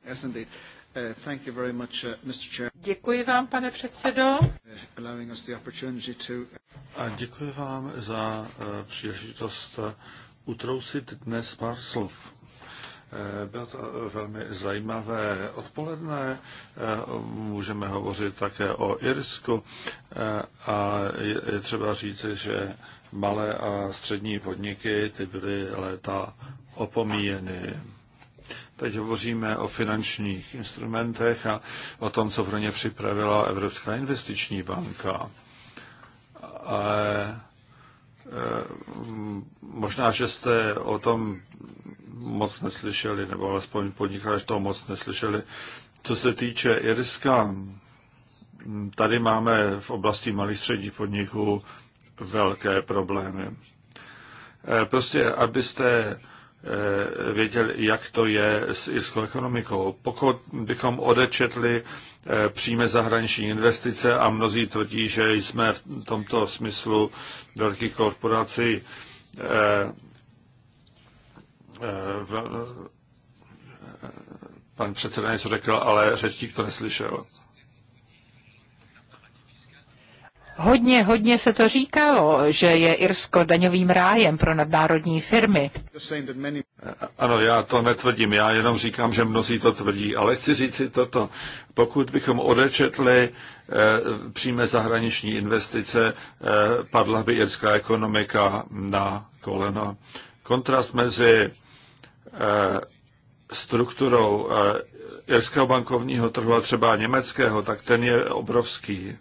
Yes, indeed. Uh, thank you very much, uh, Mr. Chair. Děkuji vám, pane předsedo. Uh, a děkuji vám za příležitost utrousit dnes pár slov. Eh, Bylo to velmi zajímavé odpoledne. Eh, můžeme hovořit také o Irsku eh, a je třeba říci, že malé a střední podniky ty byly léta opomíjeny. Teď hovoříme o finančních instrumentech a o tom, co pro ně připravila Evropská investiční banka. Ale Eh, možná, že jste o tom moc neslyšeli, nebo alespoň podnikáři to moc neslyšeli. Co se týče Irska, tady máme v oblasti malých středních podniků velké problémy. Eh, prostě, abyste Eh, věděl, jak to je s irskou ekonomikou. Pokud bychom odečetli eh, příjme zahraniční investice a mnozí tvrdí, že jsme v tomto smyslu velkých korporací eh, pan předseda něco řekl, ale řečník to neslyšel. Hodně, hodně se to říkalo, že je Irsko daňovým rájem pro nadnárodní firmy. Ano, já to netvrdím, já jenom říkám, že mnozí to tvrdí, ale chci říct si toto. Pokud bychom odečetli eh, přímé zahraniční investice, eh, padla by irská ekonomika na kolena. Kontrast mezi eh, strukturou eh, irského bankovního trhu a třeba německého, tak ten je obrovský.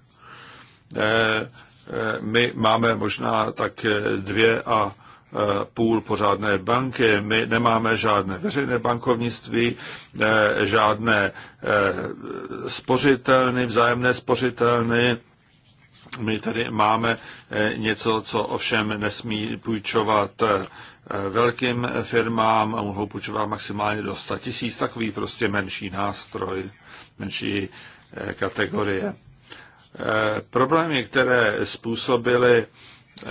Eh, eh, my máme možná tak eh, dvě a půl pořádné banky, my nemáme žádné veřejné bankovnictví, žádné spořitelny, vzájemné spořitelny, my tady máme něco, co ovšem nesmí půjčovat velkým firmám a mohou půjčovat maximálně do 100 tisíc, takový prostě menší nástroj, menší kategorie. Eh, problémy, které způsobily eh,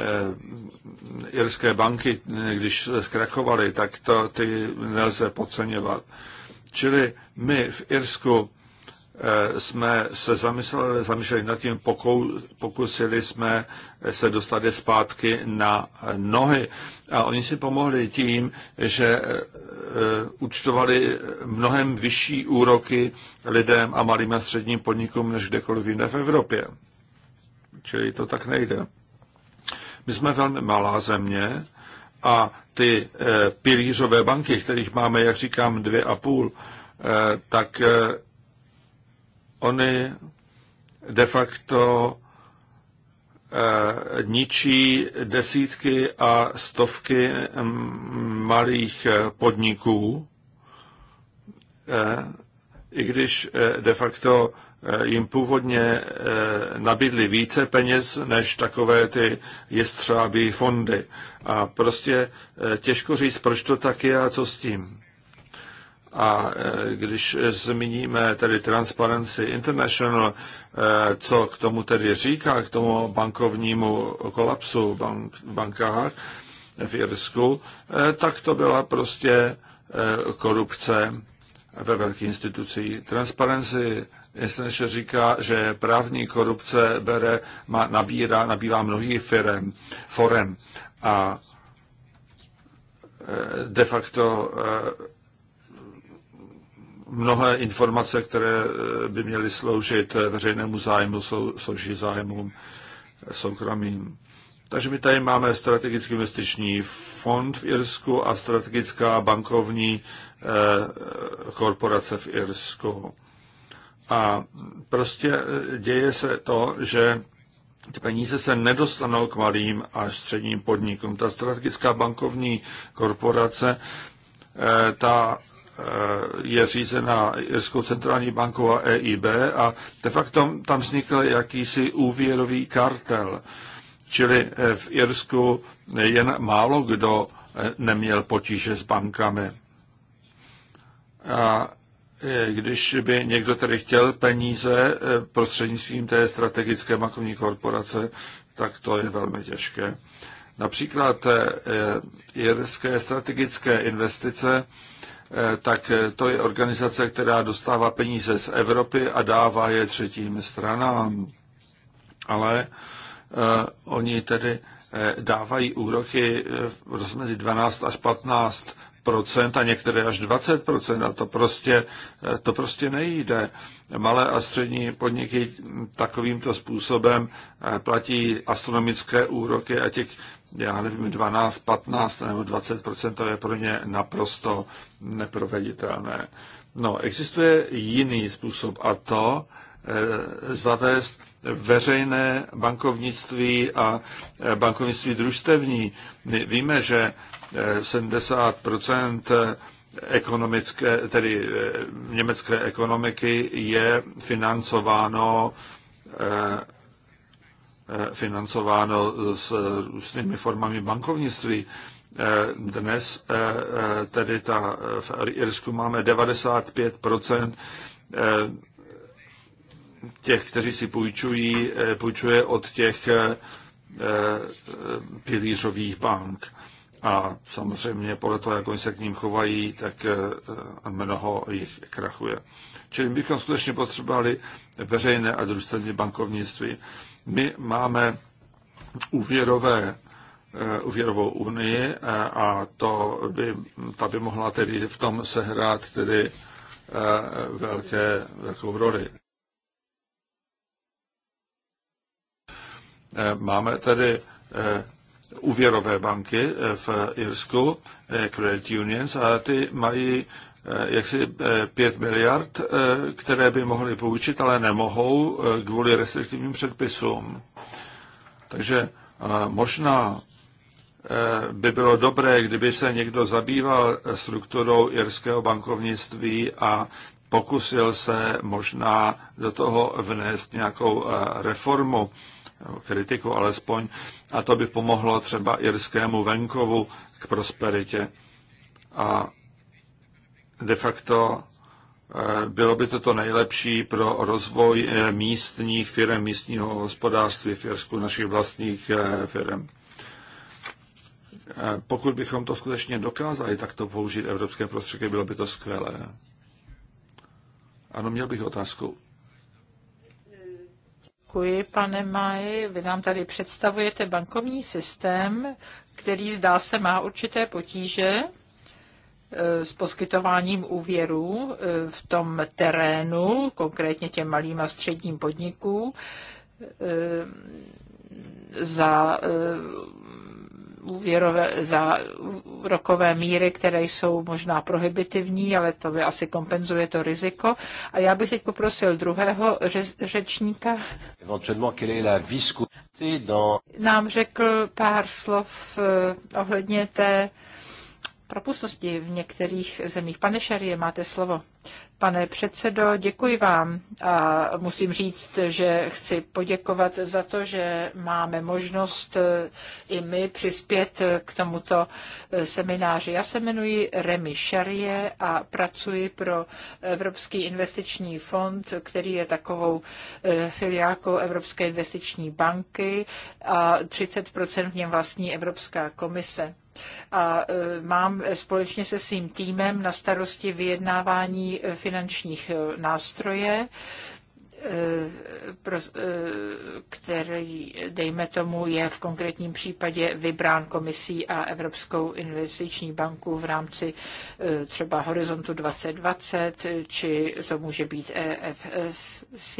irské banky, když se zkrachovaly, tak to ty nelze podceňovat. Čili my v Irsku Eh, jsme se zamysleli, zamysleli nad tím, pokou, pokusili jsme se dostat zpátky na nohy. A oni si pomohli tím, že eh, eh, účtovali mnohem vyšší úroky lidem a malým a středním podnikům než kdekoliv jinde v Evropě. Čili to tak nejde. My jsme velmi malá země a ty pilířové banky, kterých máme, jak říkám, dvě a půl, tak Oni de facto eh, ničí desítky a stovky mm, malých eh, podniků, eh, i když de facto jim původně nabídli více peněz než takové ty jestřábí fondy. A prostě těžko říct, proč to tak je a co s tím. A e, když zmíníme tedy Transparency International, e, co k tomu tedy říká, k tomu bankovnímu kolapsu bank, v bankách v Irsku, e, tak to byla prostě korupce ve velkých institucích. Transparency International říká, že právní korupce bere, má, nabírá, nabývá mnohých firem, forem a de facto mnohé informace, které eh, by měly sloužit eh, veřejnému zájmu, sou, slouží zájmům eh, soukromým. Takže my tady máme strategický investiční fond v Irsku a strategická bankovní korporace v Irsku. A prostě děje se to, že ty peníze se nedostanou k malým a středním podnikům. Ta strategická bankovní korporace ta Eh, je řízena Jirskou centrální bankou a EIB a de facto tam vznikl jakýsi úvěrový kartel. Čili eh, v Irsku jen málo kdo eh, neměl potíže s bankami. A když by někdo tedy chtěl peníze prostřednictvím té strategické bankovní korporace, tak to je velmi těžké. Například jirské strategické investice Eh, tak eh, to je organizace, která dostává peníze z Evropy a dává je třetím stranám. Ale eh, oni tedy dávají úroky v rozmezí 12 až 15 procent a některé až 20 procent a to prostě, to prostě nejde. Malé a střední podniky takovýmto způsobem platí astronomické úroky a těch já nevím, 12, 15 nebo 20 to je pro ně naprosto neproveditelné. No, existuje jiný způsob a to e, zavést veřejné bankovnictví a eh, bankovnictví družstevní. My víme, že 70 eh, ekonomické, tedy německé ekonomiky je financováno e, financováno s různými formami bankovnictví. Eh, dnes eh, eh, tedy ta, v Irsku máme 95 těch, kteří si půjčují, půjčuje od těch pilířových bank. A samozřejmě podle toho, jak oni se k ním chovají, tak mnoho jich krachuje. Čili bychom skutečně potřebovali veřejné a družstevní bankovnictví. My máme úvěrové eh, úvěrovou unii eh, a to by, ta by mohla tedy v tom sehrát tedy eh, velké, velkou roli. Máme tedy úvěrové banky v Irsku, Credit Unions, a ty mají Eh, jaksi 5 eh, miliard, eh, které by mohly půjčit, ale nemohou kvůli restriktivním předpisům. Takže možná by bylo dobré, kdyby se někdo zabýval strukturou irského bankovnictví a pokusil se možná do toho vnést nějakou reformu, kritiku alespoň, a to by pomohlo třeba irskému venkovu k prosperitě. A de facto eh, bylo by to to nejlepší pro rozvoj eh, místních firm, místního hospodářství v Jersku, našich vlastních eh, firm. Pokud bychom to skutečně dokázali takto použít evropské prostředky, bylo by to skvělé. Ano, měl bych otázku. Děkuji, pane Maj. Vy nám tady představujete bankovní systém, který zdá se má určité potíže s poskytováním úvěrů eh, v tom terénu, konkrétně těm malým a středním podnikům, eh, za eh, úvěrové, za rokové míry, které jsou možná prohibitivní, ale to by asi kompenzuje to riziko. A já bych teď poprosil druhého řečníka. Nám řekl pár slov ohledně té propustnosti v některých zemích. Pane Šarie, máte slovo. Pane předsedo, děkuji vám a musím říct, že chci poděkovat za to, že máme možnost eh, i my přispět eh, k tomuto eh, semináři. Já se jmenuji Remi Šarie a pracuji pro Evropský investiční fond, který je takovou filiálkou Evropské investiční banky a 30% v něm vlastní Evropská komise a e, mám společně se svým týmem na starosti vyjednávání e, finančních e, nástroje, který, dejme tomu, je v konkrétním případě vybrán komisí a Evropskou investiční banku v rámci třeba Horizontu 2020, či to může být EFSC,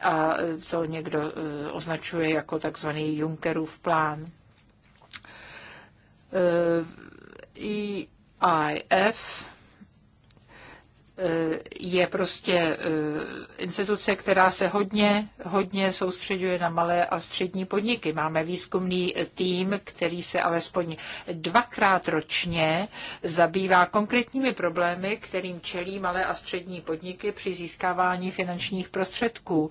a to někdo označuje jako takzvaný Junckerův plán. EIF eh, e eh, je prostě eh, instituce, která se hodně, hodně soustředuje na malé a střední podniky. Máme výzkumný tým, který se alespoň dvakrát ročně zabývá konkrétními problémy, kterým čelí malé a střední podniky při získávání finančních prostředků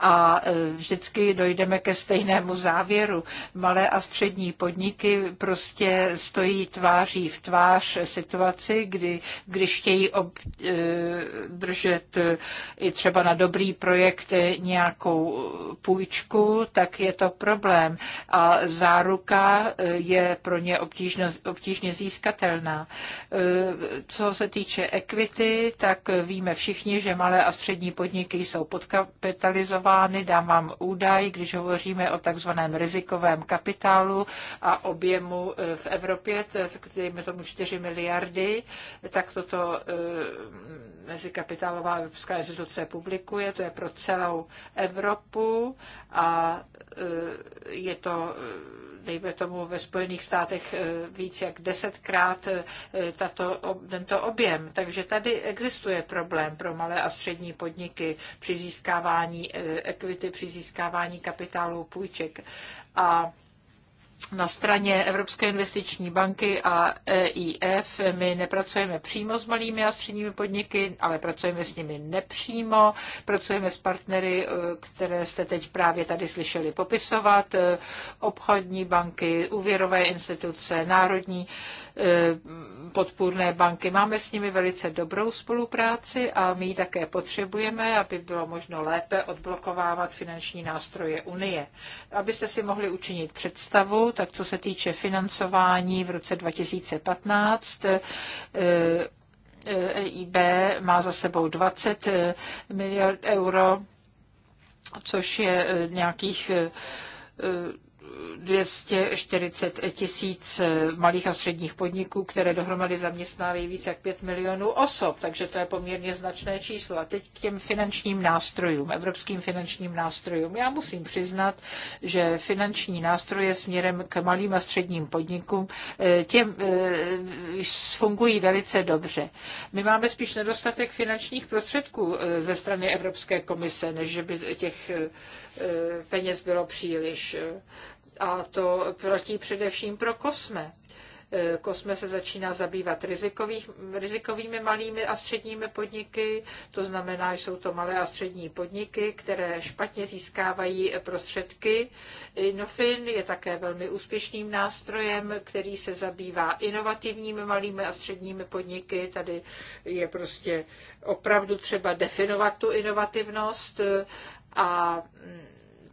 a e, vždycky dojdeme ke stejnému závěru. Malé a střední podniky prostě stojí tváří v tvář situaci, kdy, když chtějí e, držet e, i třeba na dobrý projekt nějakou půjčku, tak je to problém. A záruka je pro ně obtížno, obtížně získatelná. Co se týče equity, tak víme všichni, že malé a střední podniky jsou podkapitalizované pány, Dám vám údaj, když hovoříme o takzvaném rizikovém kapitálu a objemu e, v Evropě, je tomu 4 miliardy, tak toto e, mezikapitálová evropská instituce publikuje, to je pro celou Evropu a e, je to dejme tomu ve Spojených státech eh, víc jak desetkrát eh, tato, tento objem. Takže tady existuje problém pro malé a střední podniky při získávání eh, equity, při získávání kapitálu půjček. A na straně Evropské investiční banky a EIF my nepracujeme přímo s malými a středními podniky, ale pracujeme s nimi nepřímo, pracujeme s partnery, eh, které jste teď právě tady slyšeli popisovat, eh, obchodní banky, úvěrové instituce, národní Eh, podpůrné banky. Máme s nimi velice dobrou spolupráci a my ji také potřebujeme, aby bylo možno lépe odblokovávat finanční nástroje Unie. Abyste si mohli učinit představu, tak co se týče financování v roce 2015, EIB eh, eh, e má za sebou 20 miliard euro, což je nějakých 240 tisíc malých a středních podniků, které dohromady zaměstnávají více jak 5 milionů osob, takže to je poměrně značné číslo. A teď k těm finančním nástrojům, evropským finančním nástrojům. Já musím přiznat, že finanční nástroje směrem k malým a středním podnikům eh, těm eh, fungují velice dobře. My máme spíš nedostatek finančních prostředků eh, ze strany Evropské komise, než že by těch peněz bylo příliš. A to platí především pro kosme. E, kosme se začíná zabývat rizikovými malými a středními podniky, to znamená, že jsou to malé a střední podniky, které špatně získávají prostředky. Inofin je také velmi úspěšným nástrojem, který se zabývá inovativními malými a středními podniky. Tady je prostě opravdu třeba definovat tu inovativnost e, a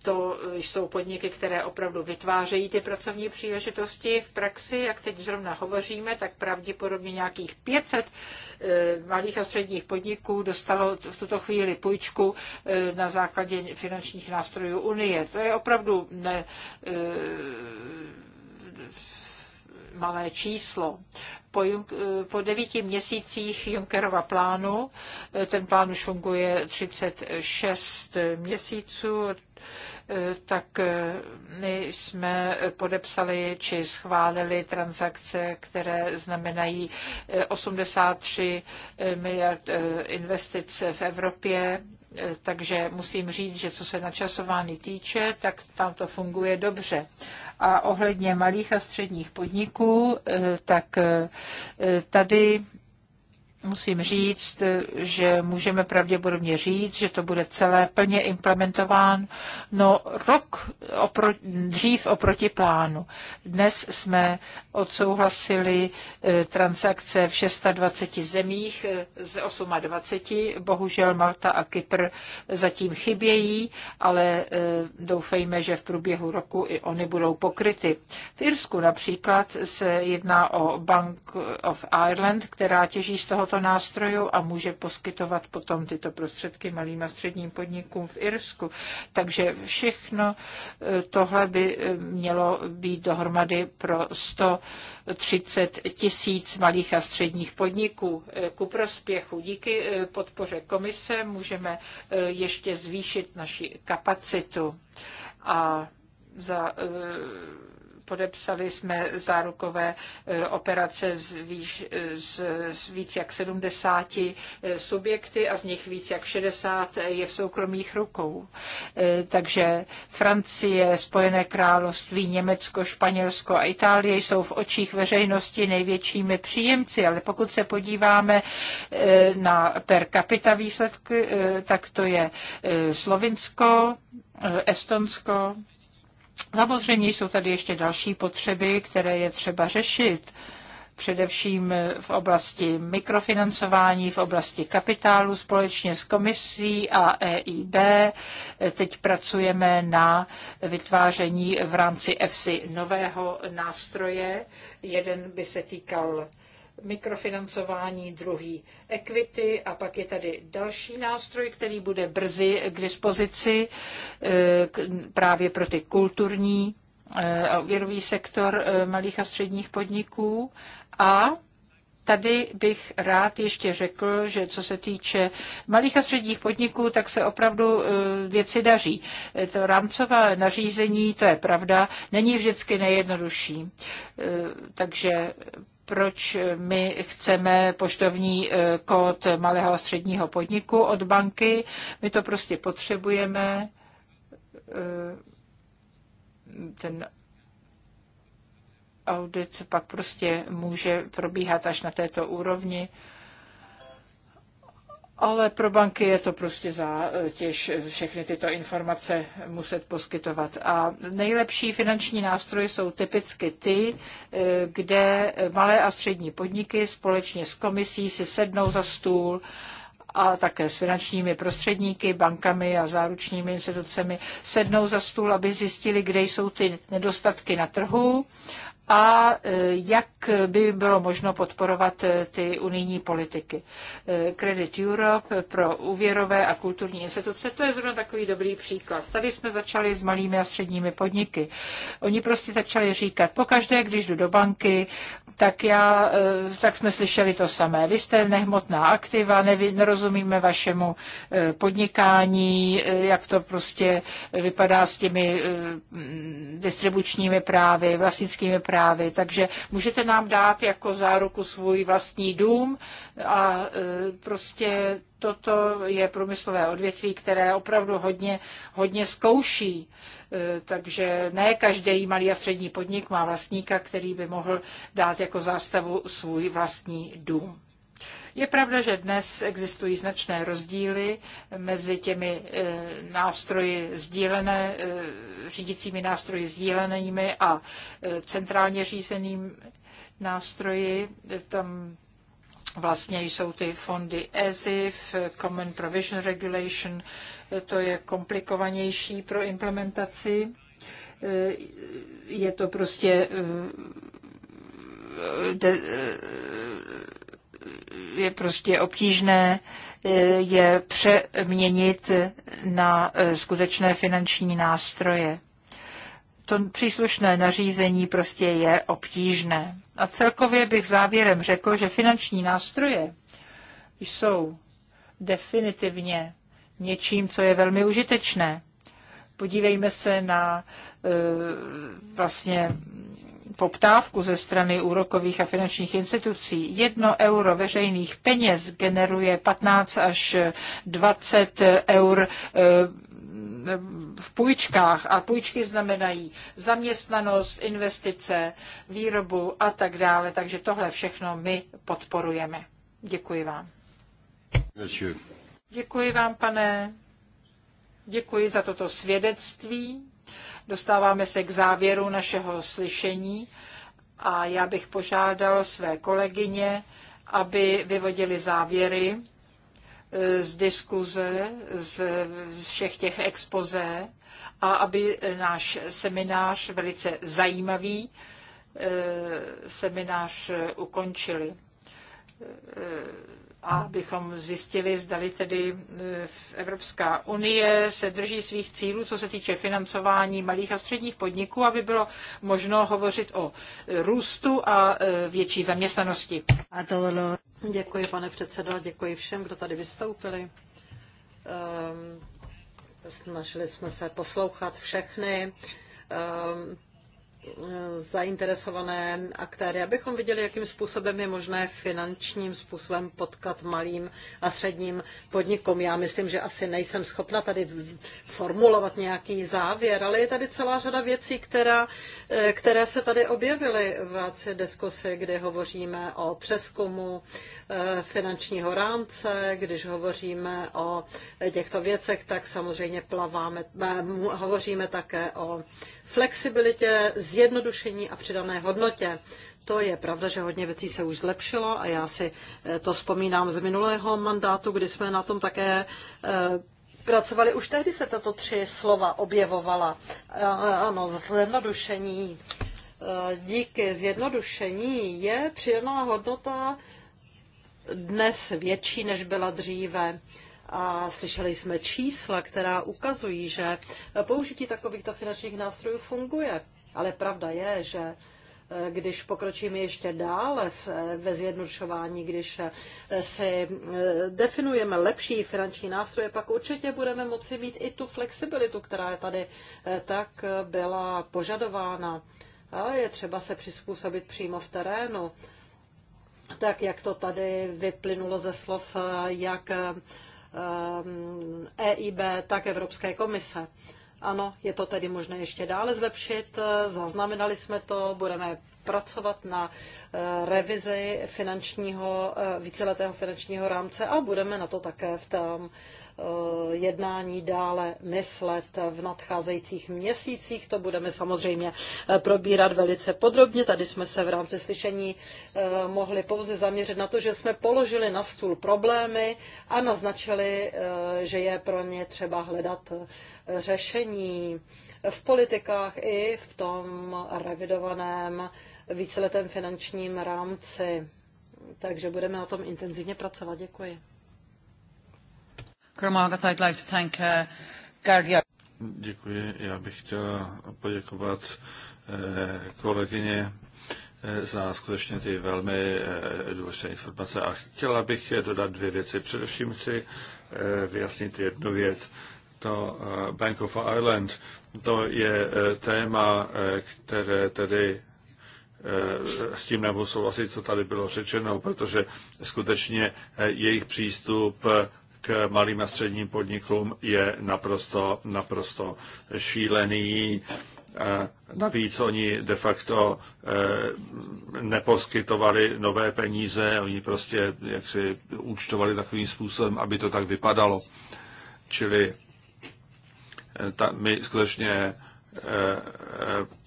to jsou podniky, které opravdu vytvářejí ty pracovní příležitosti v praxi. Jak teď zrovna hovoříme, tak pravděpodobně nějakých 500 eh, malých a středních podniků dostalo v tuto chvíli půjčku eh, na základě finančních nástrojů Unie. To je opravdu ne, eh, malé číslo. Po, po devíti měsících Junckerova plánu, eh, ten plán už funguje 36 měsíců, eh, tak eh, my jsme podepsali či schválili transakce, které znamenají 83 miliard investic v Evropě takže musím říct, že co se načasování týče, tak tam to funguje dobře. A ohledně malých a středních podniků, eh, tak eh, tady musím říct, že můžeme pravděpodobně říct, že to bude celé plně implementován no rok opro, dřív oproti plánu. Dnes jsme odsouhlasili eh, transakce v 26 zemích eh, z 28. Bohužel Malta a Kypr zatím chybějí, ale eh, doufejme, že v průběhu roku i oni budou pokryty. V Irsku například se jedná o Bank of Ireland, která těží z tohoto těchto nástrojů a může poskytovat potom tyto prostředky malým a středním podnikům v Irsku. Takže všechno eh, tohle by eh, mělo být dohromady pro 130 tisíc malých a středních podniků eh, ku prospěchu. Díky podpoře komise můžeme ještě zvýšit naši kapacitu. A za Podepsali jsme zárukové e, operace z víc, e, z, z víc jak 70 e, subjekty a z nich víc jak 60 je v soukromých rukou. Takže Francie, Spojené království, Německo, Španělsko a Itálie jsou v očích veřejnosti největšími příjemci, ale pokud se podíváme na per capita výsledky, tak to je Slovinsko, Estonsko, Samozřejmě jsou tady ještě další potřeby, které je třeba řešit, především v oblasti mikrofinancování, v oblasti kapitálu společně s komisí a EIB. Teď pracujeme na vytváření v rámci EFSI nového nástroje. Jeden by se týkal mikrofinancování, druhý equity a pak je tady další nástroj, který bude brzy k dispozici eh, právě pro ty kulturní eh, a věrový sektor eh, malých a středních podniků a Tady bych rád ještě řekl, že co se týče malých a středních podniků, tak se opravdu věci daří. To rámcové nařízení, to je pravda, není vždycky nejjednodušší. Takže proč my chceme poštovní eh, kód malého a středního podniku od banky. My to prostě potřebujeme. Eh, ten audit pak prostě může probíhat až na této úrovni ale pro banky je to prostě zátěž všechny tyto informace muset poskytovat. A nejlepší finanční nástroje jsou typicky ty, eh, kde malé a střední podniky společně s komisí si sednou za stůl a také s finančními prostředníky, bankami a záručními institucemi sednou za stůl, aby zjistili, kde jsou ty nedostatky na trhu a e, jak by bylo možno podporovat e, ty unijní politiky. E, Credit Europe pro úvěrové a kulturní instituce, to je zrovna takový dobrý příklad. Tady jsme začali s malými a středními podniky. Oni prostě začali říkat, pokaždé, když jdu do banky, tak, já, eh, tak jsme slyšeli to samé. Vy jste nehmotná aktiva, nevy, nerozumíme vašemu eh, podnikání, eh, jak to prostě vypadá s těmi mm, distribučními právy, vlastnickými právy. Takže můžete nám dát jako záruku svůj vlastní dům a prostě toto je průmyslové odvětví, které opravdu hodně, hodně zkouší. E, takže ne každý malý a střední podnik má vlastníka, který by mohl dát jako zástavu svůj vlastní dům. Je pravda, že dnes existují značné rozdíly mezi těmi e, nástroji sdílené, e, řídícími nástroji sdílenými a centrálně řízenými nástroji. Tam vlastně jsou ty fondy ESIF, Common Provision Regulation, to je komplikovanější pro implementaci. Je to prostě eh, eh, je prostě obtížné eh, je přeměnit na skutečné finanční nástroje to příslušné nařízení prostě je obtížné. A celkově bych závěrem řekl, že finanční nástroje jsou definitivně něčím, co je velmi užitečné. Podívejme se na e, vlastně poptávku ze strany úrokových a finančních institucí. Jedno euro veřejných peněz generuje 15 až 20 eur e, v půjčkách a půjčky znamenají zaměstnanost, investice, výrobu a tak dále. Takže tohle všechno my podporujeme. Děkuji vám. Děkuji vám, pane. Děkuji za toto svědectví. Dostáváme se k závěru našeho slyšení a já bych požádal své kolegyně, aby vyvodili závěry z diskuze, z všech těch expozé a aby náš seminář, velice zajímavý e, seminář, ukončili e, abychom zjistili, zdali tedy e, Evropská unie se drží svých cílů, co se týče financování malých a středních podniků, aby bylo možno hovořit o růstu a e, větší zaměstnanosti. Děkuji, pane předsedo, děkuji všem, kdo tady vystoupili. Ehm, snažili jsme se poslouchat všechny. Ehm, zainteresované aktéry, abychom viděli, jakým způsobem je možné finančním způsobem potkat malým a středním podnikům. Já myslím, že asi nejsem schopna tady formulovat nějaký závěr, ale je tady celá řada věcí, která, eh, které se tady objevily v rámci diskusy, kdy hovoříme o přeskumu eh, finančního rámce, když hovoříme o těchto věcech, tak samozřejmě plaváme, eh, hovoříme také o flexibilitě, zjednodušení a přidané hodnotě. To je pravda, že hodně věcí se už zlepšilo a já si eh, to vzpomínám z minulého mandátu, kdy jsme na tom také eh, pracovali. Už tehdy se tato tři slova objevovala. Ano, zjednodušení. Eh, díky zjednodušení je přidaná hodnota dnes větší, než byla dříve a slyšeli jsme čísla, která ukazují, že použití takovýchto finančních nástrojů funguje. Ale pravda je, že eh, když pokročíme ještě dále eh, ve zjednodušování, když eh, si definujeme lepší finanční nástroje, pak určitě budeme moci mít i tu flexibilitu, která je tady tak byla požadována. A je třeba se přizpůsobit přímo v terénu. Tak, jak to tady vyplynulo ze slov jak EIB, eh, e tak Evropské komise. Ano, je to tedy možné ještě dále zlepšit. Zaznamenali jsme to, budeme pracovat na eh, revizi finančního, eh, víceletého finančního rámce a budeme na to také v tom Eh, jednání dále myslet v nadcházejících měsících. To budeme samozřejmě eh, probírat velice podrobně. Tady jsme se v rámci slyšení eh, mohli pouze zaměřit na to, že jsme položili na stůl problémy a naznačili, že je pro ně třeba hledat řešení v politikách i v tom revidovaném víceletém finančním rámci. Takže budeme na tom intenzivně pracovat. Děkuji. Uh, Děkuji. Já bych chtěla poděkovat eh, kolegyně eh, za skutečně ty velmi eh, důležité informace a chtěla bych dodat dvě věci. Především chci vyjasnit jednu věc. To Bank of Ireland, to je téma, které tedy s tím nemohu souhlasit, co tady bylo řečeno, protože skutečně jejich přístup malým a středním podnikům je naprosto, naprosto šílený. Navíc oni de facto eh, neposkytovali nové peníze, oni prostě jak si účtovali takovým způsobem, aby to tak vypadalo. Čili eh, ta, my skutečně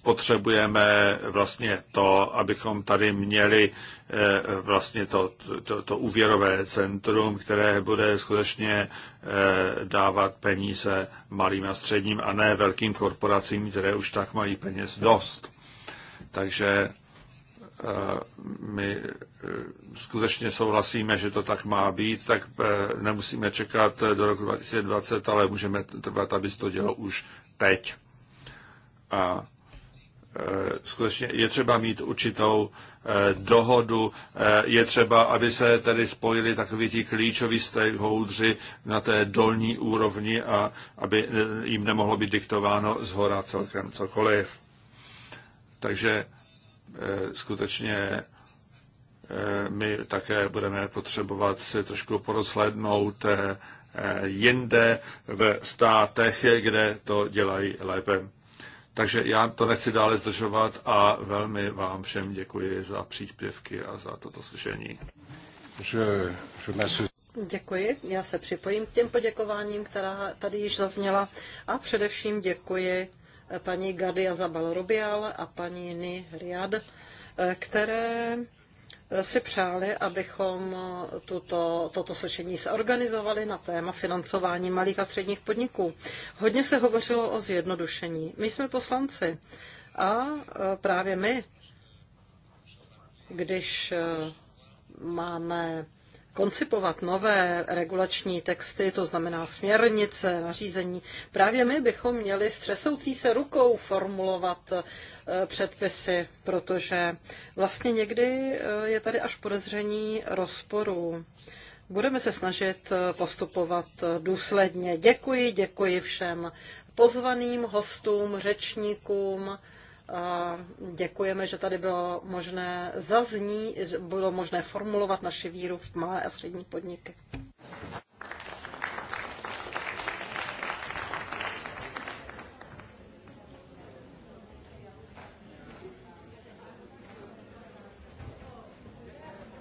potřebujeme vlastně to, abychom tady měli eh, vlastně to, to, to úvěrové centrum, které bude skutečně eh, dávat peníze malým a středním a ne velkým korporacím, které už tak mají peněz dost. Takže eh, my skutečně souhlasíme, že to tak má být, tak nemusíme čekat do roku 2020, ale můžeme trvat, aby se to dělo už teď. A e, skutečně je třeba mít určitou e, dohodu, e, je třeba, aby se tedy spojili takoví ti klíčoví stakeholdři na té dolní úrovni a aby jim nemohlo být diktováno z hora celkem cokoliv. Takže skutečně my také budeme potřebovat si trošku porozhlednout jinde ve státech, kde to dělají lépe. Takže já to nechci dále zdržovat a velmi vám všem děkuji za příspěvky a za toto slyšení. Děkuji, já se připojím k těm poděkováním, která tady již zazněla a především děkuji eh, paní Gadia Zabal Rubial a paní Ni Riad, eh, které si přáli, abychom tuto, toto slyšení se organizovali na téma financování malých a středních podniků. Hodně se hovořilo o zjednodušení. My jsme poslanci a e, právě my, když e, máme koncipovat nové regulační texty, to znamená směrnice, nařízení, právě my bychom měli střesoucí se rukou formulovat eh, předpisy, protože vlastně někdy eh, je tady až podezření rozporu. Budeme se snažit eh, postupovat důsledně. Děkuji, děkuji všem pozvaným hostům, řečníkům děkujeme, že tady bylo možné zazní, bylo možné formulovat naši víru v malé a střední podniky.